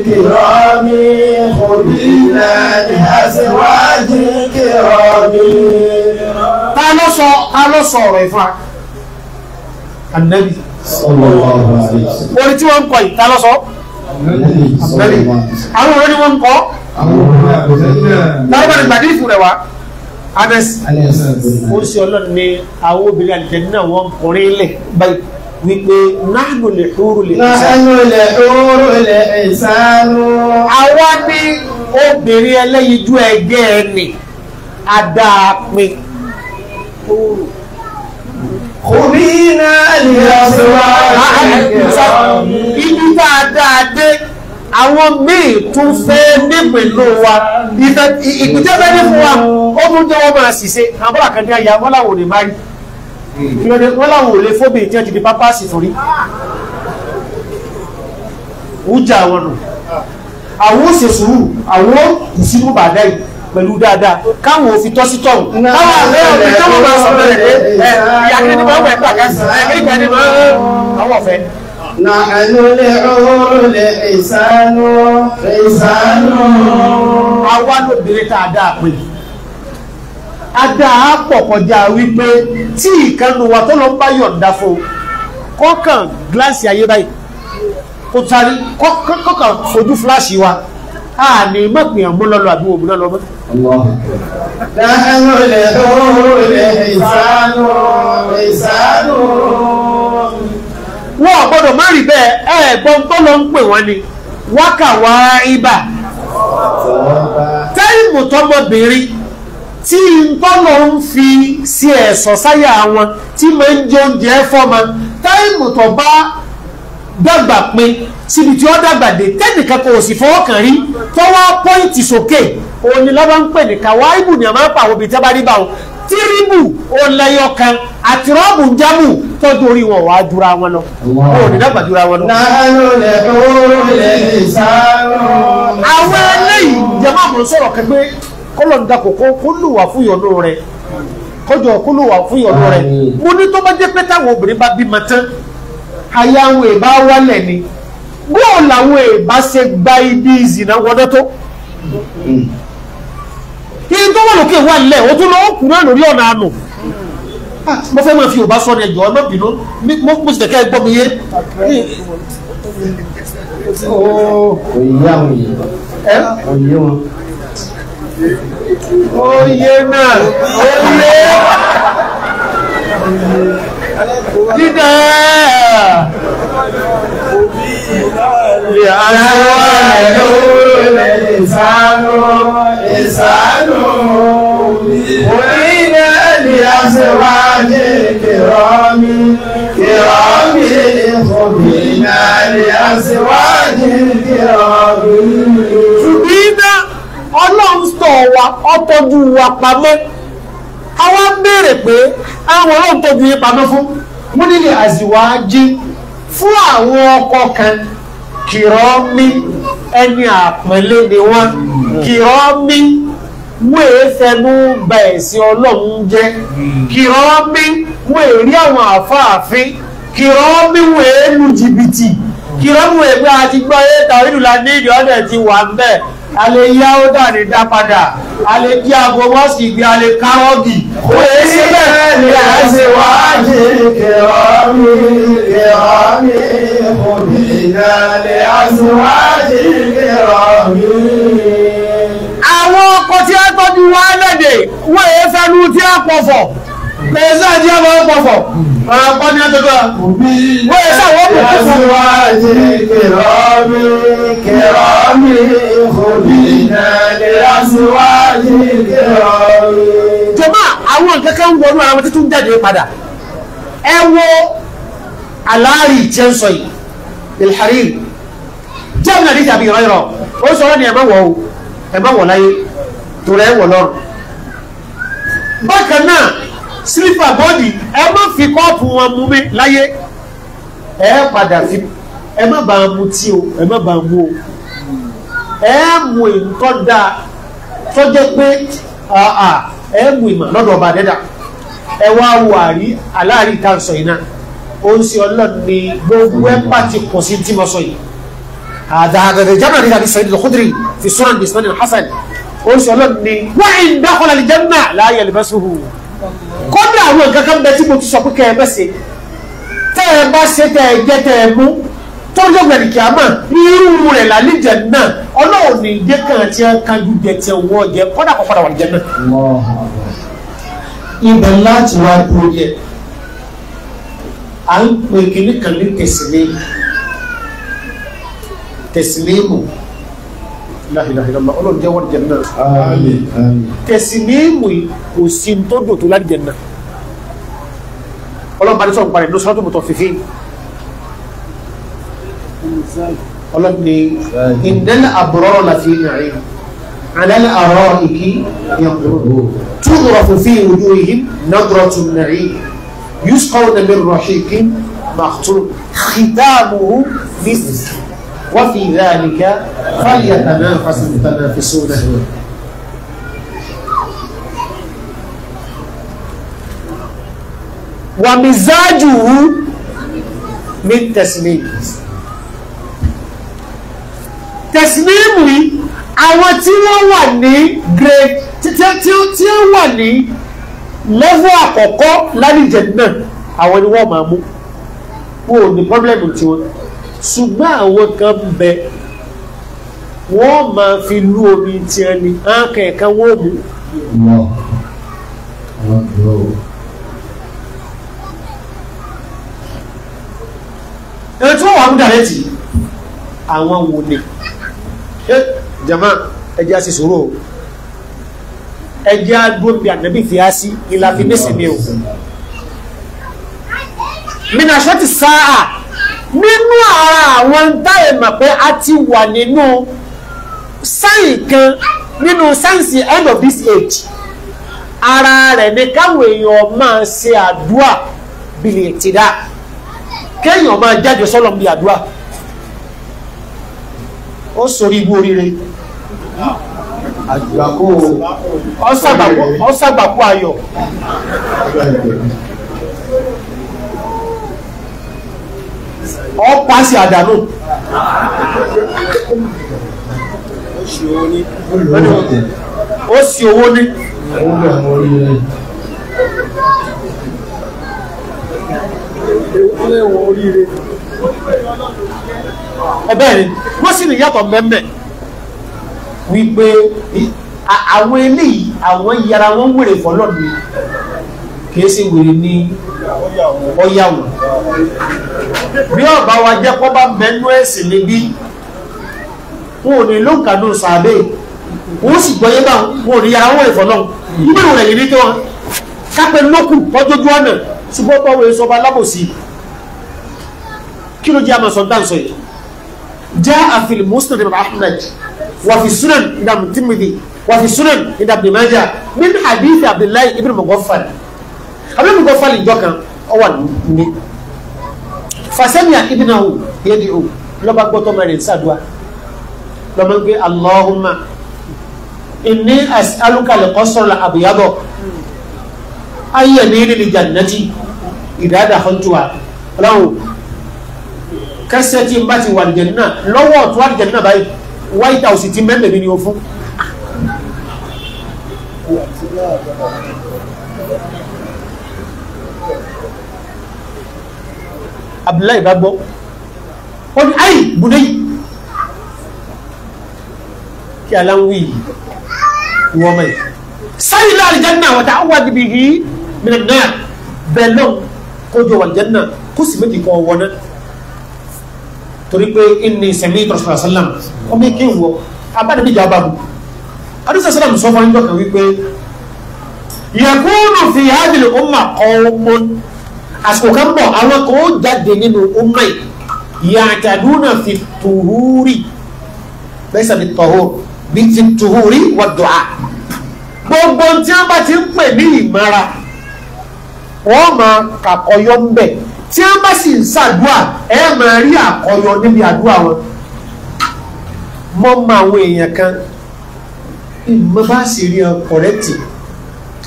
[SPEAKER 1] kìrọ́mì. Kùbí náà ni a sì wájú kìrọ́mì. Ta ló sọ ta ló sọ ọ̀rọ̀ ìfà? Ànábì. Orin tí wọ́n ń kọ yìí, ta ló sọ? Àwọn orin ni wọ́n ń kọ́ láwọn ọ̀nà ìgbàdí ìfún rẹ̀ wá abẹ́sì ó sì ọlọ́run ní àwọn obìnrin àlìjẹ náà wọ́n kùnrin lẹ̀ báyìí wípé nahnu lè húrú lè ìsánú. nahnu lè húrú lè ìsánú. àwa ní obìnrin ẹlẹ́yinjú ẹgbẹ́ ẹni adáàpin. kùnrin lè ọ̀sùn wa. ibi tá a dáa dé àwọn míì tún fẹ́ nípìnlú wa ìpìtẹ́fẹ́ ní fún wa ó tún jẹ́ wọ́n máa ṣìṣe àwọn bọ́lá kan ní àyà wọ́n làwọn ò lè má rí hmm. wọ́n làwọn ò lè fóbi ìjẹ́ ti di pápásì torí wújà wọn nù àwọn ó ṣe sùúrù àwọn ó kù sínú bàdá yìí pẹ̀lú dáadáa káwọn òfin tọ́ sí tọ̀hún káwọn àlẹ́ òfin tọ́wọ́ máa sọ bẹ̀rẹ̀ ẹ̀ ìyàkẹ́ni máa ń wẹ̀ pàkásì ẹ̀kẹ́ ìgbà máa ń àwọn ọ̀fẹ́. نحن العول الحسان حسان. àwa lóbìnrin tá a dáa pé a dáa pọ̀ kọjá wípé tí ìkànnì wa tó lọ ń bá yọ̀ǹda fún kọ́kàn gíláàsì ayé báyìí kò tari kọ́kàn fojú fúláṣì wa a ní mọ̀pìn ọmọ lọ́lọ́ àbí òmìnà lọ́mọ́. Láàrín olè tó rúlẹ̀ ìsánú ìsánú wọn ò gbọ́dọ̀ má rí bẹ́ẹ̀ ẹ gbọ́n tó lọ ń pè wọ́n ni wákàwá ibà táìmù tọmọbìnrin tí ntọ́nà ń fi sí ẹ̀sọ́ sáyà wọn tí máa ń jẹ oúnjẹ fọ́mọ táìmù tó bá dàgbà pin síbi tí ó dàgbà dé tẹ́nìkan kò sì fọwọ́ kàn rí tọ́wọ́ pọ́ìntì sókè òun ni lọ́ba ń pè ní kàwáìbù ni a máa ń pa àwọn obìnrin tí a bá rí bá wọn tírìbù òun lẹ́yọ kan ń jámù tọ́jú orí wọn wàá jura wọn lọ wọn ò ní dàgbà jura wọn lọ. nánú lè owó lè sáró. àwọn eléyìí jẹ́mọ́ àmọ́ sọ̀rọ̀ kẹgbẹ́ kọ́lọ̀ ń dakò kó lù wá fún ìyọ̀nù rẹ̀ kọjọ kó lù wá fún ìyọ̀nù rẹ̀ mo ní tó bá jẹ́ pé táwọn obìnrin bá bímọ tán aya àwọn èèbá wálẹ̀ ni bóò làwọn èèbá ṣe gba ibi ìzìnà wọdọ́ tó hmm. kí n tó wà lókè wà lẹ̀ o tún lọ́ọ́ kúrò lórí ọ̀nà àná. Ah, mo fẹ́ máa fi òbá sọ ni ẹ̀jọ̀ ọ̀nà bínú mo sì tẹ̀kẹ́ gbọ́ mi yé. òye náà
[SPEAKER 2] òye dídá ìyàwó ẹ̀ ló lè sánú ìsánú. أزواج كرام
[SPEAKER 1] كرام خبينا لأزواج كرام. ṣùgbọ́n ọlọ́run sọ wa ọtọ́jú wa pamọ́ àwa ń béèrè pé àwọn ọlọ́run tọ́jú yín pamọ́ fún múnílẹ̀ àzìwájí fún àwọn ọkọ kan kìrọ́mí ẹni àpọ́nlé ni wọ́n kìrọ́mí wọ́n èé fẹnu ba ẹ̀sìn ọlọ́run jẹ́ hmm. kì rán mí wọ́n èé rí àwọn àfáàfin kì rán mí wọ́n èé lu jìbìtì kì rán mí wọ́n èé pé a ti gbọ́ yé tàwọn ìlú la ní ìdí ọ̀dẹ̀ ti wà ń bẹ̀ a lè yá ó dà ní dá padà a lè kí aago mọ́sì gbé a lè kárọ́ọ̀gì. wọ́n èé sí bẹ́ẹ̀ ni a ṣe wáájì kì rán mí kì rán mí kò bí ìdálẹ́ àṣewájì kì rán mí. àwọn tí a tọ́jú wá lẹ́dẹ̀ wọ́n èé fẹ́nu tí a pọ̀fọ̀ pèsè tí a máa pọ̀fọ̀ ọ̀pọ̀ ní àtọ́jú wọ́n èé sàwọ́ pọ̀ pọ̀fọ̀. kìrọ́mì kìrọ́mì òbí náà lè kìrọ́mì. jọba àwọn nǹkan ń wọnú ara wọn jáde padà ẹ wo aláàrí ìjẹun ilhariri jẹ́ mi tàbí ìrọ̀ ìrọ̀ ó sọ ọ́ ni ẹ̀ bá wọ̀ ọ́ ẹ̀ bá wọ̀ láyé tó rẹ̀ wọ̀ lọ́rùn. bákan náà sílífà bọ́ọ̀dì ẹ má fi kọ́ọ̀pù wọn mú mi láyé ẹ padà fi ẹ má bàa mu tí o ẹ má bàa mu o ẹ mú nǹkan dáa tó jẹ́ pé ẹ mú ìmọ̀ lọ́dọ̀ ọba dẹ́dà ẹ wá wo àrí aláàrí tá à ń sọ yìí náà ó ń ṣe ọlọ́run ní gbogbo ẹ ti pọ̀ sí tí mo sọ yìí àdàgàdà jábàdì àti sàyid al-Khudri fi sunan bisnadin hasan oṣù ọlọ́run ni wọ́n ń dákọ́lá lè jẹ́nà láàyè lẹ́fẹ́sùhù kọ́dà àwọn nǹkan kan bẹ tí mo ti sọ pé kẹ́ ẹ mẹ́sẹ̀ tẹ́ ẹ bá ṣe tẹ́ ẹ jẹ́ tẹ́ ẹ mú tó yọ gbẹ̀rẹ̀ kí a mọ̀ irú rẹ̀ lálẹ́ jẹ̀ náà ọlọ́run ní ìdí kan tí ẹ kan ju jẹ tí ẹ wọ́ jẹ kọ́dà kọ́ padà wà ní náà. ibẹ̀ láti wá láhìláhìlá ọlọ́run jẹ́wọ́ jẹ̀nà àmín tẹ̀sílẹ́mù kò sí tó dò tó láti jẹ̀nà ọlọ́run bá ní sọ̀rọ̀ parẹ̀ ló sọ́rọ̀ tó mọ̀tọ̀ fífi ọlọ́run ni ìdẹ́lẹ̀ àbúrọ̀ láti rìn alẹ́lẹ̀ àrọ̀ ìkí túnrọ̀ fòfin ojú yìí nọ́dọ̀rọ̀ tún nàí وفي ذلك فليتنافس المتنافسون ومزاجه من تسليم tẹ̀sílíìmù yìí àwọn tí wọ́n wà ní grade tí wọ́n wà ní level àkọ́kọ́ lálìjẹ̀ náà àwọn ni wọ́n máa mú wọn ò ní pọ́blẹ́mù tiwọn ṣùgbọ́n àwọn kan bẹ wọ́n máa fi lú omi tí ẹ ní áńkà ẹ̀ka wọ́n mú. ẹ tí wọ́n wà múdà rẹ̀ tì àwọn wò ni jama ẹjẹ́ a sì sọ̀rọ̀ ẹjẹ́ a dúró bí ànábì fi á sí ìlàfínẹ́sì mi o. minasọ́tì sáà nínú ara àwọn táyẹ̀ mọ̀ pé a ti wà nínú sáyìn kan nínú sáyẹ̀nsì end of this age ara rẹ̀ ni káwọn èèyàn máa ṣe àdúà bìlì ìtìdá kéèyàn máa jáde sọ́lọ̀ bí àdúà ó sọrí ibú oríire ọ̀sàgbàkú ayọ̀. ọ pàṣẹ àdánù. ó sì owó ní. ẹ̀bẹ̀ ni wọ́n sì ní yàtọ̀ mẹ́mẹ́ wípé àwọn eléyìí àwọn yàrá wọn wèrè fọlọ́ọ̀nù kìí sì wèrè ní ọ̀yàwó bí ọba wa jẹ́ kó bá mẹ́nu ẹ̀sìn níbí wọn ò ní lóǹkàdó sàbẹ̀ wọ́n sì gbọ́yé bá wọn ò ní yàrá wọn ìfọ̀ náà nígbà wọn ẹ̀yìn ní kí wọn kápẹ́ lókù kọjọ́jú ọ̀nà ṣùgbọ́n báwo ẹ̀ sọba alábòsí kí ló jẹ́ àmọ̀ sọ̀dá sọ yìí jẹ́ àfihàn muslim ibn ahmed wàfi sunan ibn timothy wàfi sunan ibn abdulmajah min hadith abdullahi ibn mughaffal abẹ́mi kọ́ fali ìjọ kan ọwà ní fasẹ́mìà ibìnà wò yédi o lọ́ba gbọ́tọ́ mẹ́rin sàdúà lọ́mọ gbé Allahumma inni as'aluka al-qasra al-abyada ayé ní ní jannati ìdáàdà hàntúwa ọlọ́run kẹsẹ̀ tí n bá ti wà àlùjànnà lọ́wọ́ white house ti mẹ́mẹ́ mi ni o fún. abdullahi bá gbọ́ ó ní ayi bùdé yìí kí aláwí ìwọ mẹ́ sáré lọ àlìjánná wọ́n ta àwọn àdìbì yìí mìíràn náà bẹ́ẹ̀ lọ kójú àlìjánná kó sì méjì kọ́ wọ́n náà torí pé inni sẹ̀mí ìtọ̀sọ̀rọ̀ sálàm ọmọ ike wọ abádàbí ìjà bá mu adúsá sálàm sọ fún ẹjọ́ kan wípé yakunu fi hadhihi al-umma qawmun àsìkò kan bọ̀ àwọn kan ó jáde nínú ọmọ yìí yàtàdúnà fi tùhúrì bẹ́sẹ̀ mi tọ̀hó bí ti tùhúrì wọ́n dùn á gbogbo tí wọ́n bá ti ń pè ní ìmọ̀ra wọ́n máa kàkọyọ ń bẹ̀ tí wọ́n bá sì ń ṣàdúà ẹ máa rí àkọyọ níbi àdúà wọn mọ́ mọ àwọn èèyàn kan ìmọ̀ bá sì rí ọ kọ̀rẹ́tì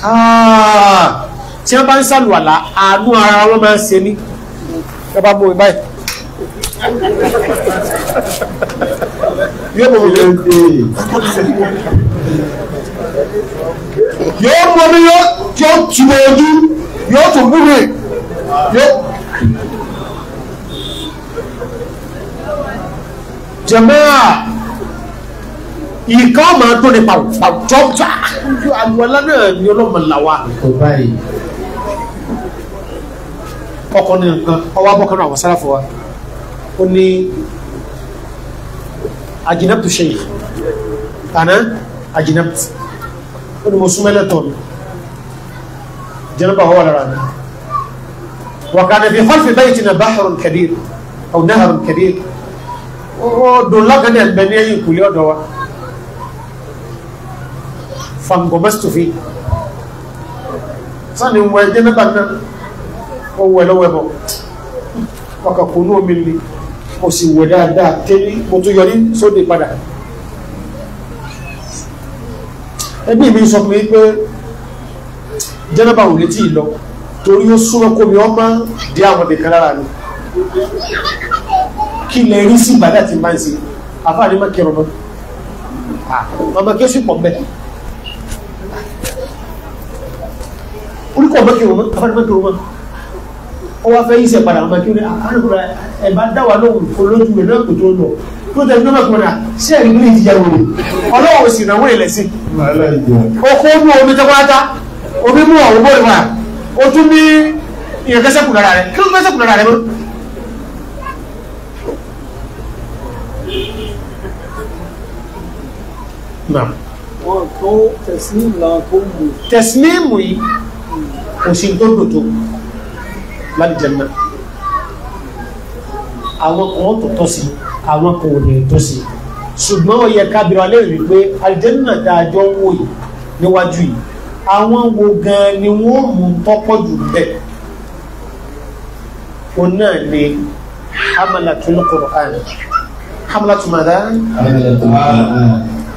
[SPEAKER 1] áà tí wọ́n bá ń sàlùwàlà àánú ara wọn máa ń ṣe mí wọ́n bá mú mi báyìí yóò mú mi yóò mú mi yóò tì mí ojú yóò tún mú mi yóò. jẹ̀mọ́ra ìkọ́ máa tó ní pàwọ́ pàwọ́ jọ́jà àlùwàlà náà ni ọlọ́mọ làwà ọkọ ní nǹkan ọwọ́ abọ́kànnà àwọn sáráfọ́ wa ó ní ajinabtu sheikh ana ajinabtu ó ní mo súnmọ́ ẹlẹ́tọ̀ mi jẹ́nàbà wọ́wọ́ lára mi wa kana fi khalfi baytina bahrun kabir aw nahrun kabir ó dùn lákàdé ẹ̀gbẹ́ ní ẹ̀yìn kùlé ọ̀dọ̀ wa fangomastufi sani wọ jẹ́nàbà náà ó wẹ̀ lọ́wọ́ ẹ̀bọ̀ ọkà kò ní omi le mo sì wẹ̀ dáadáa tẹ́lí mo tún yọrí sóde padà ẹbí mi sọ pé pé jẹ́nàbà ò létí ìlọ torí ó súnmọ́ kó mi ọmọ dí àwọn nìkan lára mi kí lè rí sí ìbàdà tí máa ń ṣe àfáàní má kẹrọ mọ́ ọmọ kí ó sì pọ̀ mẹ́ta orí kọ̀ mọ́ kẹrọ mọ́ àfáàní má kẹrọ mọ́ ó wá fẹ́ yíṣẹ́ padà ọmọ kíni àkàrà ah, ẹ̀bá dáwà lóhùn olójú rẹ̀ náà kò tó lọ tó tẹ̀ nínú ẹ̀kúnra sí ẹ̀rí ní ìdíjà wòlò ọlọ́wọ́ sì náwó ilẹ̀ sí. ọkọ̀ ó mú omi tó pátá omi mú ọ̀hún bóyá wà o tún ní ìrẹ̀kẹ́sẹ̀ kù lára rẹ̀ kí ló ń kẹ́sẹ̀ kù lára rẹ̀ mọ́. wọn kọ́ tẹ̀sílímù làwọn tó ń mú. tẹ̀sílímù yìí kò sí tó dòdò lálìjẹ̀mọ́ àwọn kan tó tọ́ sí àwọn kan ò lè tọ́ sí ṣùgbọ́n ó yẹ kábírà lẹ́rìí pé àlìjẹ́mọ́ dájọ́ ń wò yìí níwájú yìí àwọn wo gan ni wọ́n mú tọ́pọ̀ jù bẹ́ẹ̀ o náà ni hamalatul Qur'an hamalatul mada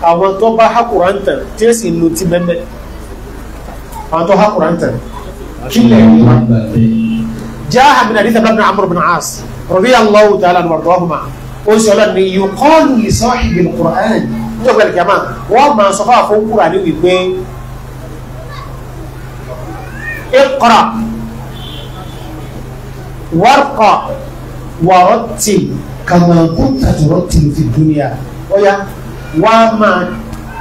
[SPEAKER 1] àwọn tó bá hakura ń tàn tí ó sì lu ti bẹ́ẹ̀ bẹ́ẹ̀ àwọn tó hakura ń tàn kílẹ̀
[SPEAKER 2] wọn.
[SPEAKER 1] جاء من حديث ابن عمرو بن عاص رضي الله تعالى عنه وارضاهما ó sì ọlọ́run ni yuqalu li sahibi al-Qur'an ní ọgbẹ́ ìkẹ́mà wọ́n máa sọ fún àfọwọ́ kúrò ní wípé iqra warqa warattil kama kunta turattil fi dunya ọ̀yá wọ́n máa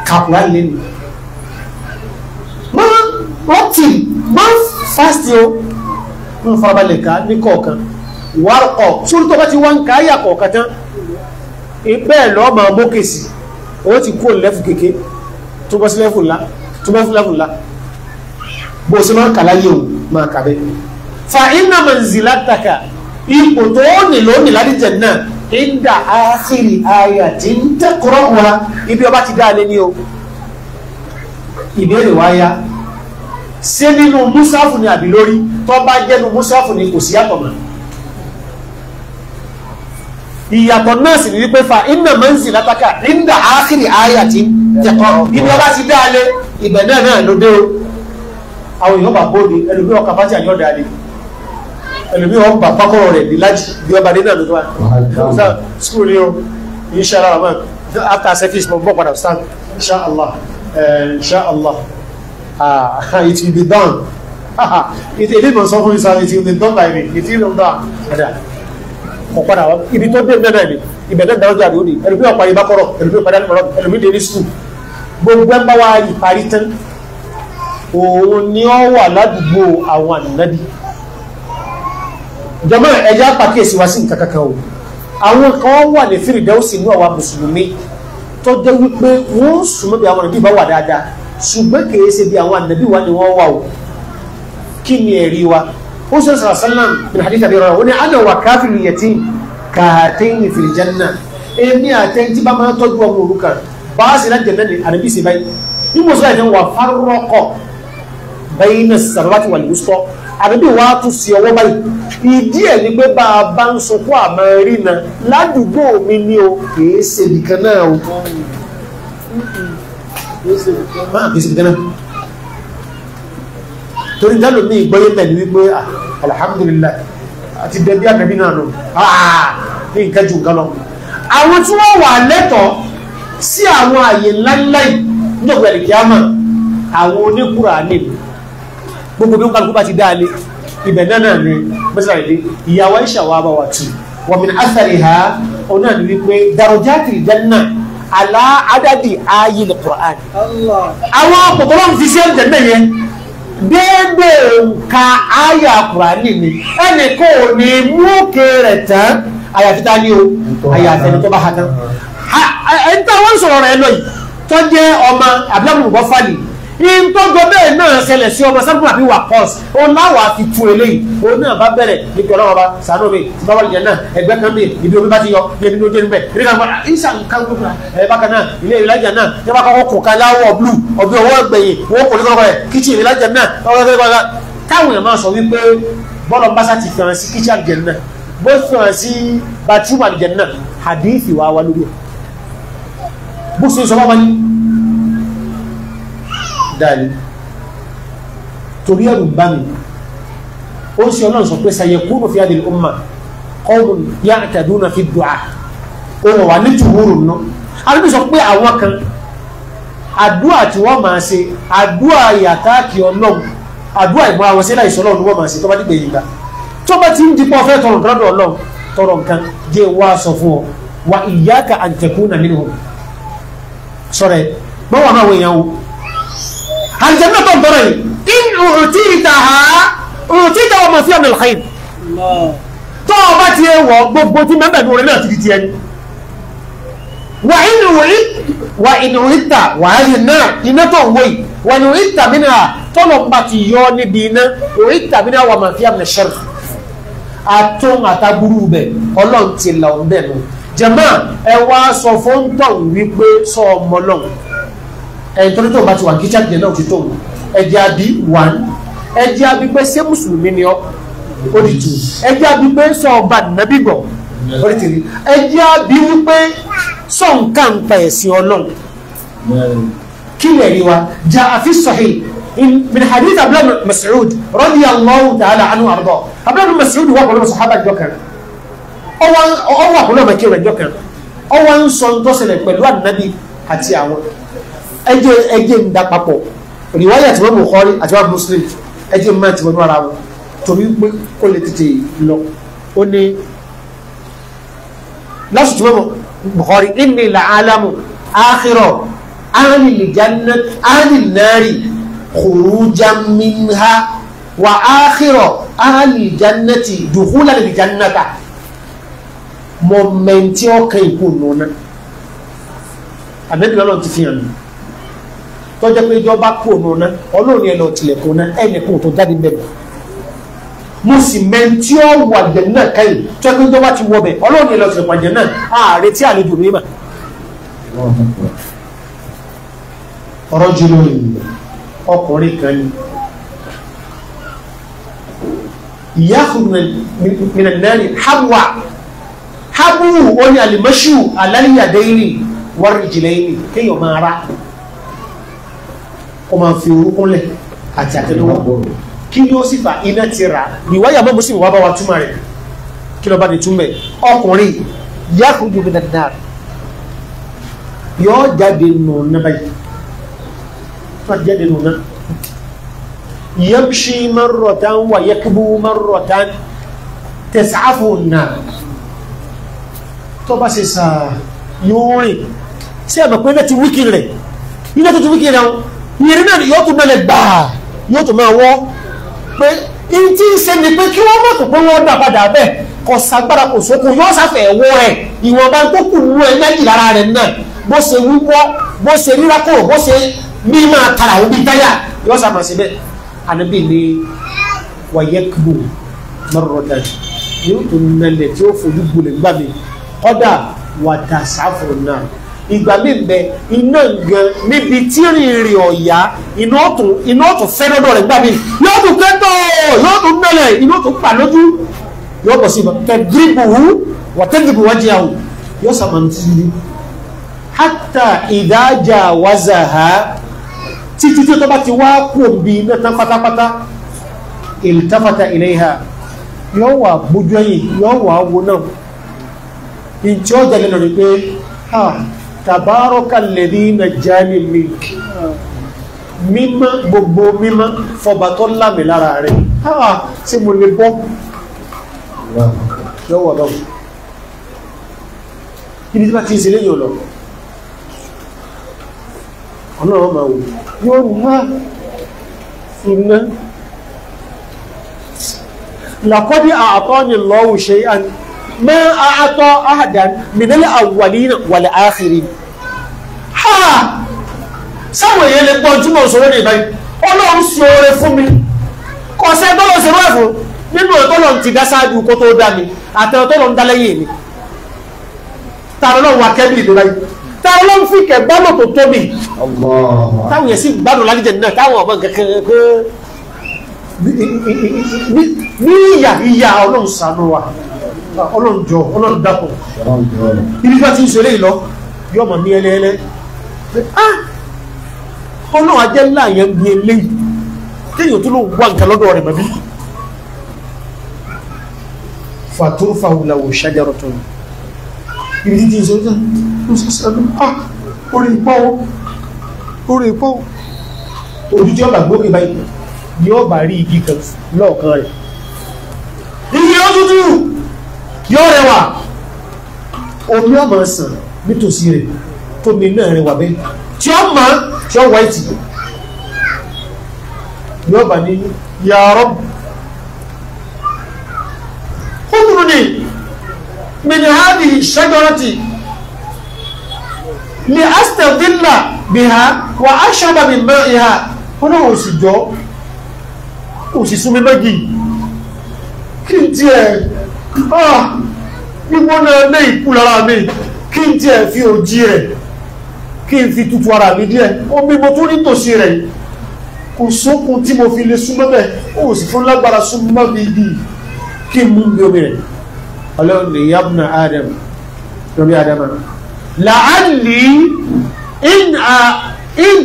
[SPEAKER 1] kàkúrà lẹ́nu. wọ́n rọ́tì wọ́n fásitì o ń farabalẹ̀ ká ní kọ̀ọ̀kan wárọ̀ sórí tó bá ti wá ń ká yà kọ̀ọ̀kan tán bẹ́ẹ̀ lọ́ọ́ máa mókè sí owó ti kúrò lẹ́fù kéke tó bọ́ sí lẹ́fù ńlá tó bọ́ sí lẹ́fù ńlá bó ṣe máa ń kàlá yẹ̀wò máa kà bẹ́ẹ̀. fa iná manzilataka ipò tó ní lónìí ládìjẹ náà ìdá àkìrì àyà tí ń tẹ́kọ̀rọ̀ wa ibi ọba ti dá alẹ́ ní o ìbéèrè wáyà ṣé nínú mùsáfù ni àbí lórí tó bá jẹ́nu mùsáfù ni kò sí yàtọ̀ mọ́ ìyàtọ̀ náà sì ní wípé fa iná mọ́nsì látàkà nígbà ákìrì ayà tí tẹ̀kọ́ ibi ọba ti dáalé ibẹ̀ náà náà ló dé o àwọn èèyàn bá bóde ẹlòmí ọkà fásitì àyọ̀ dáalé ẹlòmí ọkà bá pákọ̀rọ̀ rẹ̀ ní lájì bí ọba dé náà ló tó wà skul ni o inshallah after service mo bọ́ padà stand inshallah eh, inshallah ah <laughs> it will be done <laughs> it eléyìí sọ fún mi sáré it will be done by me it will be done padà kò padà wá ibi tó dé mẹ́rin ni ibẹ̀ náà dáwọ́jà ló di ẹlòmíì ọ̀pá yìí bá kọ̀rọ̀ ẹlòmíì padà ní ọ̀rọ̀ ẹlòmíì dé ní sùkúl gbogbo ẹ̀ bá wá ìparí tán òun ni ó wà ládùúgbò àwọn ànàbí jọmọ ẹja pàkíyèsí wá sí nǹkan kankan o àwọn kan wà ní fìrìdẹ́wọ́sì inú àwa mùsùlùmí tó jẹ́ wípé wọ́n sùnmọ́ bí àwọn ànàbí bá wà dáadáa ṣùgbọ́n kìí ṣe bí àwọn ànàbí wa ni wọ́n wà o kí ni ẹ̀rí wa ó sọ sọ̀rọ̀ sálàm bin hadith àbí rọrọ̀ ó ní àná wà káfíìlì yẹtí kàtẹ́yìn fil janna èmi àtẹ́ntí bá máa tọ́jú ọmọ òrùka bá a sì láti jẹ̀nà ní ànàbí sì báyìí ní mo sọ àìsàn wà fárọ́kọ̀ bẹ́yìn náà sàrọ́láti wà lùsọ́ ànàbí wa tún sí ọwọ́ báyìí ìdí ẹ̀ ni pé bá a bá ń sunkún àmọ́ rí na ládùúgbò mi ni o kìí ṣe nìkan náà o máa ah, kìí síbi gánà torí dálò ní ìgbọ́yé tẹ̀lé wípé ah, alhamdulillah àti dẹbí àdẹbí náà nù ah, ní ìkẹjù gánà àwọn tí wọ́n wà lẹ́tọ̀ọ́ sí àwọn àyè ńláńláì nígbà ìkíámà àwọn oníkùrà ní gbogbo bí ó kálukú bá ti dáa lé ibẹ̀ àlá adadi ayé ní Qur'an àwọn kòkòrò fi ṣe ń tẹ̀lé yẹn déédéé nǹka ayé Qur'an ni ẹnì kò ní mú kéré tán àyàfi tá a ní o àyàfi ẹni tó bá ha tán ẹni tí àwọn sọ̀rọ̀ rẹ̀ lọ yìí tó jẹ́ ọmọ abdulhamid bọ́fàlì in tó jọ bẹ́ẹ̀ náà ṣẹlẹ̀ sí ọmọ sábà bí wà pọ́s òun láwà á fi tu eléyìí òun náà bá bẹ̀rẹ̀ níbi ọlọ́wọ́ bá sàánú mi ti bá wà lìyẹn náà ẹgbẹ́ kan mi ibi omi bá ti yọ ní ẹni lójú níbẹ̀ ní kan fọlá ìṣà nǹkan gbogbo ẹ bákan náà ilé ìlàjà náà ní bá kọ́kọ́ kan láwọ̀ blu ọbẹ̀ owó ẹgbẹ̀yìn owó kò ní kọ́kọ́ rẹ̀ kíchì dàlí torí ẹ̀rù ń bá mi ó ń ṣe ọlọ́run sọ pé sayakunu fi hadhihi al-umma qawmun ya'taduna fi du'a òun wà ní tùwúrù nù alóbi sọ pé àwọn kan àdúrà tí wọ́n máa ṣe àdúrà yàtáàkì ọlọ́run àdúrà ìmọ̀ àwọn sílẹ̀ ìṣọ́lọ́run ni wọ́n máa ṣe tó bá dìgbè gbà tó bá ti ń dipọ̀ fẹ́ tọrọ nǹkan lọ́dọ̀ ọlọ́run tọrọ nǹkan jẹ́ wá sọ fún ọ wa iyyaka an takuna minhum sọ̀rọ̀ ẹ̀ mọ́wàá máa wọ èèyàn àlìjẹ́nà tó ń tọrọ yìí in òtí ìta ha òtí ìta ọmọ sí ọ̀nà ìlàkàyìn tó o bá ti wọ gbogbo tí mẹ́mbà ní orin náà ti di tiẹ̀ ni wà inú orí wà inú ìta wà á yìí náà iná tó ń wọ yìí wà inú ìta mi náà tọ́lọ̀ bá ti yọ níbi iná orí ìta mi náà wà máa fi àmì ṣẹ́rù atún àtàbúrú bẹ̀ ọlọ́run ti là ń bẹ̀ nù jẹ̀mọ́ ẹ wá sọ fóńtọ̀ wípé sọ ọmọ lọ́hùn ẹ̀ńtọ́rí tó bá ti wà gíjà jẹ náà ti tó wù ẹ̀jẹ̀ àbí one ẹ̀jẹ̀ àbí pé ṣé mùsùlùmí ni ọ́ ó di two ẹ̀jẹ̀ àbí pé sọ ọba nàbí gbọ̀ ó three ẹ̀jẹ̀ àbí wípé sọ nǹkan pa ẹ̀sìn ọlọ́run kí lè rí wa jà àfi sahih من حديث عبد الله بن مسعود رضي الله تعالى عنه وارضاه عبد مسعود wà pẹ̀lú sàhábà ìjọ kan ó wà pẹ̀lú ọmọ ìkẹrẹ ìjọ kan ó wà ń sọ ń tọ́sẹ̀lẹ̀ pẹ̀lú ànábì àti àwọn ẹjẹ ẹjẹ ń da papọ̀ rìwáyà tí wọ́n mú kọ́rí àti wọ́n muslim ẹjẹ mọ́ ti wọnú ara wọn torí pé kó lè tètè lọ ó ní lọ́sùn tí wọ́n mú kọ́rí inni la alamu akhira ahli lijanna ahli nari khurujan minha mọ̀mẹ́ntì ọkàn ìkùnú náà àbẹ́bí lọ́lọ́ ti fi hàn mí tọ́jọ́ pé ìjọba kú òun náà ọlọ́run yẹn lọ tilẹ̀kùn náà ẹnìkan tó jáde mẹ́rin mo sì mẹ́ntí ọ̀ wà jẹ̀ náà kẹ́yìn tọ́jọ́ pé ìjọba ti wọ bẹ̀ ọlọ́run yẹn lọ tilẹ̀kùn àjẹ́ náà ààrẹ tí àlejò rèé mà. ọ̀rọ̀ jùlọ ọkùnrin kan ni ìyá mìnàdínlẹ́rì hawa habu ó ní alimọ́ṣù aláyàdẹ́yìn wọ́n rí jìlẹ́yìn kéèyàn máa rà kó máa fi orúkúnlẹ̀ àti àtẹlẹwọ́ kí ló sì fa iná ti rà ìwáyà mọ́ mùsùlùmí wà bá wa túmọ̀ rẹ̀ kí ló bá ní túmọ̀ ọkùnrin yàtò yóò fi dáadáa yọ jáde nù nàbà yìí wọ́n jáde nù nàbà yamshi marratan wa yakbu marratan tẹ̀sáfù náà tó bá yóò rìn sí àmọ̀ pé iná ti wíkì rẹ̀ iná ti wíkì rẹ̀ wọn ìrìn náà yóò tún mẹ́lẹ̀ gbàá yóò tún máa wọ́ pé n tí ń ṣe ni pé kí wọ́n mọ̀ tó pé wọ́n dà padà bẹ́ẹ̀ kò sagbára kò sókun yóò sáfẹ̀ wọ́ rẹ̀ ìwọ̀nba tó kù wú ẹ méjì lára rẹ̀ náà bó ṣe wíwọ́ bó ṣe rírá kò bó ṣe mí máa tara òbí táyà yóò sá màá ṣe bẹ́ẹ̀ ànábì ni wàyẹ kúrò mọ́rọ̀dà yóò tún mẹ́lẹ̀ tí ó fojú gbolẹ̀ gbàgbé kọ́dà wàdà sáfùrù náà ìgbà mi bẹ iná gan níbi tí rìnrìn ọ̀yá iná ọ̀tún iná ọ̀tún fẹ́ lọ́dọ̀ rẹ̀ gbà mí yóò tún kẹ́tọ̀ yóò tún mẹ́lẹ̀ iná ọ̀tún pa lójú yóò bọ̀ sí ibà tẹ̀dírìbùhù wàtẹ́dìbù wájú àwọn yóò sàmà ní títí hátà ìdájà wàzàhà títí tí tó bá ti wá kú òbí iná tán pátápátá ìlítàfàtà ìlẹ́yà yóò wà bójú ẹ̀yìn yóò wà wò náà ìjọ́ jẹ́ lẹ́nu rí pé ah, tabarakalladhi najjani minki mímọ́ gbogbo mímọ́ fọba tó lámì lára rẹ̀ háà ah, tí mo lè bọ́ lọ́wọ́ lọ́wọ́ ibi tí bá ti ń ṣe léyìn ọ̀lọ́ ọlọ́run máa wò yóò wá iná làkọ́dí àtọ́ni lọ́wọ́ ṣe àná ما àtọ́ ahadan من الأولين wal ها، ha sáwọn èèyàn lè gbọ́ túmọ̀ sọ̀rọ̀ ní ìbáyìí ọlọ́run ṣe oore fún mi kò sẹ́ tọ́lọ́ ṣe wẹ́ fún nínú ọ̀tọ́lọ́ ti dá sáájú kó tó dá mi àti ọ̀tọ́lọ́ ń dá lẹ́yìn mi tààrà lọ́run wà kẹ́bí ìdúrà yìí tààrà fi kẹ̀ gbádùn tó tóbi táwọn yẹn sì gbádùn lálẹ́ jẹ̀dínà táwọn ọmọ kankan ní ìyà ìyà ọlọ́run ṣàánú wa ọlọ́run jọ ọlọ́run dàpọ̀ ibi bá ti ń ṣeré ìlọ yóò mọ̀ ní ẹlẹ́ẹ̀lẹ́ ah! ọlọ́run ajẹ́ ńlá yẹn ní eléyìí kéèyàn tó ló wà nǹkan lọ́dọ̀ rẹ̀ mọ́bí. fàtúrúfà wùlà wò ṣájàrò tó ní ibi títí ìṣòro tó ń sọ sọ ah orí ìpọ́ o orí ìpọ́ o ojú tí ọba gbókè báyìí ni ọba rí igi kan lọ́ọ̀kan rẹ̀ iye ó tútù yóò rẹwà omi ọmọ sàn nítòsí rẹ̀ tómi náà rẹwà bẹ́ẹ̀ tí ó mọ̀ tí ó wáìtì yóò bá ní yàrá kúndùrúni mini hadi ṣẹjọrọtì ni astadilla biha wa ashaba min ma'iha ó náà ò jọ ò súnmi méjì kí n tiẹ̀ nígbó ah, náà lé ìkú lára mi kí n tiẹ̀ fi òjì rẹ̀ kí n fi tutù ara mi díẹ̀ omi mo tún nítòsí rẹ̀ kò sókun tí mo fi lè súnmọ́ bẹ́ẹ̀ ó sì fún lágbára súnmọ́ mi bí kí n mú mi omi rẹ̀ ọlọ́run ní yabna adam lórí adam làálì in a in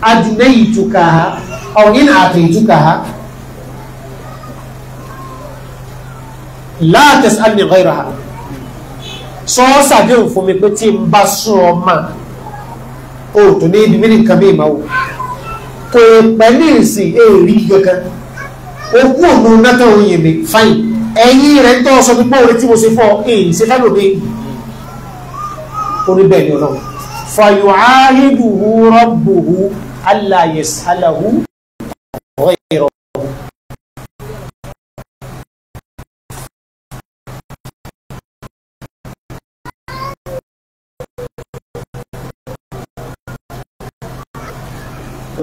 [SPEAKER 1] adìmẹ́yìí tuka ha ọ̀ àtẹ̀yìí tuka ha. la tas'alni ghayraha sọ́ọ́sà dé òfin mi pé tí n bá sún ọmọ o tó ní ibi mìíràn kan mìíràn o kò pẹ̀lú ìsìn èrí e kankan okú òun náà tó ń yè mí fáyìn ẹ̀yìn rẹ̀ ń tọ́ sọ pé orí tí mo ṣe fọ́ èyí e ṣe fẹ́ lómi orí ni ọlọ́run fayu'ahiduhu rabbuhu alla yas'alahu ghayra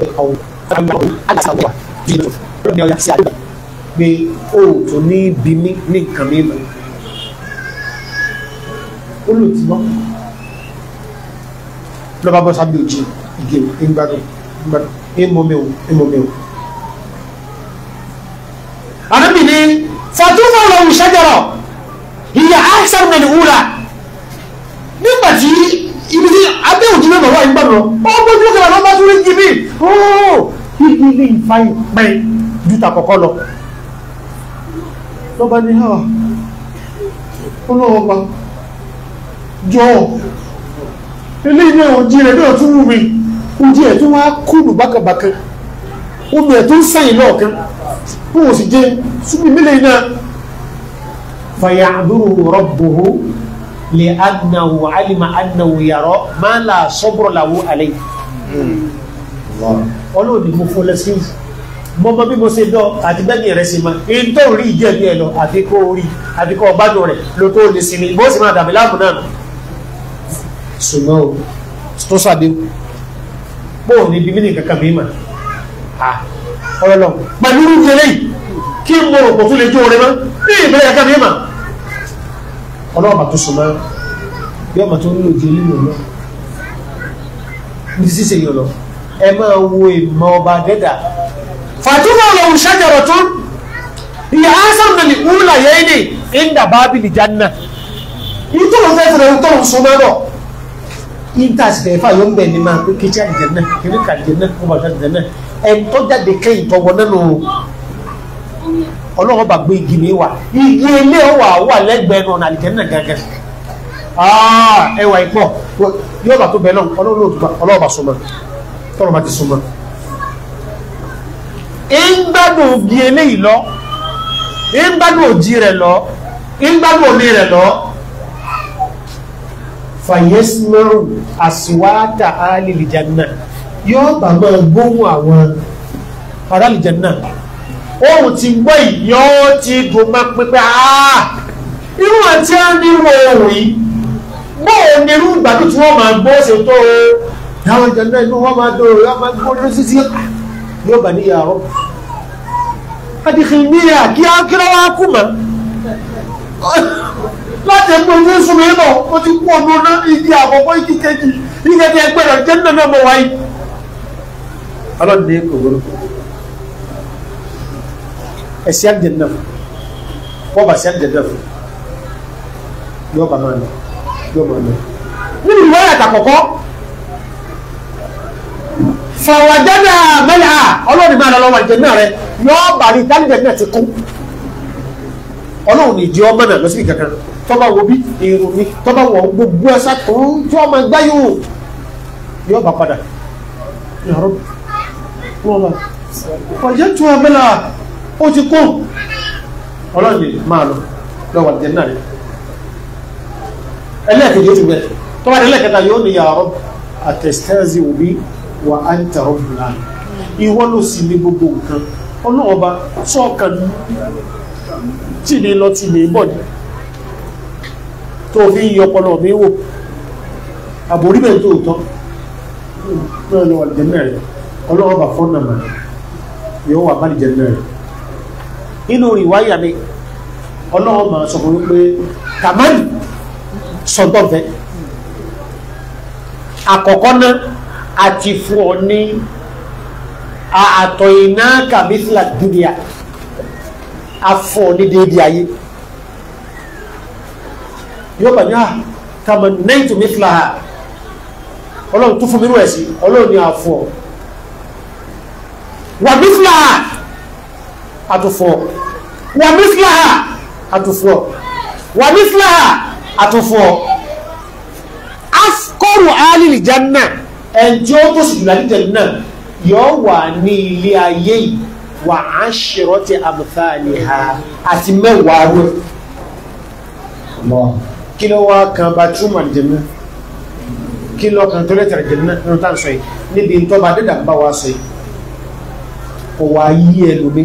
[SPEAKER 1] ọ̀hún agbára ọ̀hún àgbàsá ọ̀wà bí ìlú rẹ̀ ní ọ̀yà sí àdúgbà pé o ò tó ní bí mí ní nǹkan mi lọ. ó lò tí wọ́n lọ́ba bọ́ sábẹ́ òjì ìgè ń gbádùn mi ò ń mi ò. fáyìn pẹ́ ju tàkọ́kọ́ lọ lọ́ba ní hà ọlọ́ọ̀ba jọ ilé ilé òjì rẹ̀ náà tún wù mí ojú ẹ̀ wá kúlù bákàbàkà omi ẹ̀ tó lọ́ọ̀kan bó o sì jẹ súnmí mílẹ̀ náà fàyàdúró rọ́bùhù lè adnáwó alìmọ̀ adnáwó yàrá máa là sọ́bùrọ̀ làwó àlẹ́ ọlọ́ọ̀ni mo fọlẹ́ sí i mo mọ bí mo ṣe dán àti bẹ́ẹ̀ni rẹ̀ sì mọ èyí tó rí ìjẹ́ bí ẹ lọ àfi kó rí àfi kó gbádùn rẹ̀ ló tó lè sinmi bó sì máa dàbí láàmú náà nù. ṣùgbọ́n o tó ṣàdé pò ní bíbí ní kankan mímọ́ ọlọ́lọ́ pẹ̀lú rúfin eléyìí kí n mo rò pọ̀ tún lè jó orin mọ́ ní ìbílẹ̀ kankan mímọ́ ọlọ́ọ̀bà tó sùn náà yọ̀ọ̀mà tó ń lò jẹ́ lílo lọ ẹ máa wo ìmọ̀ ọba dẹ́dà. fàtúmọ̀ ọlọ́run ṣàjọrọ̀ tún ìyá sàmìlì wúlà yẹn ni ìndà bábìlì jánà. ìtò òun fẹ́ẹ́ fẹ́ẹ́ tó ń sun náà lọ. ìntà sì fẹ́ẹ́ fà yóò ń bẹ̀ ní máa pé kí jáde náà kí ní kàdé náà kó bàtà jẹ̀ náà ẹ̀ tó jáde kẹ́yìn tọwọ́ nínú ọlọ́run bá gbé igi ní wa igi ilé ọwà wà lẹ́gbẹ̀ẹ́ náà nà àlìkẹ́ náà gẹ́gẹ́ ẹwà ìpọ̀ yóò bá tó bẹ̀ náà ọlọ́run bá sọ náà tọ́rọ bá ti súnmọ́ ìgbádùn bí eléyìí lọ ìgbádùn òjì rẹ̀ lọ ìgbádùn omi rẹ̀ lọ fàyẹ́sìmọ́rùn àsìwádà alìlìjànà yóò bà mọ́ gbóhùn àwọn aráàlìjànà ohun ti gbọ́ yìí yóò ti dùn má pípẹ́ àá ah! irú àti àníwò ohun yìí bóun ni irú ìgbàdùn tí wọ́n máa gbọ́ ṣètò o dáwọn jẹ̀ndọ́ inú wọn máa dòrò yọ máa gbóná sí sí yóò bá níyàwó adìkì ní àkíyá kíra wá kú mọ́ láti ẹgbẹ́ ojú èso mi lọ mo ti kú ọmọ náà igi àkọ́kọ́ igi kejì igi ẹgbẹ́ ẹgbẹ́ rẹ̀ jẹ́ndọ́ náà mọ̀ wáyé ọlọ́run ní kò gbọ́dọ̀ ẹ̀sìn àjẹ̀ndà fún wọ́n bá sí àjẹ̀ndà fún yóò bá máa lọ yóò máa lọ nínú ìwé àtàkọ́kọ́ fọwọ́jọ́dà mẹ́lá ọlọ́run ní máa lọ lọ́wọ́ àjẹmí rẹ yóò bàrí dálídẹ̀ náà ti kún ọlọ́run ní ìdí ọmọ náà lọ sí ìkankan tọ́ba wo bí irun ni tọ́ba wọ gbogbo ẹ̀sà tó ń jọ́ ọmọ ẹgbẹ́ yòó yóò bá padà yàrá wọn bá ọ̀jẹ̀ tó ọmọ náà ó ti kún ọlọ́run ní máa lọ lọ́wọ́ àjẹmí rẹ ẹlẹ́ẹ̀kejì ó ti gbẹ tọ́ba ẹlẹ́ẹ̀kẹta yóò ní yàrá àtẹ̀sítẹ́ẹ̀sì òbí wà á ń ta ọ̀bùnà ìwọ ló sì ní gbogbo nǹkan ọlọ́run ọba tó ọkàn tì ní lọ tì ní bọ̀ ní tó fi ń yọ ọpọlọ mi wò àbórí bẹ́ẹ̀ tó tán náà lọ wà jẹ́nà rẹ̀ ọlọ́run ọba fọ́nà mà yóò wà bá jẹ́nà rẹ̀ inú ìwáyà mi ọlọ́run mà sọ fún mi pé kàmáyì sọ̀tọ̀ fẹ́ àkọ́kọ́ náà àti fún ọ ní àtọ̀ iná kàmífìlà dúnìá afọ ní déédéé ayé yóò bá ní à ah, kàmọ nẹ́ẹ̀tì mífìlà ha ọlọ́run tó fún mi rú ẹ̀ ọlọ́run ní àfọ wà mífìlà ha àtòfọ wà mífìlà ha àtòfọ wà mífìlà ha àtòfọ afkọrù alìlì janna ẹnjẹ ó tó sùdùlà níjẹ̀lú náà yóò wà ní ilé ayé yìí wà á ṣèrọ́ ti àmùfáàlì ha àti mẹ́wàá rẹ̀ kí ló wá kan bá túmọ̀ jẹ̀mú kí ló kan tó lè tẹ̀lé jẹ̀mú náà nínú tá à ń sọ yìí níbi ntọ́ba dídà bá wa sọ yìí kò wá yí ẹlòmí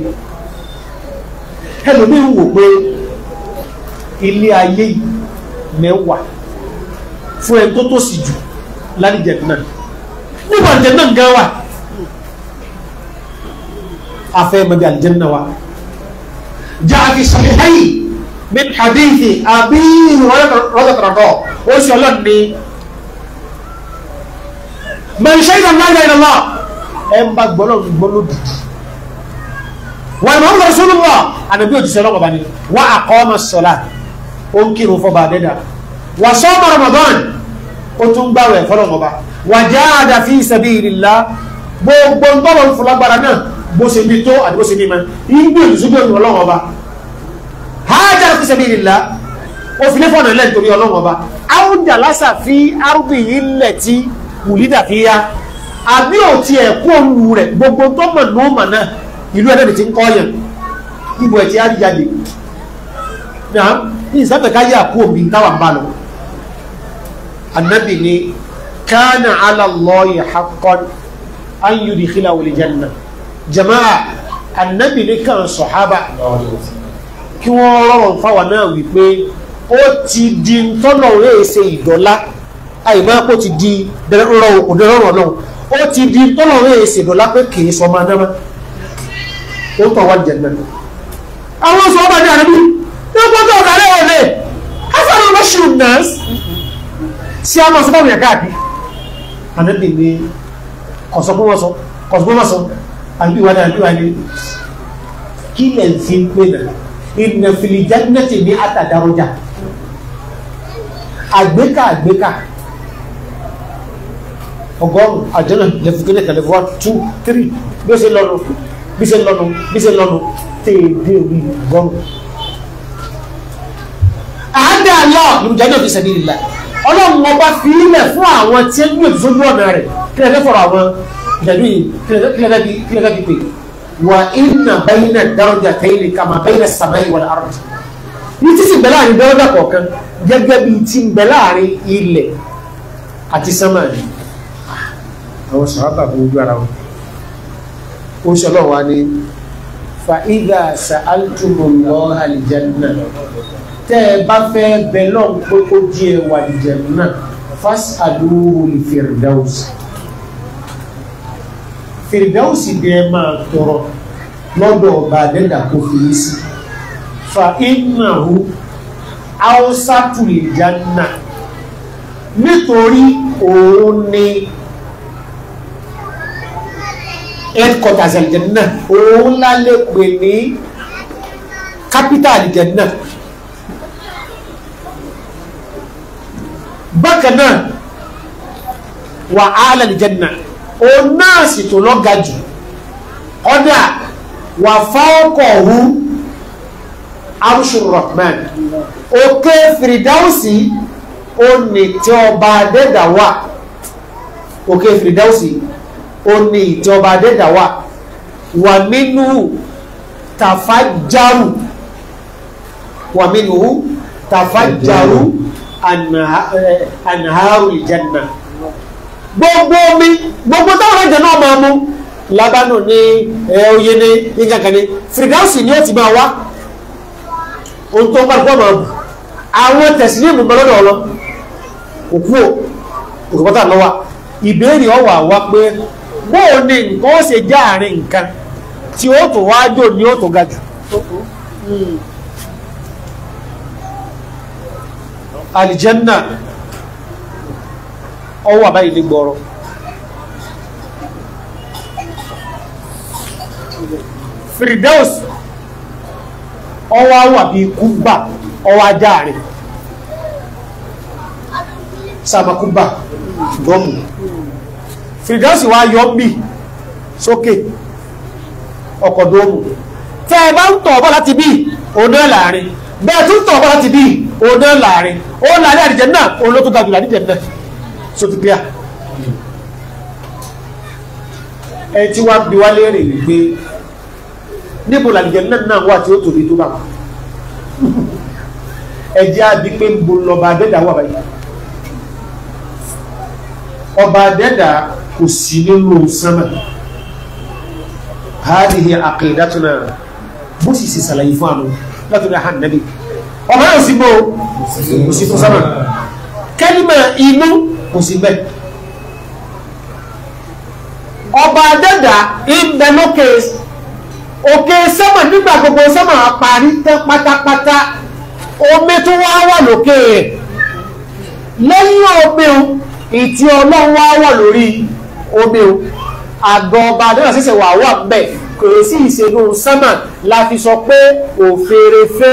[SPEAKER 1] ẹlòmí ń wò pé ilé ayé yìí mẹ́wàá fún ẹ tó tó sì jù lálẹ́ jẹ̀mú níbo àlìjẹ́nà gan wà afẹ́ mẹ́bí àlìjẹ́nà wa jaa fi sahihayi min hadithi àbí rọ́dọ̀tọ̀rọ̀dọ̀ ó sì ọlọ́run ní man shahida la ilaha illallah ẹ ń bá gbọ́lọ́ gbọ́lódì wà ìmọ̀ ọ̀rọ̀ rasulullah ànàbí òjíṣẹ́ ọlọ́pàá bá ní wà aqama as-salat ó ń kírun fọba àdẹ́dà wà sọ́ọ́mà ramadan ó tún gbàwẹ̀ fọlọ́mọba wàjáàdà fi sabilillah gbogbo ńtọ́lọ̀ fúlágbára náà bó ṣe bí tó àti bó ṣe bí mọ́ ìgbò ìṣúgbò ìrìn ọlọ́run ọba hájà fi sabilillah ó fi lẹ́fọ̀nà ilẹ̀ nítorí ọlọ́run ọba áwùjà lásà fi arúgbì yìí lẹ̀ tí wùlídà fi yá àbí òtí ẹ̀ kó olù rẹ̀ gbogbo tó mọ̀ ní ọmọ náà ìlú ẹ̀dẹ́ni ti ń kọ́ yẹn ibò ẹ̀ ti á jáde náà ní ìsáfẹ̀ká yà kú òbí táwà ń bá lọ kana ala Allahi haqqan an yudkhilahu al-janna jama'a annabi ní kan sọ̀hábà kí wọ́n rọrùn fáwọn náà wípé ó ti di tọ́nà rẹ̀ ṣe ìdọ́lá àìmọ́ ó ti di òdòrọ̀rọ̀ náà ó ti di tọ́nà rẹ̀ ṣe ìdọ́lá pé kìí sọ máa dáná ó tọ̀ wá jẹ̀ náà àwọn sọ ọba ní àdébí ní gbọ́dọ̀ ọ̀gá rẹ̀ ọ̀lẹ́ afẹ́rẹ́ lọ́ṣùn náà sí àwọn sọ́kọ̀ọ̀rẹ̀ káàkiri ànábì ní kọ̀sọ́kúnmọ́sọ kọ̀sọ́kúnmọ́sọ ànábì wà ní ànábì wà ní kí lẹ̀ ń fi pé nà ìnà fìlìjà nẹ́tì ní àtàdárọ́jà àgbékà àgbékà ọgọ́rùn àjọyọ̀ lẹ́fùkẹ́lẹ́ kan lẹ́fùwá tú tírì bí ó ṣe lọ́nu bí ṣe lọ́nu bí ṣe lọ́nu tèèdè orí gọ́rùn. àádọ́ àlọ́ lùjáde òfin sẹ́bí ìlà ọlọ́run ọba fi ilẹ̀ fún àwọn tí ń gbèdú sójú ọ̀nà rẹ̀ kí lẹ́fẹ́ fọ̀rọ̀ àwọn ìdàdú yìí kí lẹ́fẹ́ fi pè wà ìnà bẹ́yìnà dárọ́jà tẹ́yìn kama bẹ́yìnà sàmáyì wal ard ní títí bẹ̀ láàrin dárọ́jà kọ̀ọ̀kan gẹ́gẹ́ bí ti ń láàrin ilẹ̀ àti sánmà àwọn sàábà kò gbé ara wọn ó ṣe wa ní fa idha sa'altumullah al-jannah tẹ́ ẹ bá fẹ́ bẹ lọ́n pé ó di ẹ wà ìjẹ̀rù náà fas'aluhu li firdausi firdausi ni ẹ máa tọrọ lọ́dọ̀ ọba àdẹ́dà kó fi yí sí fa innahu awsatul janna nítorí òun ni headquarters aljanna òun lálẹ́ pè ní capital aljanna. bákan náà wà áàlẹ̀ ìjẹ́nà ó náà sì tó lọ́ga jù kọ́dà wà fáwọ́kọ̀ọ̀hú arúṣùn rahman òkè fìrìdáùsì ó ní tí ọba adẹ́dà wà òkè fìrìdáùsì ó ní tí ọba adẹ́dà wà wà nínú tàfájárù wà nínú tàfájárù anhaarul eh, janna gbogbo omi gbogbo táwọn ẹ̀jẹ̀ náà máa mú labanu eh, ní oyè ní nkankan ní fìdáwùsì ni ó ti máa wá ohun tó ń bá gbọ́ máa bù àwọn tẹ̀sílẹ̀mù gbọ́lọ́dọ̀ ọlọ́ òkú òkùpátà lọ́wà ìbéèrè ọwà wá pé bóò ní nǹkan ó ṣe jáàrin nǹkan tí ó tó wájò ní ó tó ga jù alìjẹ́nà ọwọ́ àbá ilé gbọ́rọ̀ Firdaus ọwọ́ àwà bíi kúgbà ọwọ́ ajá rẹ̀ sàmàkúgbà gọ́mù Firdaus wá yọ́ bì sókè ọkọ̀ dóòmù tẹ́ ẹ bá ń tọ̀ ọ̀bọ̀ láti bí òun náà láàrin bẹ́ẹ̀ tún tọ̀ ọ̀bọ̀ láti bí òun náà láàrin òun láàrin àdìjẹ náà òun ló tó ga jù àdìjẹ náà so ti clear ẹ tí wàá bí wá léèrè wípé níbo làdìjẹ náà náà wà tí ó tóbi tó bá wà ẹ jẹ́ àbí pé ń bo lọ́ba adẹ́dà wà báyìí ọba adẹ́dà kò sí nínú sánmà hádìhì àkìlẹ́dàtúnà bó sì ṣe ṣàlàyé fún àwọn látọ̀dọ̀ hàn nàbí ọmọ yóò sí bó kò sí tó sábà kẹ́límà inú kò sí bẹ́ẹ̀ ọba adẹ́dà ìbẹ̀lókè òkè sẹ́mà nígbà gbogbo sẹ́mà parí tán pátápátá omi tó wá wà lókè rẹ̀ lẹ́yìn omi o ìtì ọlọ́run wá wà lórí omi o àgọ́ ọba adẹ́dà ṣẹ̀ṣẹ̀ wà wà bẹ́ẹ̀ kò sí ìṣègùn sẹ́mà la fi sọ pé òfèrèfé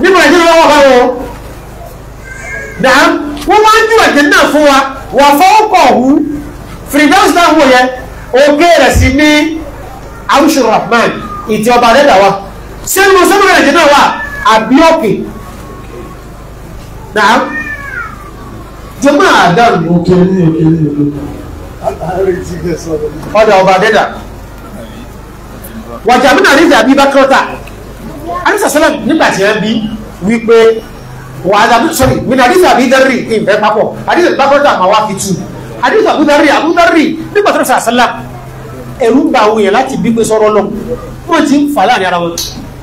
[SPEAKER 1] nígbà tí wọ́n wá wọ́n náà wọ́n wá ń ju ẹ̀jẹ̀ náà fún wa wà fọ́ọ̀kọ̀ ọ̀hún fìrìdáwùsì náà wọ̀ yẹ òkè rẹ̀ sí ní arúṣu rahman ìtì ọba rẹ̀ dà wa ṣé mo sọ́dọ̀ ẹ̀jẹ̀ náà wà àbí òkè náà jọmọ́ àdáhùn òkè ní òkè ní òkè ọ̀dọ̀ ọba dẹ́dà wàjà mí náà ní ìdàbí bá kọ́ta alisa sẹlẹm nígbà tí wọn bí wípé wàhálà sọrí mina alisa abidari ìfẹ́ papọ̀ alisa bakọta àmàwá fitu alisa abudari abudari nígbà tí wọn sà sẹlẹm ẹrú ń ba àwọn èèyàn láti bí pé sọ̀rọ̀ lọ wọn ti ń fà láàrin ara wọn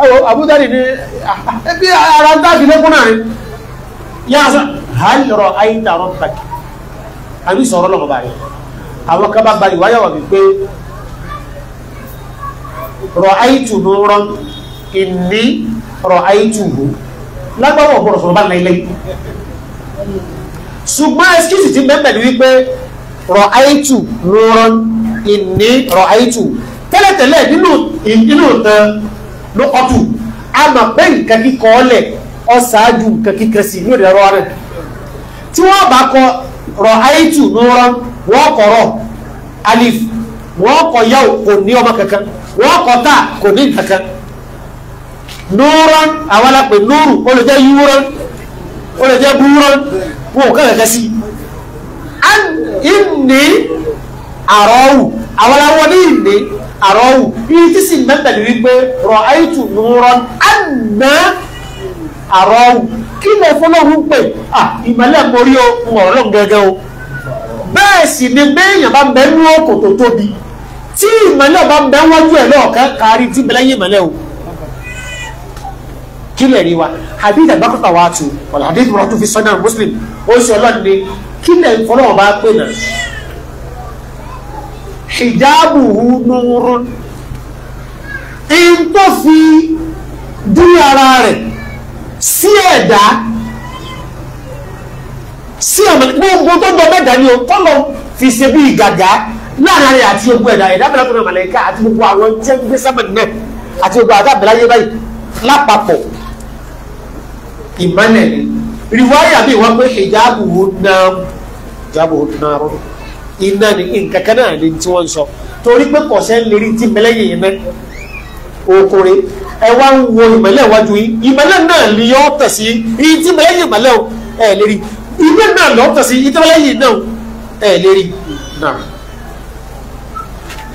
[SPEAKER 1] ẹwọ abudari ni ah, ah, ẹbí ara ń dáàbì lẹkùn náà ni yáàsá hàlọrọ àyíntàrọ bàkì àbí sọ̀rọ̀ lọmọ báyìí àwọn kan bá gba ìwáyà wà wípé rọ àyíntù ló rán ìní ọ̀rọ̀ àìtùwò lágbàwọ̀ ọ̀gbọ̀rọ̀ sọ̀rọ̀ bá láìláì ṣùgbọ́n ẹskísì ti mẹ́mẹ́ ni wípé rọ̀ àìtù lóòrán ìní rọ̀ àìtù tẹ́lẹ̀tẹ́lẹ̀ nínú ìtàn ló ọtù a mọ̀ pé nǹkan kíkọ́ ọlẹ̀ ọ̀sáájú nǹkan kíkẹ́ sí ní òde ọ̀rọ̀ rẹ̀ tí wọ́n bá kọ rọ̀ àìtù lóòrán wọ́n kọ̀ rọ̀ alif wọ́n kọ̀ yá kò ní ọmọ kankan wọ́n kọ̀ tà kò ní kankan Nuran àwọn alápè nùúrù ó lè jẹ́ yúrán ó lè jẹ́ búrán wọn ò kẹ́kẹ́ sí ìní àrọ́wù àwọn aláwọ̀ ní ìní àrọ́wù yìí tí sì mẹ́tẹ̀lì wípé rọ̀ àìtù nùúrán àná àrọ́wù kí lè fọlọ́run pè à ìmọ̀lẹ́ mórí o ń ọ̀rọ̀ lọ́n gẹ́gẹ́ o bẹ́ẹ̀ sì ni béèyàn bá bẹ́ẹ̀ kílẹ̀ rí wa àbí ìdàgbàkọ̀tà wa tù ọ̀là àdéhùn ìmọ̀ràn tó fi sọ́nà muslim ó sì ọlọ́run ni kílẹ̀ ìfọlọ́wọ́ bá pè náà hijabuhu nurun in tó fi dúró ara rẹ̀ sí ẹ̀dá sí ọmọ gbogbo tó dọ̀ mẹ́ta ni o tọ́lọ̀ fi ṣe bí gàgá láàrin rẹ̀ àti ogun ẹ̀dá ẹ̀dá mẹ́ta tó nà màlẹ́ká àti gbogbo àwọn jẹ́ gbé sábẹ̀ náà àti gbogbo àti àbẹ̀láyé báyìí lápapọ̀ ìmọ́lẹ̀ ni rìwáyà mi wá pé hijabu náà hijabu náà rọ iná ni nǹkan náà ni tí wọ́n ń sọ torí pé kọ̀ọ̀sẹ́ lérí tí mẹlẹ́yìn yẹn náà okùnrin ẹ wá ń wo ìmọ́lẹ̀ wájú yín ìmọ́lẹ̀ náà ni yọ́ tẹ̀ sí iye tí mẹlẹ́yìn ìmọ́lẹ̀ ẹ̀ lérí iná náà lọ́ tẹ̀ iye tí mẹlẹ́yìn náà ẹ̀ lérí náà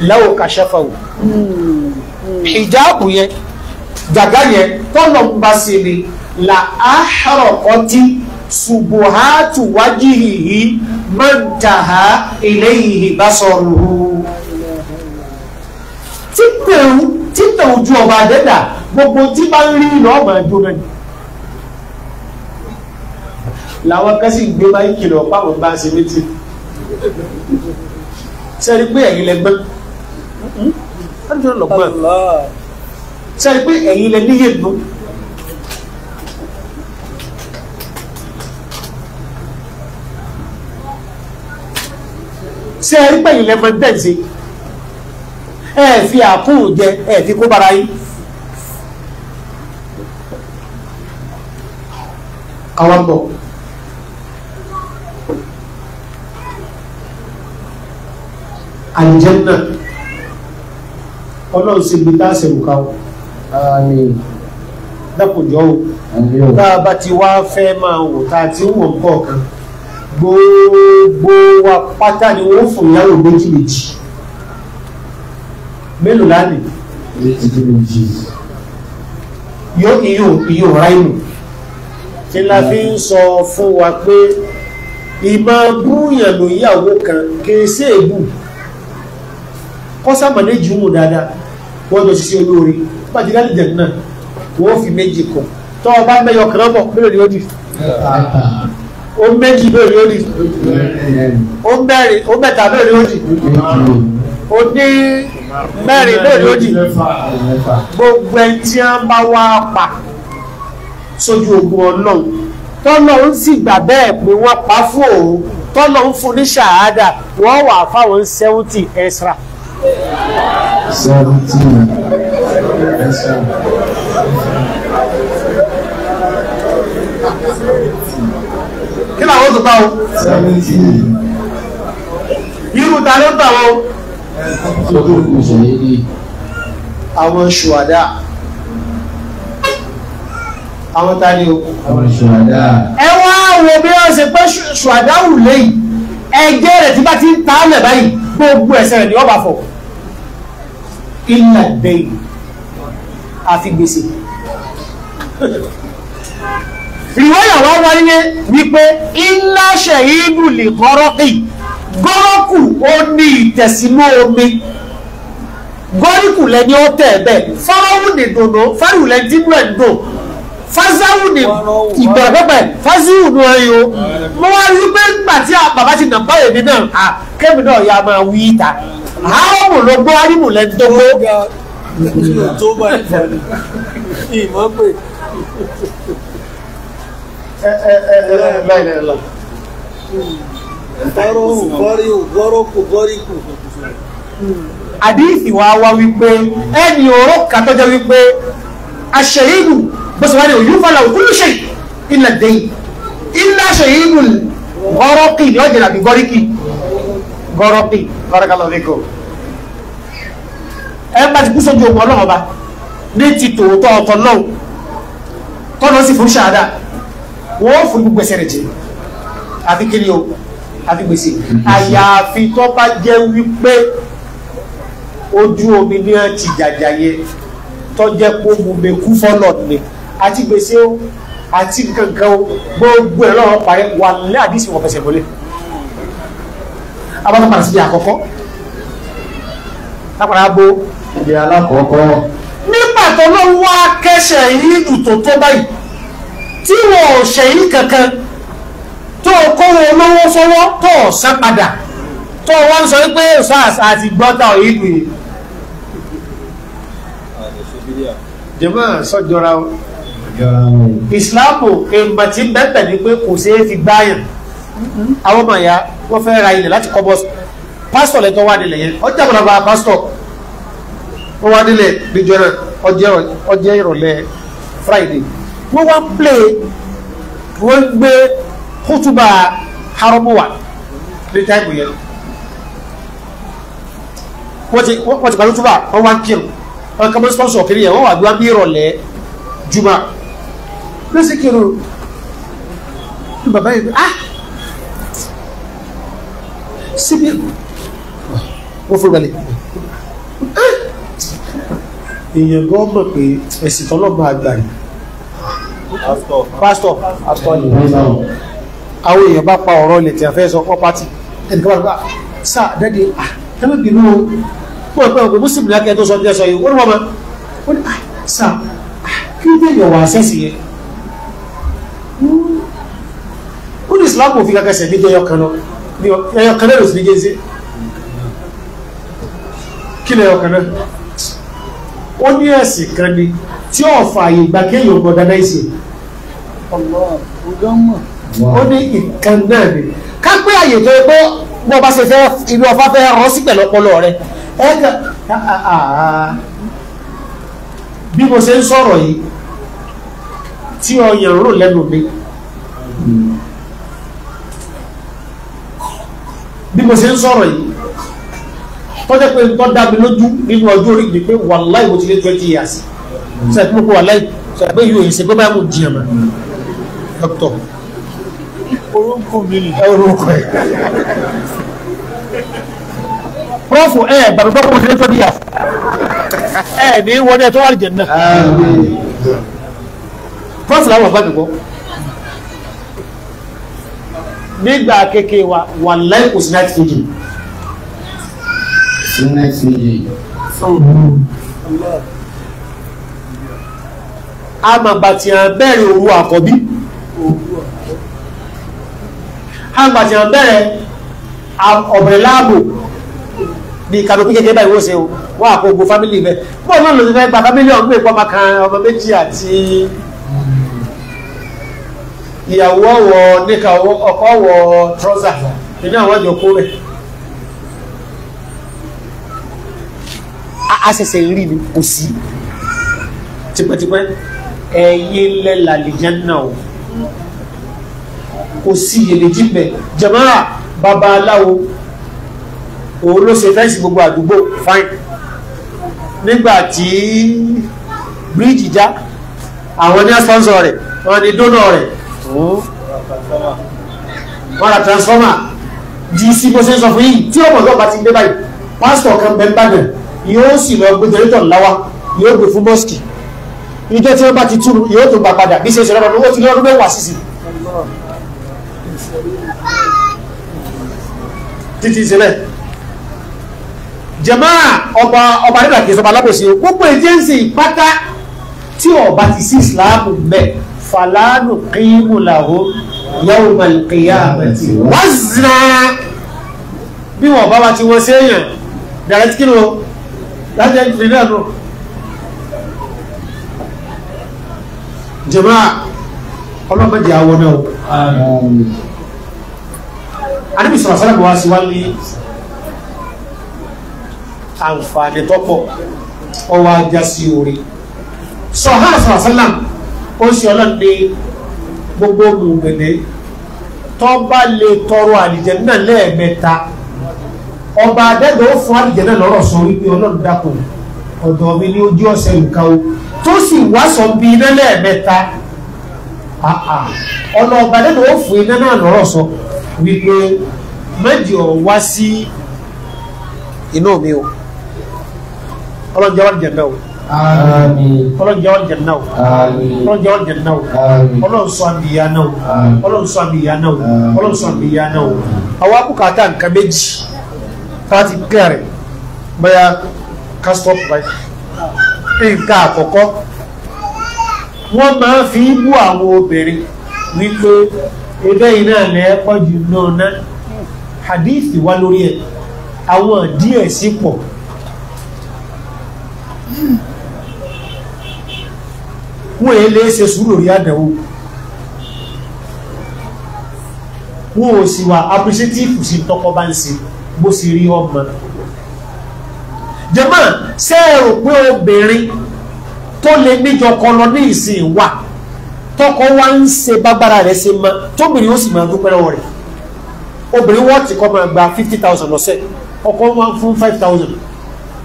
[SPEAKER 1] láwọ kàṣẹfàwò hmm, hmm. hijabu yẹn gàgá yẹn tọ́lọ̀ ń bá sí ni la ahraqati subuhatu wajihihi mantaha ilayhi basaruhu títẹ̀ ojú ọba àdẹ́dà gbogbo tí bá ń rí ìlú ọmọ ẹjọ́ náà làwọn kan sì gbé báyìí kìlọ̀ páwọn bá ṣe méjì sẹ́ni pé ẹ̀yin lẹ́gbẹ́ sẹ́ni hmm? pé ẹ̀yin lẹ́ ṣé ẹ rí pẹ̀yìn lẹ́fọ̀ tẹ̀sí ẹ fi àkúrò jẹ ẹ fi kó bara yín. àwọn bọ̀. àlìjẹ́nà ọlọ́run sì gbé dáàsì òkà o dákòjọ́ o tá a bá ti wá fẹ́ máa wò tá a ti ń wọ̀n kọ̀ọ̀kan gbogbo wa pátá ni wọ́n fún ìyàwó méjì méjì mélòó lánìí méjì méjì yóò iyò iyò ráìmù kí la fi ń sọ fún wa pé ìmọ̀ búyàn ló yàwó kan kìí sí ègbù kọ́sàmà méjì mú dáadáa wọ́n jọ ṣiṣẹ́ olóore bàjẹ́ láti jẹ̀ náà wọ́n fi méjì kọ̀ tọ́ ọba mẹ́yọ kan náà bọ̀ mélòó ni ó dì ó méjì lórí ó di ó mẹ́rin ó mẹ́ta lórí ó di ó ní
[SPEAKER 2] mẹ́rin lórí ó di
[SPEAKER 1] gbogbo ẹni tí wọ́n bá wá pa sójú ogun ọlọ́run tọ́lọ́ ń sì gbà bẹ́ẹ̀ pé wọ́n pa fún òun tọ́lọ́ ń fún ní ṣàhádà wọ́n wà fáwọn seventy extra.
[SPEAKER 2] seventy extra.
[SPEAKER 1] làwọn tó pa o. irú ta ló ń tà wọ́n. àwọn ṣùwádà àwọn ta ni o. àwọn ṣùwádà. ẹ wá wo bí wọ́n ṣe pé ṣùwádà wù lẹ́yìn ẹgbẹ́ rẹ̀ tí bá ti ń ta á lẹ̀ báyìí gbogbo ẹ̀ṣẹ̀ rẹ̀ ni wọ́n bá fọ̀ ilẹ̀ bẹ́ẹ̀ àfi gbèsè ìwọ́yà wá wáyé wípé ńlá ṣẹ̀yìnbù lè gọ́rọ́kì gọ́rọ́kù ó ní ìtẹ̀sínú omi gọ́ríkù lẹ́ni ó tẹ̀ bẹ́ẹ̀ fọ́rọ́wù ní dòdò fẹ́rù lẹ́dínú ẹ̀ dò fásáwù ní ìgbọ̀rọ̀ pẹ́pẹ́ ní ọyọ mo wá rí pé nígbà tí bàbá ti nà báyìí mi náà kébì náà ya máa wí ta àwọn ló gbọ́ árímù lẹ́ni tó gbó láìláìlá.
[SPEAKER 2] fọ́rọ̀hù fọ́ríhù
[SPEAKER 1] fọ́rọ̀kù fọ́ríkù. àdíìsì wa wá wípé ẹni ọ̀rọ̀ kan tó jẹ́ wípé aṣèyídù bó ṣe wá ní òyìn fọlá òkúlù ṣe ilẹ̀ dẹ́yìn ilẹ̀ aṣèyídù gọ́rọ́kì ni ọ̀jẹ̀ làbí gọ́ríkì gọ́rọ́kì gọ́rọ́kàlọ́ríkò ẹ bá ti kú sójú ogun ọlọ́run ọba ní ti tòótọ́ ọ̀tọ̀ náà tọ́nà fún ṣáadà wọ́n fún gbogbo ẹsẹ̀ rẹ̀ jẹ́ àfi kiri o àfi gbèsè àyàfi tó bá jẹ́ wípé ojú omi ní ẹ ti jàjàyẹ tó jẹ́ pé mo bẹ kú fọ́lọ̀ ni àti gbèsè o àti gangan o gbogbo ẹ̀rọ parí wà lẹ́ àdísì wọn fẹsẹ̀ mọ́lẹ̀ abọ́dọ̀ padà sí ibi àkọ́kọ́ lápàdà abo ibi alákọ̀ọ́kọ́ nígbà tó lọ́wọ́ akẹ́ṣẹ̀ yín dùn tó tó báyìí tí wọn ò ṣẹ̀yìn kankan tó o kó wọn lówó fọwọ́ tó o san padà tó o wọ́n sọ wípé sars àti gbọ́tà òyìn pè é. jẹ́mọ́ sọ́jọ́ra ìsìláàmù èèmọ̀ tí ń bẹ́ẹ̀ ni pé kò ṣeé fi gbáyàn àwọn ọmọ ìyá wọ́n fẹ́ ra ilẹ̀ láti kọ́ pásítọ̀ lẹ́tọ́ wà nílẹ̀ yẹn ọjà bọ̀dọ̀ bá pásítọ̀ wọ́n wà nílẹ̀ níjọ́ náà ọjẹ́ ìrọ̀lẹ́ Friday wọ́n wá ń plé wọ́n gbé kútùbà haramu wa ní táìmù yẹn wọ́n ti wọ́n ti parí kútùbà wọ́n wá ń kírun wọ́n kọ́ mọ́ sponsor kiri yẹn wọ́n wà gbá bí ìrọ̀lẹ́ juma ló sì kírun ní bàbá yìí ah síbi wọ́n fún ìgbàlẹ̀ ah èèyàn gan mọ̀ pé ẹ̀sìn tọ́lọ́mọ àgbà yìí pásítọ̀ pásítọ̀ ni àwọn èèyàn bá pa ọ̀rọ̀ lè tí a fẹ́ sọ pọ́ pátì ẹnìkan bá gbà sá dẹ́dẹ̀ ẹ̀mí bínú pọ̀ pẹ́ òkú mùsùlùmí lákẹ́ tó sọ ní ẹ̀sọ́ yìí wọ́n mọ̀ wọ́n ní ah, sá ah, kí dé yọ̀ wá sẹ́sì yẹn ó ní Islam kò fi kankan sẹ̀ níjẹ́ ẹyọ kan lọ ẹyọ kan lẹ́rù sí níjẹ́ sí kí lẹ́yọ kan náà ó ní ẹ̀sìn kan ni tí ọ̀fà àyè ìgbà kéèyàn gbọ̀dọ̀ náà
[SPEAKER 2] ó
[SPEAKER 1] ní ìkan náà ni ká pé àyè tó yẹ pé bọ́ bá ṣe fẹ́ ibi ọ̀fà fẹ́ rọ́ sí pẹ̀lú ọpọlọ rẹ ẹ kà bí mo ṣe ń sọ̀rọ̀ yìí tí ọyàn rò lẹ́nu mi bí mo ṣe ń sọ̀rọ̀ yìí tọ́jẹ́ pé tọ́ dá mi lójú nínú ọjọ́ orí mi pé wàláì mo ti lé twenty years ṣe é pé mo kó wàláì ṣe é pé yóò yìí ṣe pé báyìí mo jìyàn mọ́ dókítọ̀. orúkọ mi ni. orúkọ ẹ. prọfù ẹ gbàgbọ́ kó ṣe é tóbi yà ẹ ní wọlé ẹ tó wà lìjẹ náà. prọfù làwọn ọba mi gbọ́ nígbà kékeré wa wà lẹ́yìn kò sí náà ti kéjì. sí náà ti kéjì. amagbatìyàn bẹ́ẹ̀ ni òru àkọ́bí àgbàtì hàn bẹ̀rẹ̀ ọ̀bẹ̀rẹ̀ láàbò bí kanopi kékeré báyìí wọ́n ṣe o wọ́n àpò ogun fámìlì bẹ́ẹ̀ bó náà ló ti fẹ́ gba fámìlì ọ̀gbìn ìpọ́ ọmọ kan ọmọ méjì àti ìyàwó ọ̀wọ̀ níka ọkọ ọ̀wọ̀ trọ́sà nínú àwọn ọjọ́ kó rẹ̀ a ṣẹ̀ṣẹ̀ rí ni kò sí tipẹ́tipẹ́ ẹ̀yin lẹ́la lè jẹ́ náà o kò sí iyèméjì mẹ́ jàmáà babaláwo òun ló ṣe fẹ́ǹsì gbogbo àdúgbò fine nígbà tí bíríìjì já àwọn ní sponsor rẹ̀ wọ́n ní donor rẹ̀ wọ́n ra transformer gc bó ṣe ń sọ fún yìí tí ọmọ ọlọ́pàá ti dé báyìí pásítọ̀ kan bẹ́ẹ̀ bá dẹ̀ yóò sì lọ gbé jẹrìtọ̀ láwá yóò gbé fún mọ́sìkì ìjọ tí wọ́n bá ti túrú yóò tún gbà padà bí ṣe ṣe lọ́dún ó ti lọ́dún mẹ́wàá sísìn títí sílẹ̀ jẹ̀máà ọba ọba nígbà kìí sọba alábòsí gbogbo èjẹ́nsì ìpátá tí ọba ti sí ìsìláàmù mẹ́ fàlánù kíímù làwọ yawmal qiyamati wazna bí wọn bá wa ti wọ́n séèyàn direct kí ló láti ẹni tìrì náà nù jẹ̀máà ọlọ́mọdé àwọn náà anábì sọ̀rọ̀ sọ́nà bọ̀wá sí wá ní àǹfààní tọ́pọ̀ ọwọ́ ajá sí orí sọ̀há sọ̀rọ̀ sọ́nà ó sì ọlọ́dẹ gbogbo olùgbèdè tó bá lè tọrọ àlìjẹ náà lẹ́ẹ̀mẹ́ta ọba adẹ́gbẹ̀ ó fún àlìjẹ náà lọ́rọ̀ sọ wípé ọlọ́run dákun ọ̀dọ̀ mi ní ojú ọ̀sẹ̀ nǹkan o tó sì wá sọ bí iná lẹ́ẹ̀mẹ́ta ọlọ́ọ̀bà adẹ́gbẹ̀ ó fún iná náà lọ́rọ̀ sọ wípé méjì ọ̀ wá sí inú mi o ọlọ́njẹ́ wà jẹ̀ náà o ọlọ́njẹ́ wà jẹ̀ náà o ọlọ́njẹ́ wà jẹ̀ náà o ọlọ́nsọ àbíyá náà o ọlọ́nsọ àbíyá náà o ọlọ́nsọ àbíyá náà o àwọn abúkàtà nǹkan méjì láti kẹrẹ bẹ́ẹ̀ kásítọ́pù báyìí nǹkan àkọ́kọ́ wọ́n máa fi ń bú àwọn obìnrin wípé ebe yìí náà lẹ́ pọ̀jù náà ná hadith wá lórí ẹ̀ àwọn díẹ̀ sí pọ̀ wọ́n èé lè ṣe sùúrù rí àdánwò wọ́n ò sì wà appreciative sí tọkọ bá ń ṣe bó sì rí ọmọ jẹ́mọ́ ṣé pé obìnrin tó lè níjọ kọlọ ní ìsìn wà tọkọ wa ń ṣe bágbára rẹ̀ se mọ tóbìnrin ó sì máa dúpẹ́ lọ́wọ́ rẹ̀ obìnrin wọ́ọ̀tì kọ́ máa gba fifty thousand lọ́sẹ̀ ọkọ wọn fún five thousand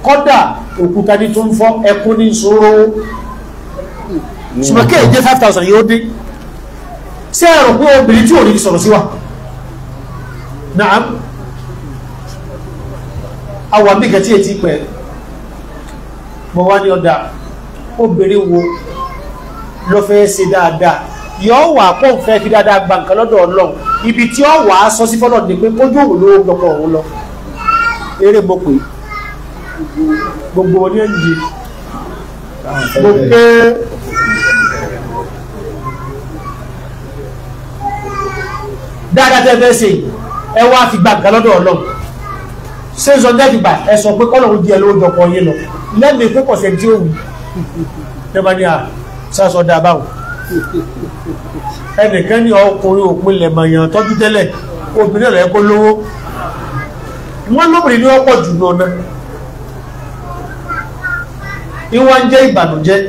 [SPEAKER 1] kọ́dà òkúta ní tó ń fọ́ ẹkún ní ìṣòro ṣùgbọ́n kí èjé five thousand yóò dín sí ẹ̀rọ pé obìnrin tí ò ní sọ̀rọ̀ sí wa náà àwọn àmì kẹtí ètí pẹ̀ mọ́ wá ní ọ̀dà obìnrin wo ló fẹ́ ṣe dáadáa yọ wà kó n fẹ́ fi dáadáa gba nǹkan lọ́dọ̀ ọlọ́run ibi tí ọ wà á sọ sí fọlọ́ ni pé kójú òun ló gbọ́kọ̀ òun lọ eré mo pè gbogbo wọn ní ẹ̀yìn mo pé dáadáa tẹ́ fẹ́ ṣe ẹ wá fi gba nǹkan lọ́dọ̀ ọlọ́run ṣé sọ dẹ́ẹ̀fì gbà ẹ sọ pé kọ́lọ̀ ń di ẹ lówó jọpọ̀ yín lọ lẹ́mìí pé kọ̀ṣẹ́ tí ó wù bá ní àná sásọ dá báwò ẹnìkan ní ọkùnrin òpin lẹ̀mọ̀yàn tọ́jú tẹ́lẹ̀ obìnrin rẹ̀ kó lówó wọ́n lóbìnrin ní ọ̀pọ̀ jù lọ náà ìwọ́n ń jẹ́ ìbànújẹ́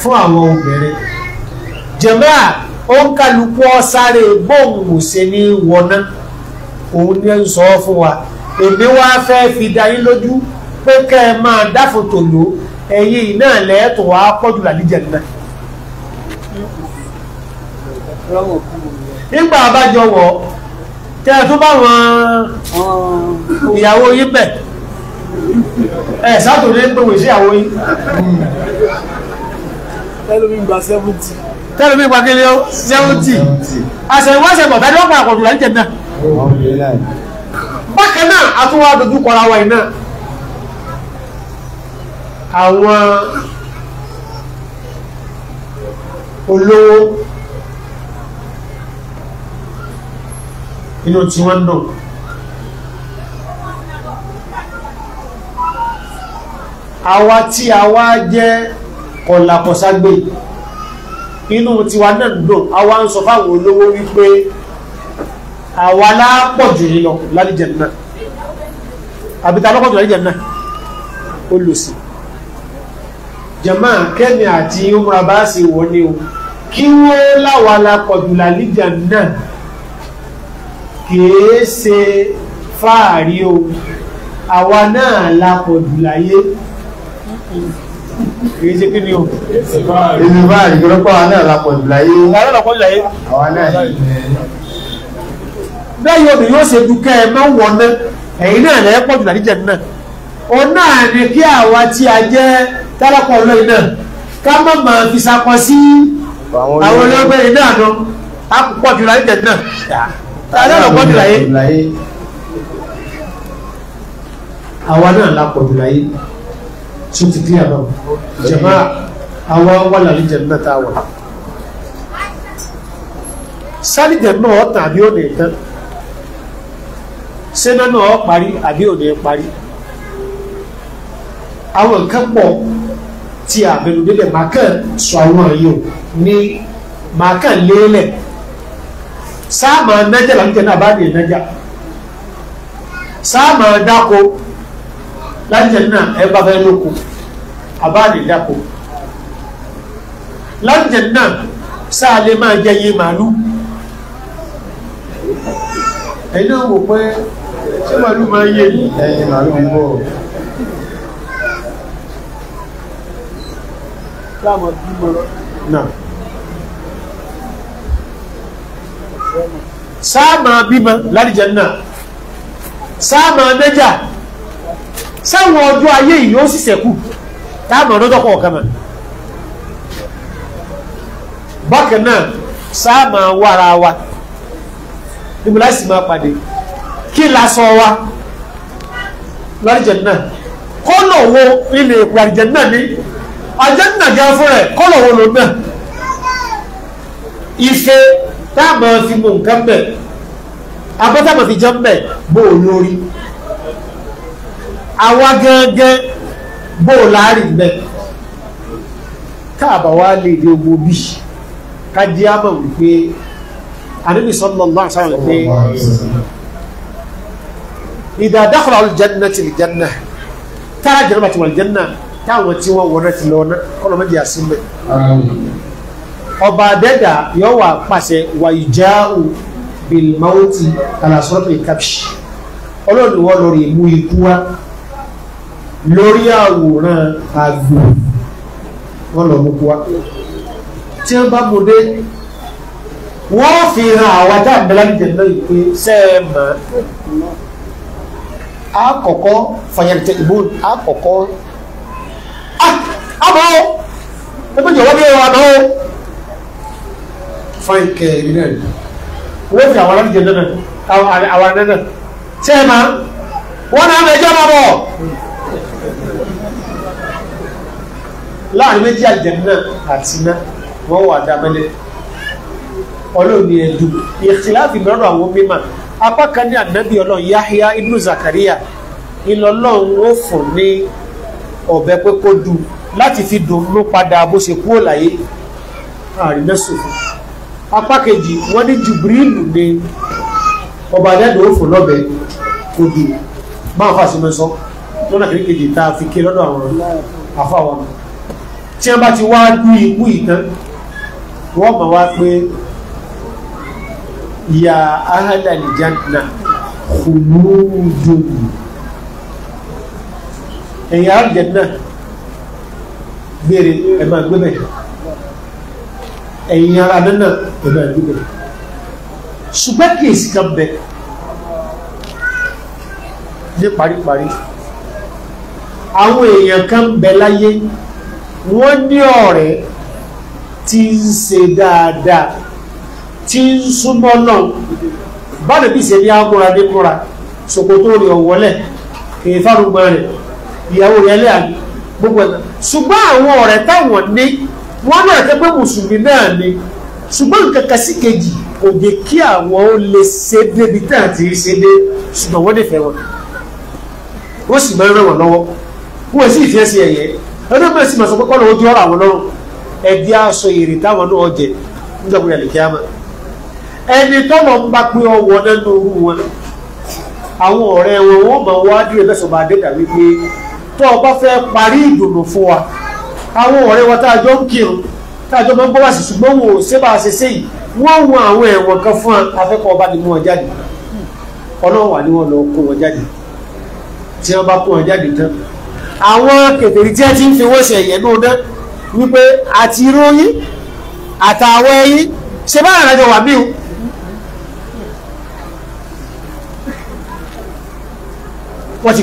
[SPEAKER 1] fún àwọn obìnrin jẹ̀mọ́ à ó ń kálukú ọ̀sáré bóun ò ṣe ní wọná òun ní ń sọ fún wa èmi wá fẹ́ fi dá yín lójú pé kẹ́ ẹ máa dáfòtò lòó ẹ̀yin náà lẹ́ẹ̀tọ̀ wá pọ̀jù làlíjẹ̀ náà nígbà àbájọ wọ̀ tẹ́ ẹ tó bá wọn ìyàwó yín bẹ̀ ẹ̀ sátòdé ń pèwè sí ìyàwó yín tẹ́lómi gba seventy. tẹ́lómi gba kele o seventy. àṣẹwọ́sẹ̀ bọ̀ fẹ́ lọ́pàá àkọ́dùn làlíjẹ̀ náà. bákan náà a tún wá dojú kọra wa yìí náà àwọn olówó inú tí wọ́n dùn àwa tí a wá jẹ́ kọ̀làkọ̀ságbé inú tiwa náà dùn àwa ń sọ fáwọn olówó wípé àwa lápọ̀jù yìí lọ lálìjẹ̀ náà àbíta lọ́pọ̀jù lálìjẹ̀ náà ó lò sí jama kẹ́mi àti umra bá ṣe wọ ni o kí wọ́n láwa la kọ̀dùlà lídìá náà kìí ṣe fáàrí o àwa náà la kọ̀dùlà yé kìí ṣe kí ni o. èsì fáàrí ìgbọ́lọ́pọ̀ àwa náà la kọ̀dùlà yé. àwa náà la kọ̀dùlà bẹ́ẹ̀ yóò bí yóò ṣe dúkẹ́ ẹ máa ń wọ̀ náà ẹ̀yin náà lẹ́yìn pọ̀jù làdíjẹ̀ náà ọ̀nà àní kí àwa tí a jẹ́ tálọ́pọ̀ ọ̀rọ̀ iná ká má mà fi sakọ sí àwọn olóògbé iná àná a kò pọ̀ jùlọ ayéjẹ náà
[SPEAKER 2] tàbí ọ̀rọ̀ pọ̀ jùlọ ayé
[SPEAKER 1] àwa náà la pọ̀ jùlọ ayé tí ó ti clear náà jẹ̀má àwa wà lálẹ́ jẹ̀ náà tá a wà sálìjẹ̀ náà ọ̀tàn àbí òní ìtàn sẹ́nà náà parí àbí òní parí àwọn nǹkan pọ̀ tí a mẹ́nu délẹ̀ máa kàn sọ àwọn yìí o ní máa kàn lélẹ̀ sáàmà nájà làlùjẹ náà bá dìé nájà sáàmà dáko làlùjẹ náà ẹ bá fẹ́ lóko àbáàdì dáko làlùjẹ náà sáà lè máa jẹ iye màálù ẹ̀yin náà wò pé ṣé màálù máa yé ẹ̀yin màálù ń bọ̀. táwọn bímọ náà. sáàmà bímọ ládìjẹ náà sáàmà mẹ́jà sáwọn ọjọ́ ayé yìí ó sì sẹ́kù táàmà ọdọ́jọ́ kọ̀ọ̀kan mọ̀ bákan náà sáàmà wára wa níbo láti máa pàdé kí lásọ wa ládìjẹ náà kọ́nà wo ilé ìpàdé náà ní àjẹ́nà gan fún rẹ̀ kọ́lọ̀ wo ló náà ife táàmà fi mú nǹkan bẹ̀ abọ́tàmà fi jẹ́ bẹ̀ bó o lórí àwa gẹ́gẹ́ bó o láàrin bẹ̀ káàbà wá lè dé ogbó bí ká jẹ́ àmà wípé àníbi sallallahu alaihi wasallam pé idha dakhala al-jannata al-jannah tára jẹ́ màtìmọ̀ al-jannah táwọn tí wọ́n wọ́n ti lọ ná kọ́nà méjì àsìmẹ́ ọba adẹ́dà yọ wà pàṣẹ wàyíjáù bilmauti alasọ́tò ìkàpṣì ọlọ́run wọ́n lọ rí mú ikú wá lórí àwòrán àgbò wọ́n lọ mú kú wá tí wọ́n bá mú dé wọ́n fi hàn àwọn tá àbẹ̀lá nìjẹ̀ náà yìí sẹ́ẹ̀mà àkọ́kọ́ fàyẹ̀tẹ̀ ìbò àkọ́kọ́ àbọ̀ ẹgbẹ́ ìjọba bí ẹwà àbọ̀ fáìn kẹ ẹ̀rí náà ni wọ́n fi àwọn aláǹjẹ náà àwọn àná náà tẹ́ ẹ máa
[SPEAKER 2] wọ́n náà mẹ́jọ́ máa bọ̀
[SPEAKER 1] láàrin méjì àjẹ náà àti náà wọ́n wà dámẹ́lẹ́ ọlọ́ọ̀ni ẹ̀dùn ìkìláàfì mẹ́rọ̀ àwọn mímà apá kan ní ànábì ọlọ́run Yahya ibnu Zakariya ìlọlọ́run ó fún ní ọ̀bẹ pé kó dùn láti fi dòrò padà bó ṣe kúrò láyé àrínẹ́sù fún apá kejì wọ́n ní Jibrilu ní ọba adẹ́dọ̀ òfò lọ́bẹ̀ kòdì máa fà sí mẹ́sọ́ lọ́nà kìí kejì tá a fi ké lọ́dọ̀ àwọn afáwa tí wọ́n bá ti wá dú ikú ìtàn wọ́n mọ̀ wá pé ya ahada aljanna khuludun ẹ̀yà aljanna gbére ẹ máa gbé bẹ̀ ẹ̀yin ara nínà ẹ máa gbé bẹ̀ ṣùgbọ́n kìsì kan bẹ ní paríparí àwọn èèyàn kan bẹ láyé wọ́n ní ọ̀rẹ́ tí ń ṣe dáadáa tí ń súnmọ́ náà báyìí bí ṣe ní ákúra ní kúra ṣòkòtò rẹ̀ ọ̀wọ́lẹ̀ kèéfàrúgbọ́n rẹ̀ ìyàwó rẹ̀ lẹ́yìn gbogbo ẹ̀nà ṣùgbọ́n àwọn ọ̀rẹ́ táwọn ní wọ́n náà tẹ́ pé mùsùlùmí náà ni ṣùgbọ́n nǹkan kan sí kejì kò jẹ́ kí àwọn ó lè ṣe débi tá àti ṣe dé ṣùgbọ́n wọ́n nífẹ̀ẹ́ wọn wọ́n sì máa ń ràn wọ́n lọ́wọ́ wọ́n sì fi ẹsẹ̀ ẹ̀yẹ ẹni mẹ́rin sì máa sọ pé kọ́ lọ́wọ́ ojú ọ̀rọ̀ àwọn lọ́rùn ẹ̀dí aṣọ èrè táwọn náà jẹ nígbàgbọ́ yàrá tó o bá fẹ́ parí ìdùnnú fún wa àwọn ọ̀rẹ́ wa tá a jọ ń kírun tá a jọ máa ń gbọ́ wá sí ṣùgbọ́n wò ó ṣé bá a ṣe ṣe yìí wọ́n wọn àwọn ẹ̀wọ̀n kan fún afẹ́kọ̀ọ́ ọba ni mú wọn jáde ọlọ́run wà ní wọn lọ kó wọn jáde tí wọ́n bá kó wọn jáde tán àwọn kèfèrí tí wọ́n ti ń fi wọ́n ṣe ẹ̀yẹ́ náà dán wípé àti ìròyìn àtàwọ̀ ẹ̀yìn ṣe bá àràjọ wọ́n ti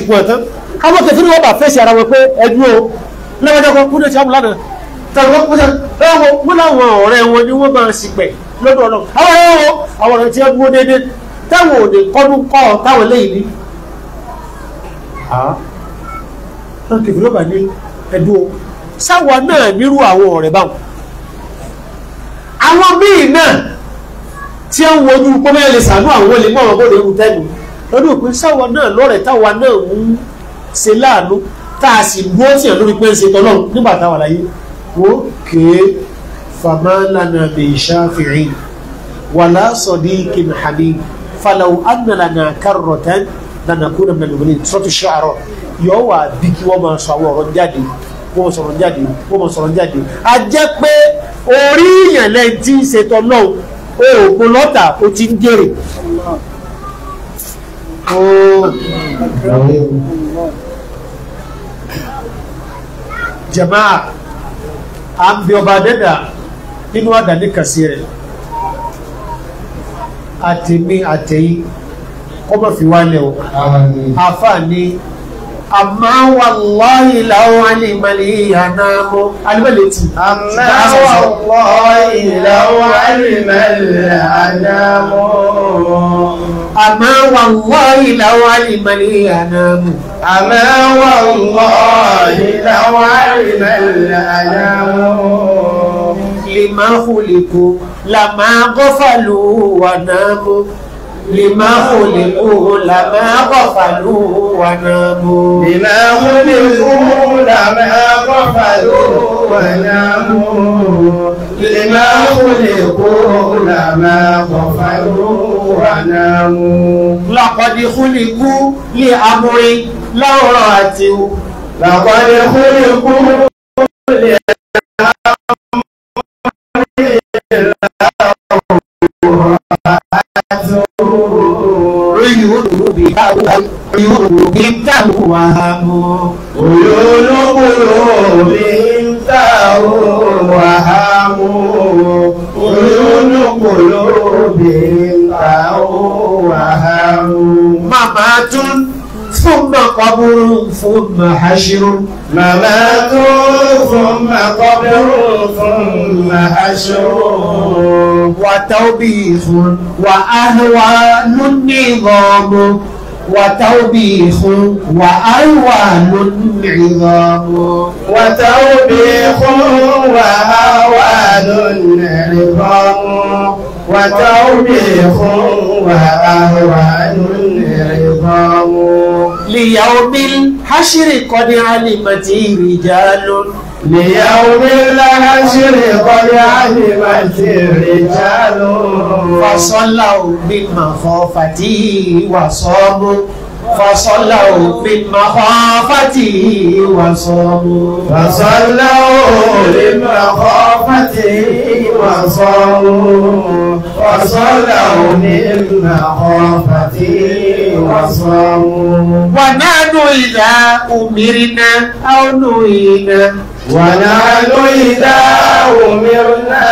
[SPEAKER 1] kú tán àwọn kẹfìrí wọn bá fèsì ara wọn pé ẹjú o lẹ́wọ́jọ́kọ́ kúndé tí a mú lánàá tàbí wọ́n láwọn ọ̀rẹ́ wọn ni wọ́n máa sì pẹ̀ lọ́dọ̀ ọ̀nà àwọn ọ̀rẹ́ wọn àwọn ọ̀rẹ́ tí a dúró déédéé táwọn òde kọ́dún kọ́ táwọn lẹ́yìn ní. àwọn kẹfìrí wọn ní ẹjú o sáwa náà nírú àwọn ọ̀rẹ́ báwọn àwọn míì náà tí ó ń wojú pọ́nmẹ́lẹ̀ sànú àwọn olè ṣe láàánú tá a sì gbó tí ẹ̀ lórí pé ń ṣe tọ́lọ́run nígbà táwọn àlàyé wọ́n kéé famalana min shafi'in wàlá sadiqin hamid falaw anna lana karratan lanakuna min al-mu'minin sọ́tù ṣàárọ̀ yọ̀ wà bí kí wọ́n máa sọ àwọn ọ̀rọ̀ jáde wọ́n sọ̀rọ̀ jáde wọ́n sọ̀rọ̀ jáde a jẹ́ pé orí ìyàn lẹ́yìn tí ń ṣètò náà oògùn lọ́tà ó ti ń jèrè. jama'a à ń bẹ ọba dẹ́dà nínú àdáni kàsí rẹ̀ àtẹ̀mí àtẹ̀yìn kọ́mọ̀ fi wá lẹ̀ o àfa ni àmà wàlláhi làwọn alìmọ̀lì ànámọ́ alìmọ̀lẹ́tì. àmà wàlláhi làwọn alìmọ̀lì ànámọ́ àmọ́ wallahi law alimal anamu. àmọ́ wallahi law alimal anamu. lima khuliqu lama ghafalu wanamu lima khuliqu lama qafalu wa namu. lima khuliqu lama qafalu wa namu. lima khuliqu lama qafalu wa namu. laqad khuliqu li amri lawrati. laqad khuliqu li. قلوبهم تهوهم عيون قلوبهم تهوهم عيون قلوبهم تهوهم ممات ثم قبر ثم حشر ممات ثم قبر ثم حشر وتوبيخ وأهوال النظام وتوبيخ وألوان عظام وتوبيخ وألوان عظام وتوبيخ وألوان عظام ليوم الحشر قد علمت رجال ليوم الحشر قد علمت الرجال فصلوا بالمخافة وصاموا فصلوا بالمخافة وصاموا فصلوا بالمخافة وصاموا فصلوا بالمخافة وصاموا ونادوا إذا أمرنا أو نوينا ونحن إذا أمرنا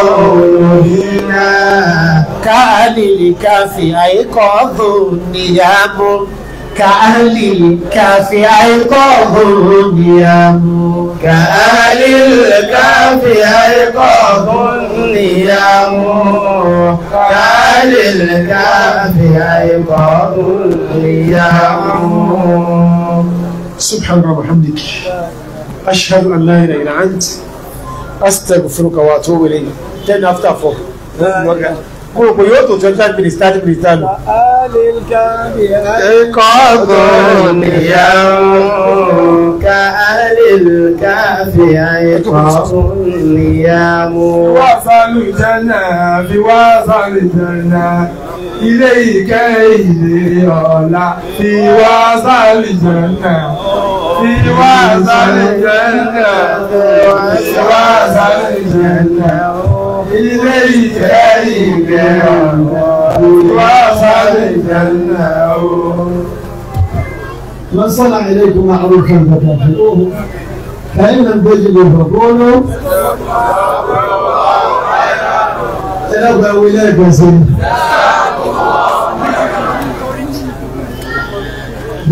[SPEAKER 1] أو نهينا كأهل الكاف أيقظ النيام كأهل الكاف أيقظ النيام كأهل الكاف أيقظ النيام كأهل الكاف أيقظ النيام سبحان الله وبحمده أشهد أن لا إله إلا أنت أستغفرك وأتوب إليك. تاني أفتح فوق mo rò pé yóò tó twenty five minutes thirty minutes tán.
[SPEAKER 2] ikọ̀
[SPEAKER 1] ọ̀gbọ̀n níyàwó ká àlèlùkà fi àyẹ̀kọ́ níyàwó. wá sálù ìjánà àfi wá sálù ìjánà ilé ìkẹ́ ilé ọ̀la fi wá sálù ìjánà
[SPEAKER 2] fi wá sálù ìjánà fi wá sálù
[SPEAKER 1] ìjánà ilé ìfẹ́ ìgbẹ́ràn òwò àṣàlẹ̀ ìjẹ́nà o. من صنع إليكم معروفا فتنفقوه فإن لم تجدوا فقولوا
[SPEAKER 2] تنبأوا إليك
[SPEAKER 1] يا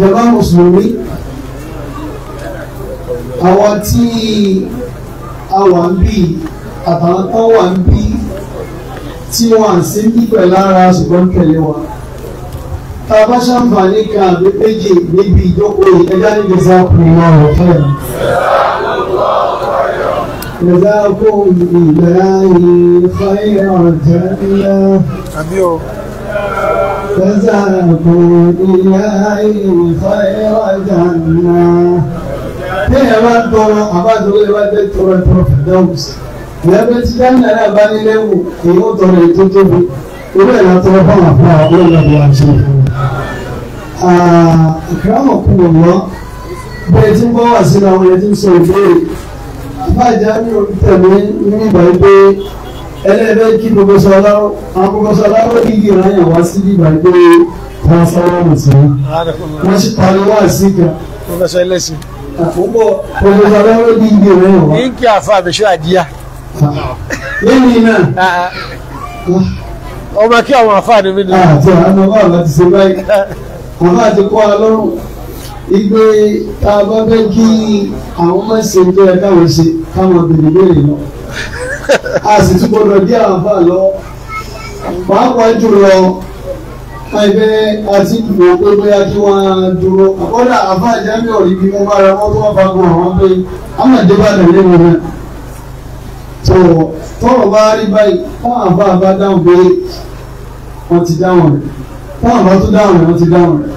[SPEAKER 1] jàmáà mùsùlùmí àwọn tí a wà ń bí àtàwọn kan wà ń bí tí wọn à sí pípẹ̀ lára ṣùgbọ́n tẹ̀lé wa tá bá ṣàǹfààní kan àbí méjì níbi ìjókòó yìí ẹja ní gbèsè àkùnrin náà wọ̀ fẹ́ mi. جزاكم
[SPEAKER 2] الله خيرا جزيلا جزاكم الله خيرا جزيلا
[SPEAKER 1] هي بدر أبدر بدر الفردوس ìyàgbẹ́ tí dáná náà bá nílé wò èyí ó tọrọ ètò tóbi irú ẹ̀ látọ̀ fáwọn àpá àbúrò náà bí wọ́n ṣe. àkàràmọ̀ kú wọ̀ wọ́n bẹ́ẹ̀ tí ń bọ́ wà sínú àwọn ẹni tí ń sọ ìbéèrè àbájá ní olùtẹ̀mí ní ìgbà pé ẹlẹ́ẹ̀bẹ́ kí gbogbo sọláwọ́ àwọn gbogbo wá sí ìgbà pé wọ́n sọ́wọ́ mùsùlùmí wọ́n sì parí wá sí ìgbà. pọfẹsọ ẹlẹsìn. àkókò pọfẹsọ sọláwọ́ yìí ráyàn wá. ní kí àfa àbẹ̀ṣọ́ àdíyà lẹ́yìn náà ọmọ kí àwọn àfáàní mi nìyẹn. àti àwọn ọmọ àwọn ti ṣe báyìí àwọn àti kọ́ wa lọ́rùn igbe tá a bá fẹ́ kí àwọn máa ṣe ń bẹ́ẹ̀ káwọn ṣe káwọn bèrè bèrè lọ a sì tún gbọdọ̀ dí àwọn àfáà lọ pàápàá jùlọ ẹgbẹ́ àti ìgbò pé bóyá kí wọ́n dúró àkọ́dà àfáà jámẹ́ ọ̀rí bí wọ́n bá ra wọ́n tó wọ́n fa àwọn pé àwọn àdébàdàn lé wọn náà tó tọ́rọ̀ bá rí báyìí fún àbá àbá dáhùn pé wọ́n ti dáhùn rẹ̀ fún àbá tó dáhùn rẹ̀ wọ́n ti dáhùn rẹ̀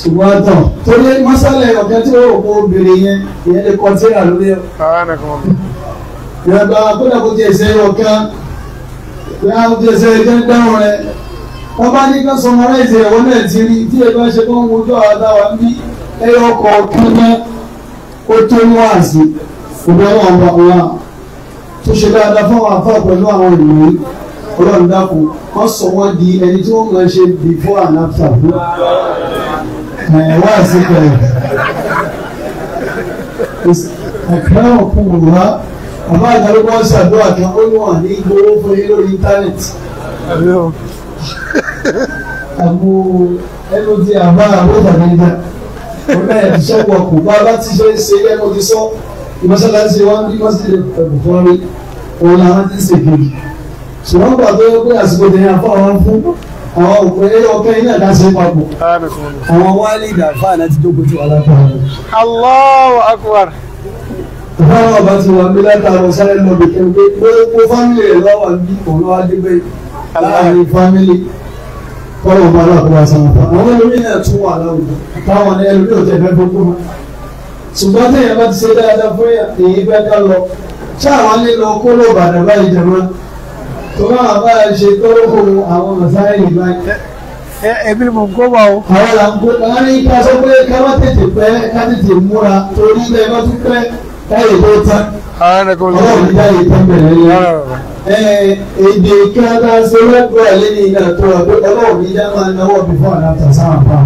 [SPEAKER 1] ṣùgbọ́n àtọ̀ torí mọ́sálẹ̀ ọ̀kẹ́ tí ó kó obìnrin yẹn ìyẹn lè kọ́ tíra lórí ẹ̀. ìrẹ̀gbà kódà kó tiẹ̀ ṣe ọ̀kẹ́ ìyá kó tiẹ̀ ṣe ẹ̀jẹ̀ dáhùn rẹ̀ wọ́n bá ní ká sọmọráìsì ẹ̀wọ́n náà ti rí tí ẹ bá ṣe kó ń wojú àwọn àtàwà ní ẹ̀yọ ọkọ̀ ọ̀kẹ́ náà ó tó wá sí ọ̀dọ́ àwọn àwọn tó ṣe dáadáa fáwọn àfáà pẹ̀lú àwọn ìwé ọlọ́run dákun wọ́n sọ wọ́n di ẹni tí wọ́n máa ṣe before and after fún ẹ̀ wá àsìkò ẹ̀ ẹ̀kẹ́ ọ̀kùnrin wá àbá àgbàlógún ọ̀sẹ̀ àdúrà kan ó ní wọn ní gbowó fún yín lórí íńtánẹ́ẹ̀tì. àgbo ẹnu ti àbá àbójà nígbà ó náà ẹ̀ ti ṣẹ́gun bá bá ti ṣe é ṣe ẹnu ti sọ mọ́ṣáláṣí wọn bí mọ́ṣáláṣí Bukhari wọn làwọn ti ń ṣèkejì ṣùgbọ́n gbà tó yẹ pé àsìkò tẹ̀yìn afọ àwọn fún àwọn òpèrè ọkẹ́ iná ìdásí papọ̀ àwọn wálé ìdàfà náà ti dókòtò alákọ̀ọ́rẹ́. Allahu akbar báwọn ọba ti wà mí látàrọ sáré lọ bìkẹ́ pé gbogbo fámìlì rẹ̀ lọ́wọ́ ní ọ̀rọ̀ adébẹ́ láàrin fámìlì kọ́lọ̀ ọba aláàbò wa sàn fún wa. àwọn ẹlòmíràn tún wà láwùjọ táwọn ẹlòmíràn tẹ̀ fẹ́ gbogbo wọn ṣùgbọ́n téèyàn bá ti ṣe dáadáa fún èyí fẹ́ ká lọ ṣé àwọn lílọ kó ló bàdàn báyìí jẹ mọ́ tó bá wà bá a ṣe tó ohun àwọn mọ̀sáyìn báyìí. ẹbí mo ń kó bá o. àwọn là ń kó bá a ní ká sọ pé ká má tètè pẹ́ ká tètè múra torí ilé ẹ bá tún pẹ́ ká lè tó tán. ọlọ́run ní ká lè tán bẹ̀rẹ̀ yẹn. èdè kí ṣe lọ́dọ̀ lẹ́yìn ìgbà ọlọ́run ní dá máa náwó before and after sáwọn pa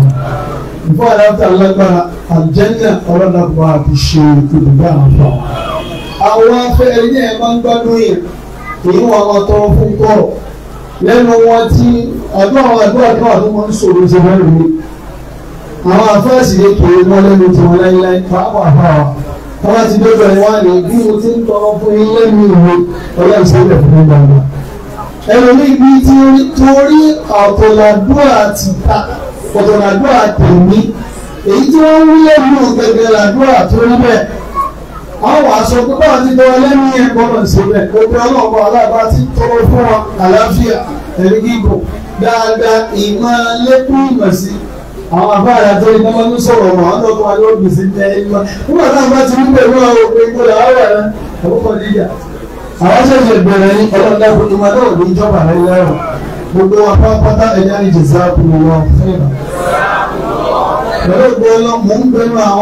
[SPEAKER 1] before and after lágbára àjẹ́nà ọlọ́dàpọ̀ àti ṣe ìdìbò àpá. àwọn afẹ́ ẹni ẹ̀ máa ń gbádùn yìí èyí wọn máa tọrọ fún kọ́rọ̀ lẹ́nu wọn tí àdúrà wọn àdúrà tó wà tó wọn ń sọ̀rọ̀ ṣe fẹ́ rèé. àwọn afẹ́sì lè kéwé wọn lẹ́nu tí wọn láyéláyé pàápàá fà wá. wọn ti dọ́jọ́ ẹ̀ wá bí mo ti ń tọrọ fún yín lẹ́nu ìwé ọlọ́run sẹ́yìn fún mi dáadáa. ẹlòmíì bí torí àtọ̀làdúrà ti ta ọ̀tọ̀làdúrà tèmi èyí tí wọ́n wí lẹ́nu gbẹgbẹ làdúrà tó rí bẹ́ẹ̀ wọ́n wà á sọ pé báwa ti bọ́ lẹ́nu yẹn gbọ́dọ̀ sí bẹ́ẹ̀ gbogbo ọlọ́ọ̀bọ aláàbá ti tọrọ fún wọn àlàáfíà ẹ̀rí gígùn dáadáa ìmọ̀ lẹ́kùn ìmọ̀ sí àwọn afárá tó iná máa ń sọ̀rọ̀ mọ́ àwọn tó wà lórí gbèsè ní ẹni mọ́ nígbà táwọn bá ti rí pẹ̀lú àwọn òpin ìgbọ́dọ̀ àwọn ẹ̀rọ àkókò níjà ni wọn náà ní ìjọba pẹ̀lú ìgbẹ́ lọ mò ń bẹnu àwọn.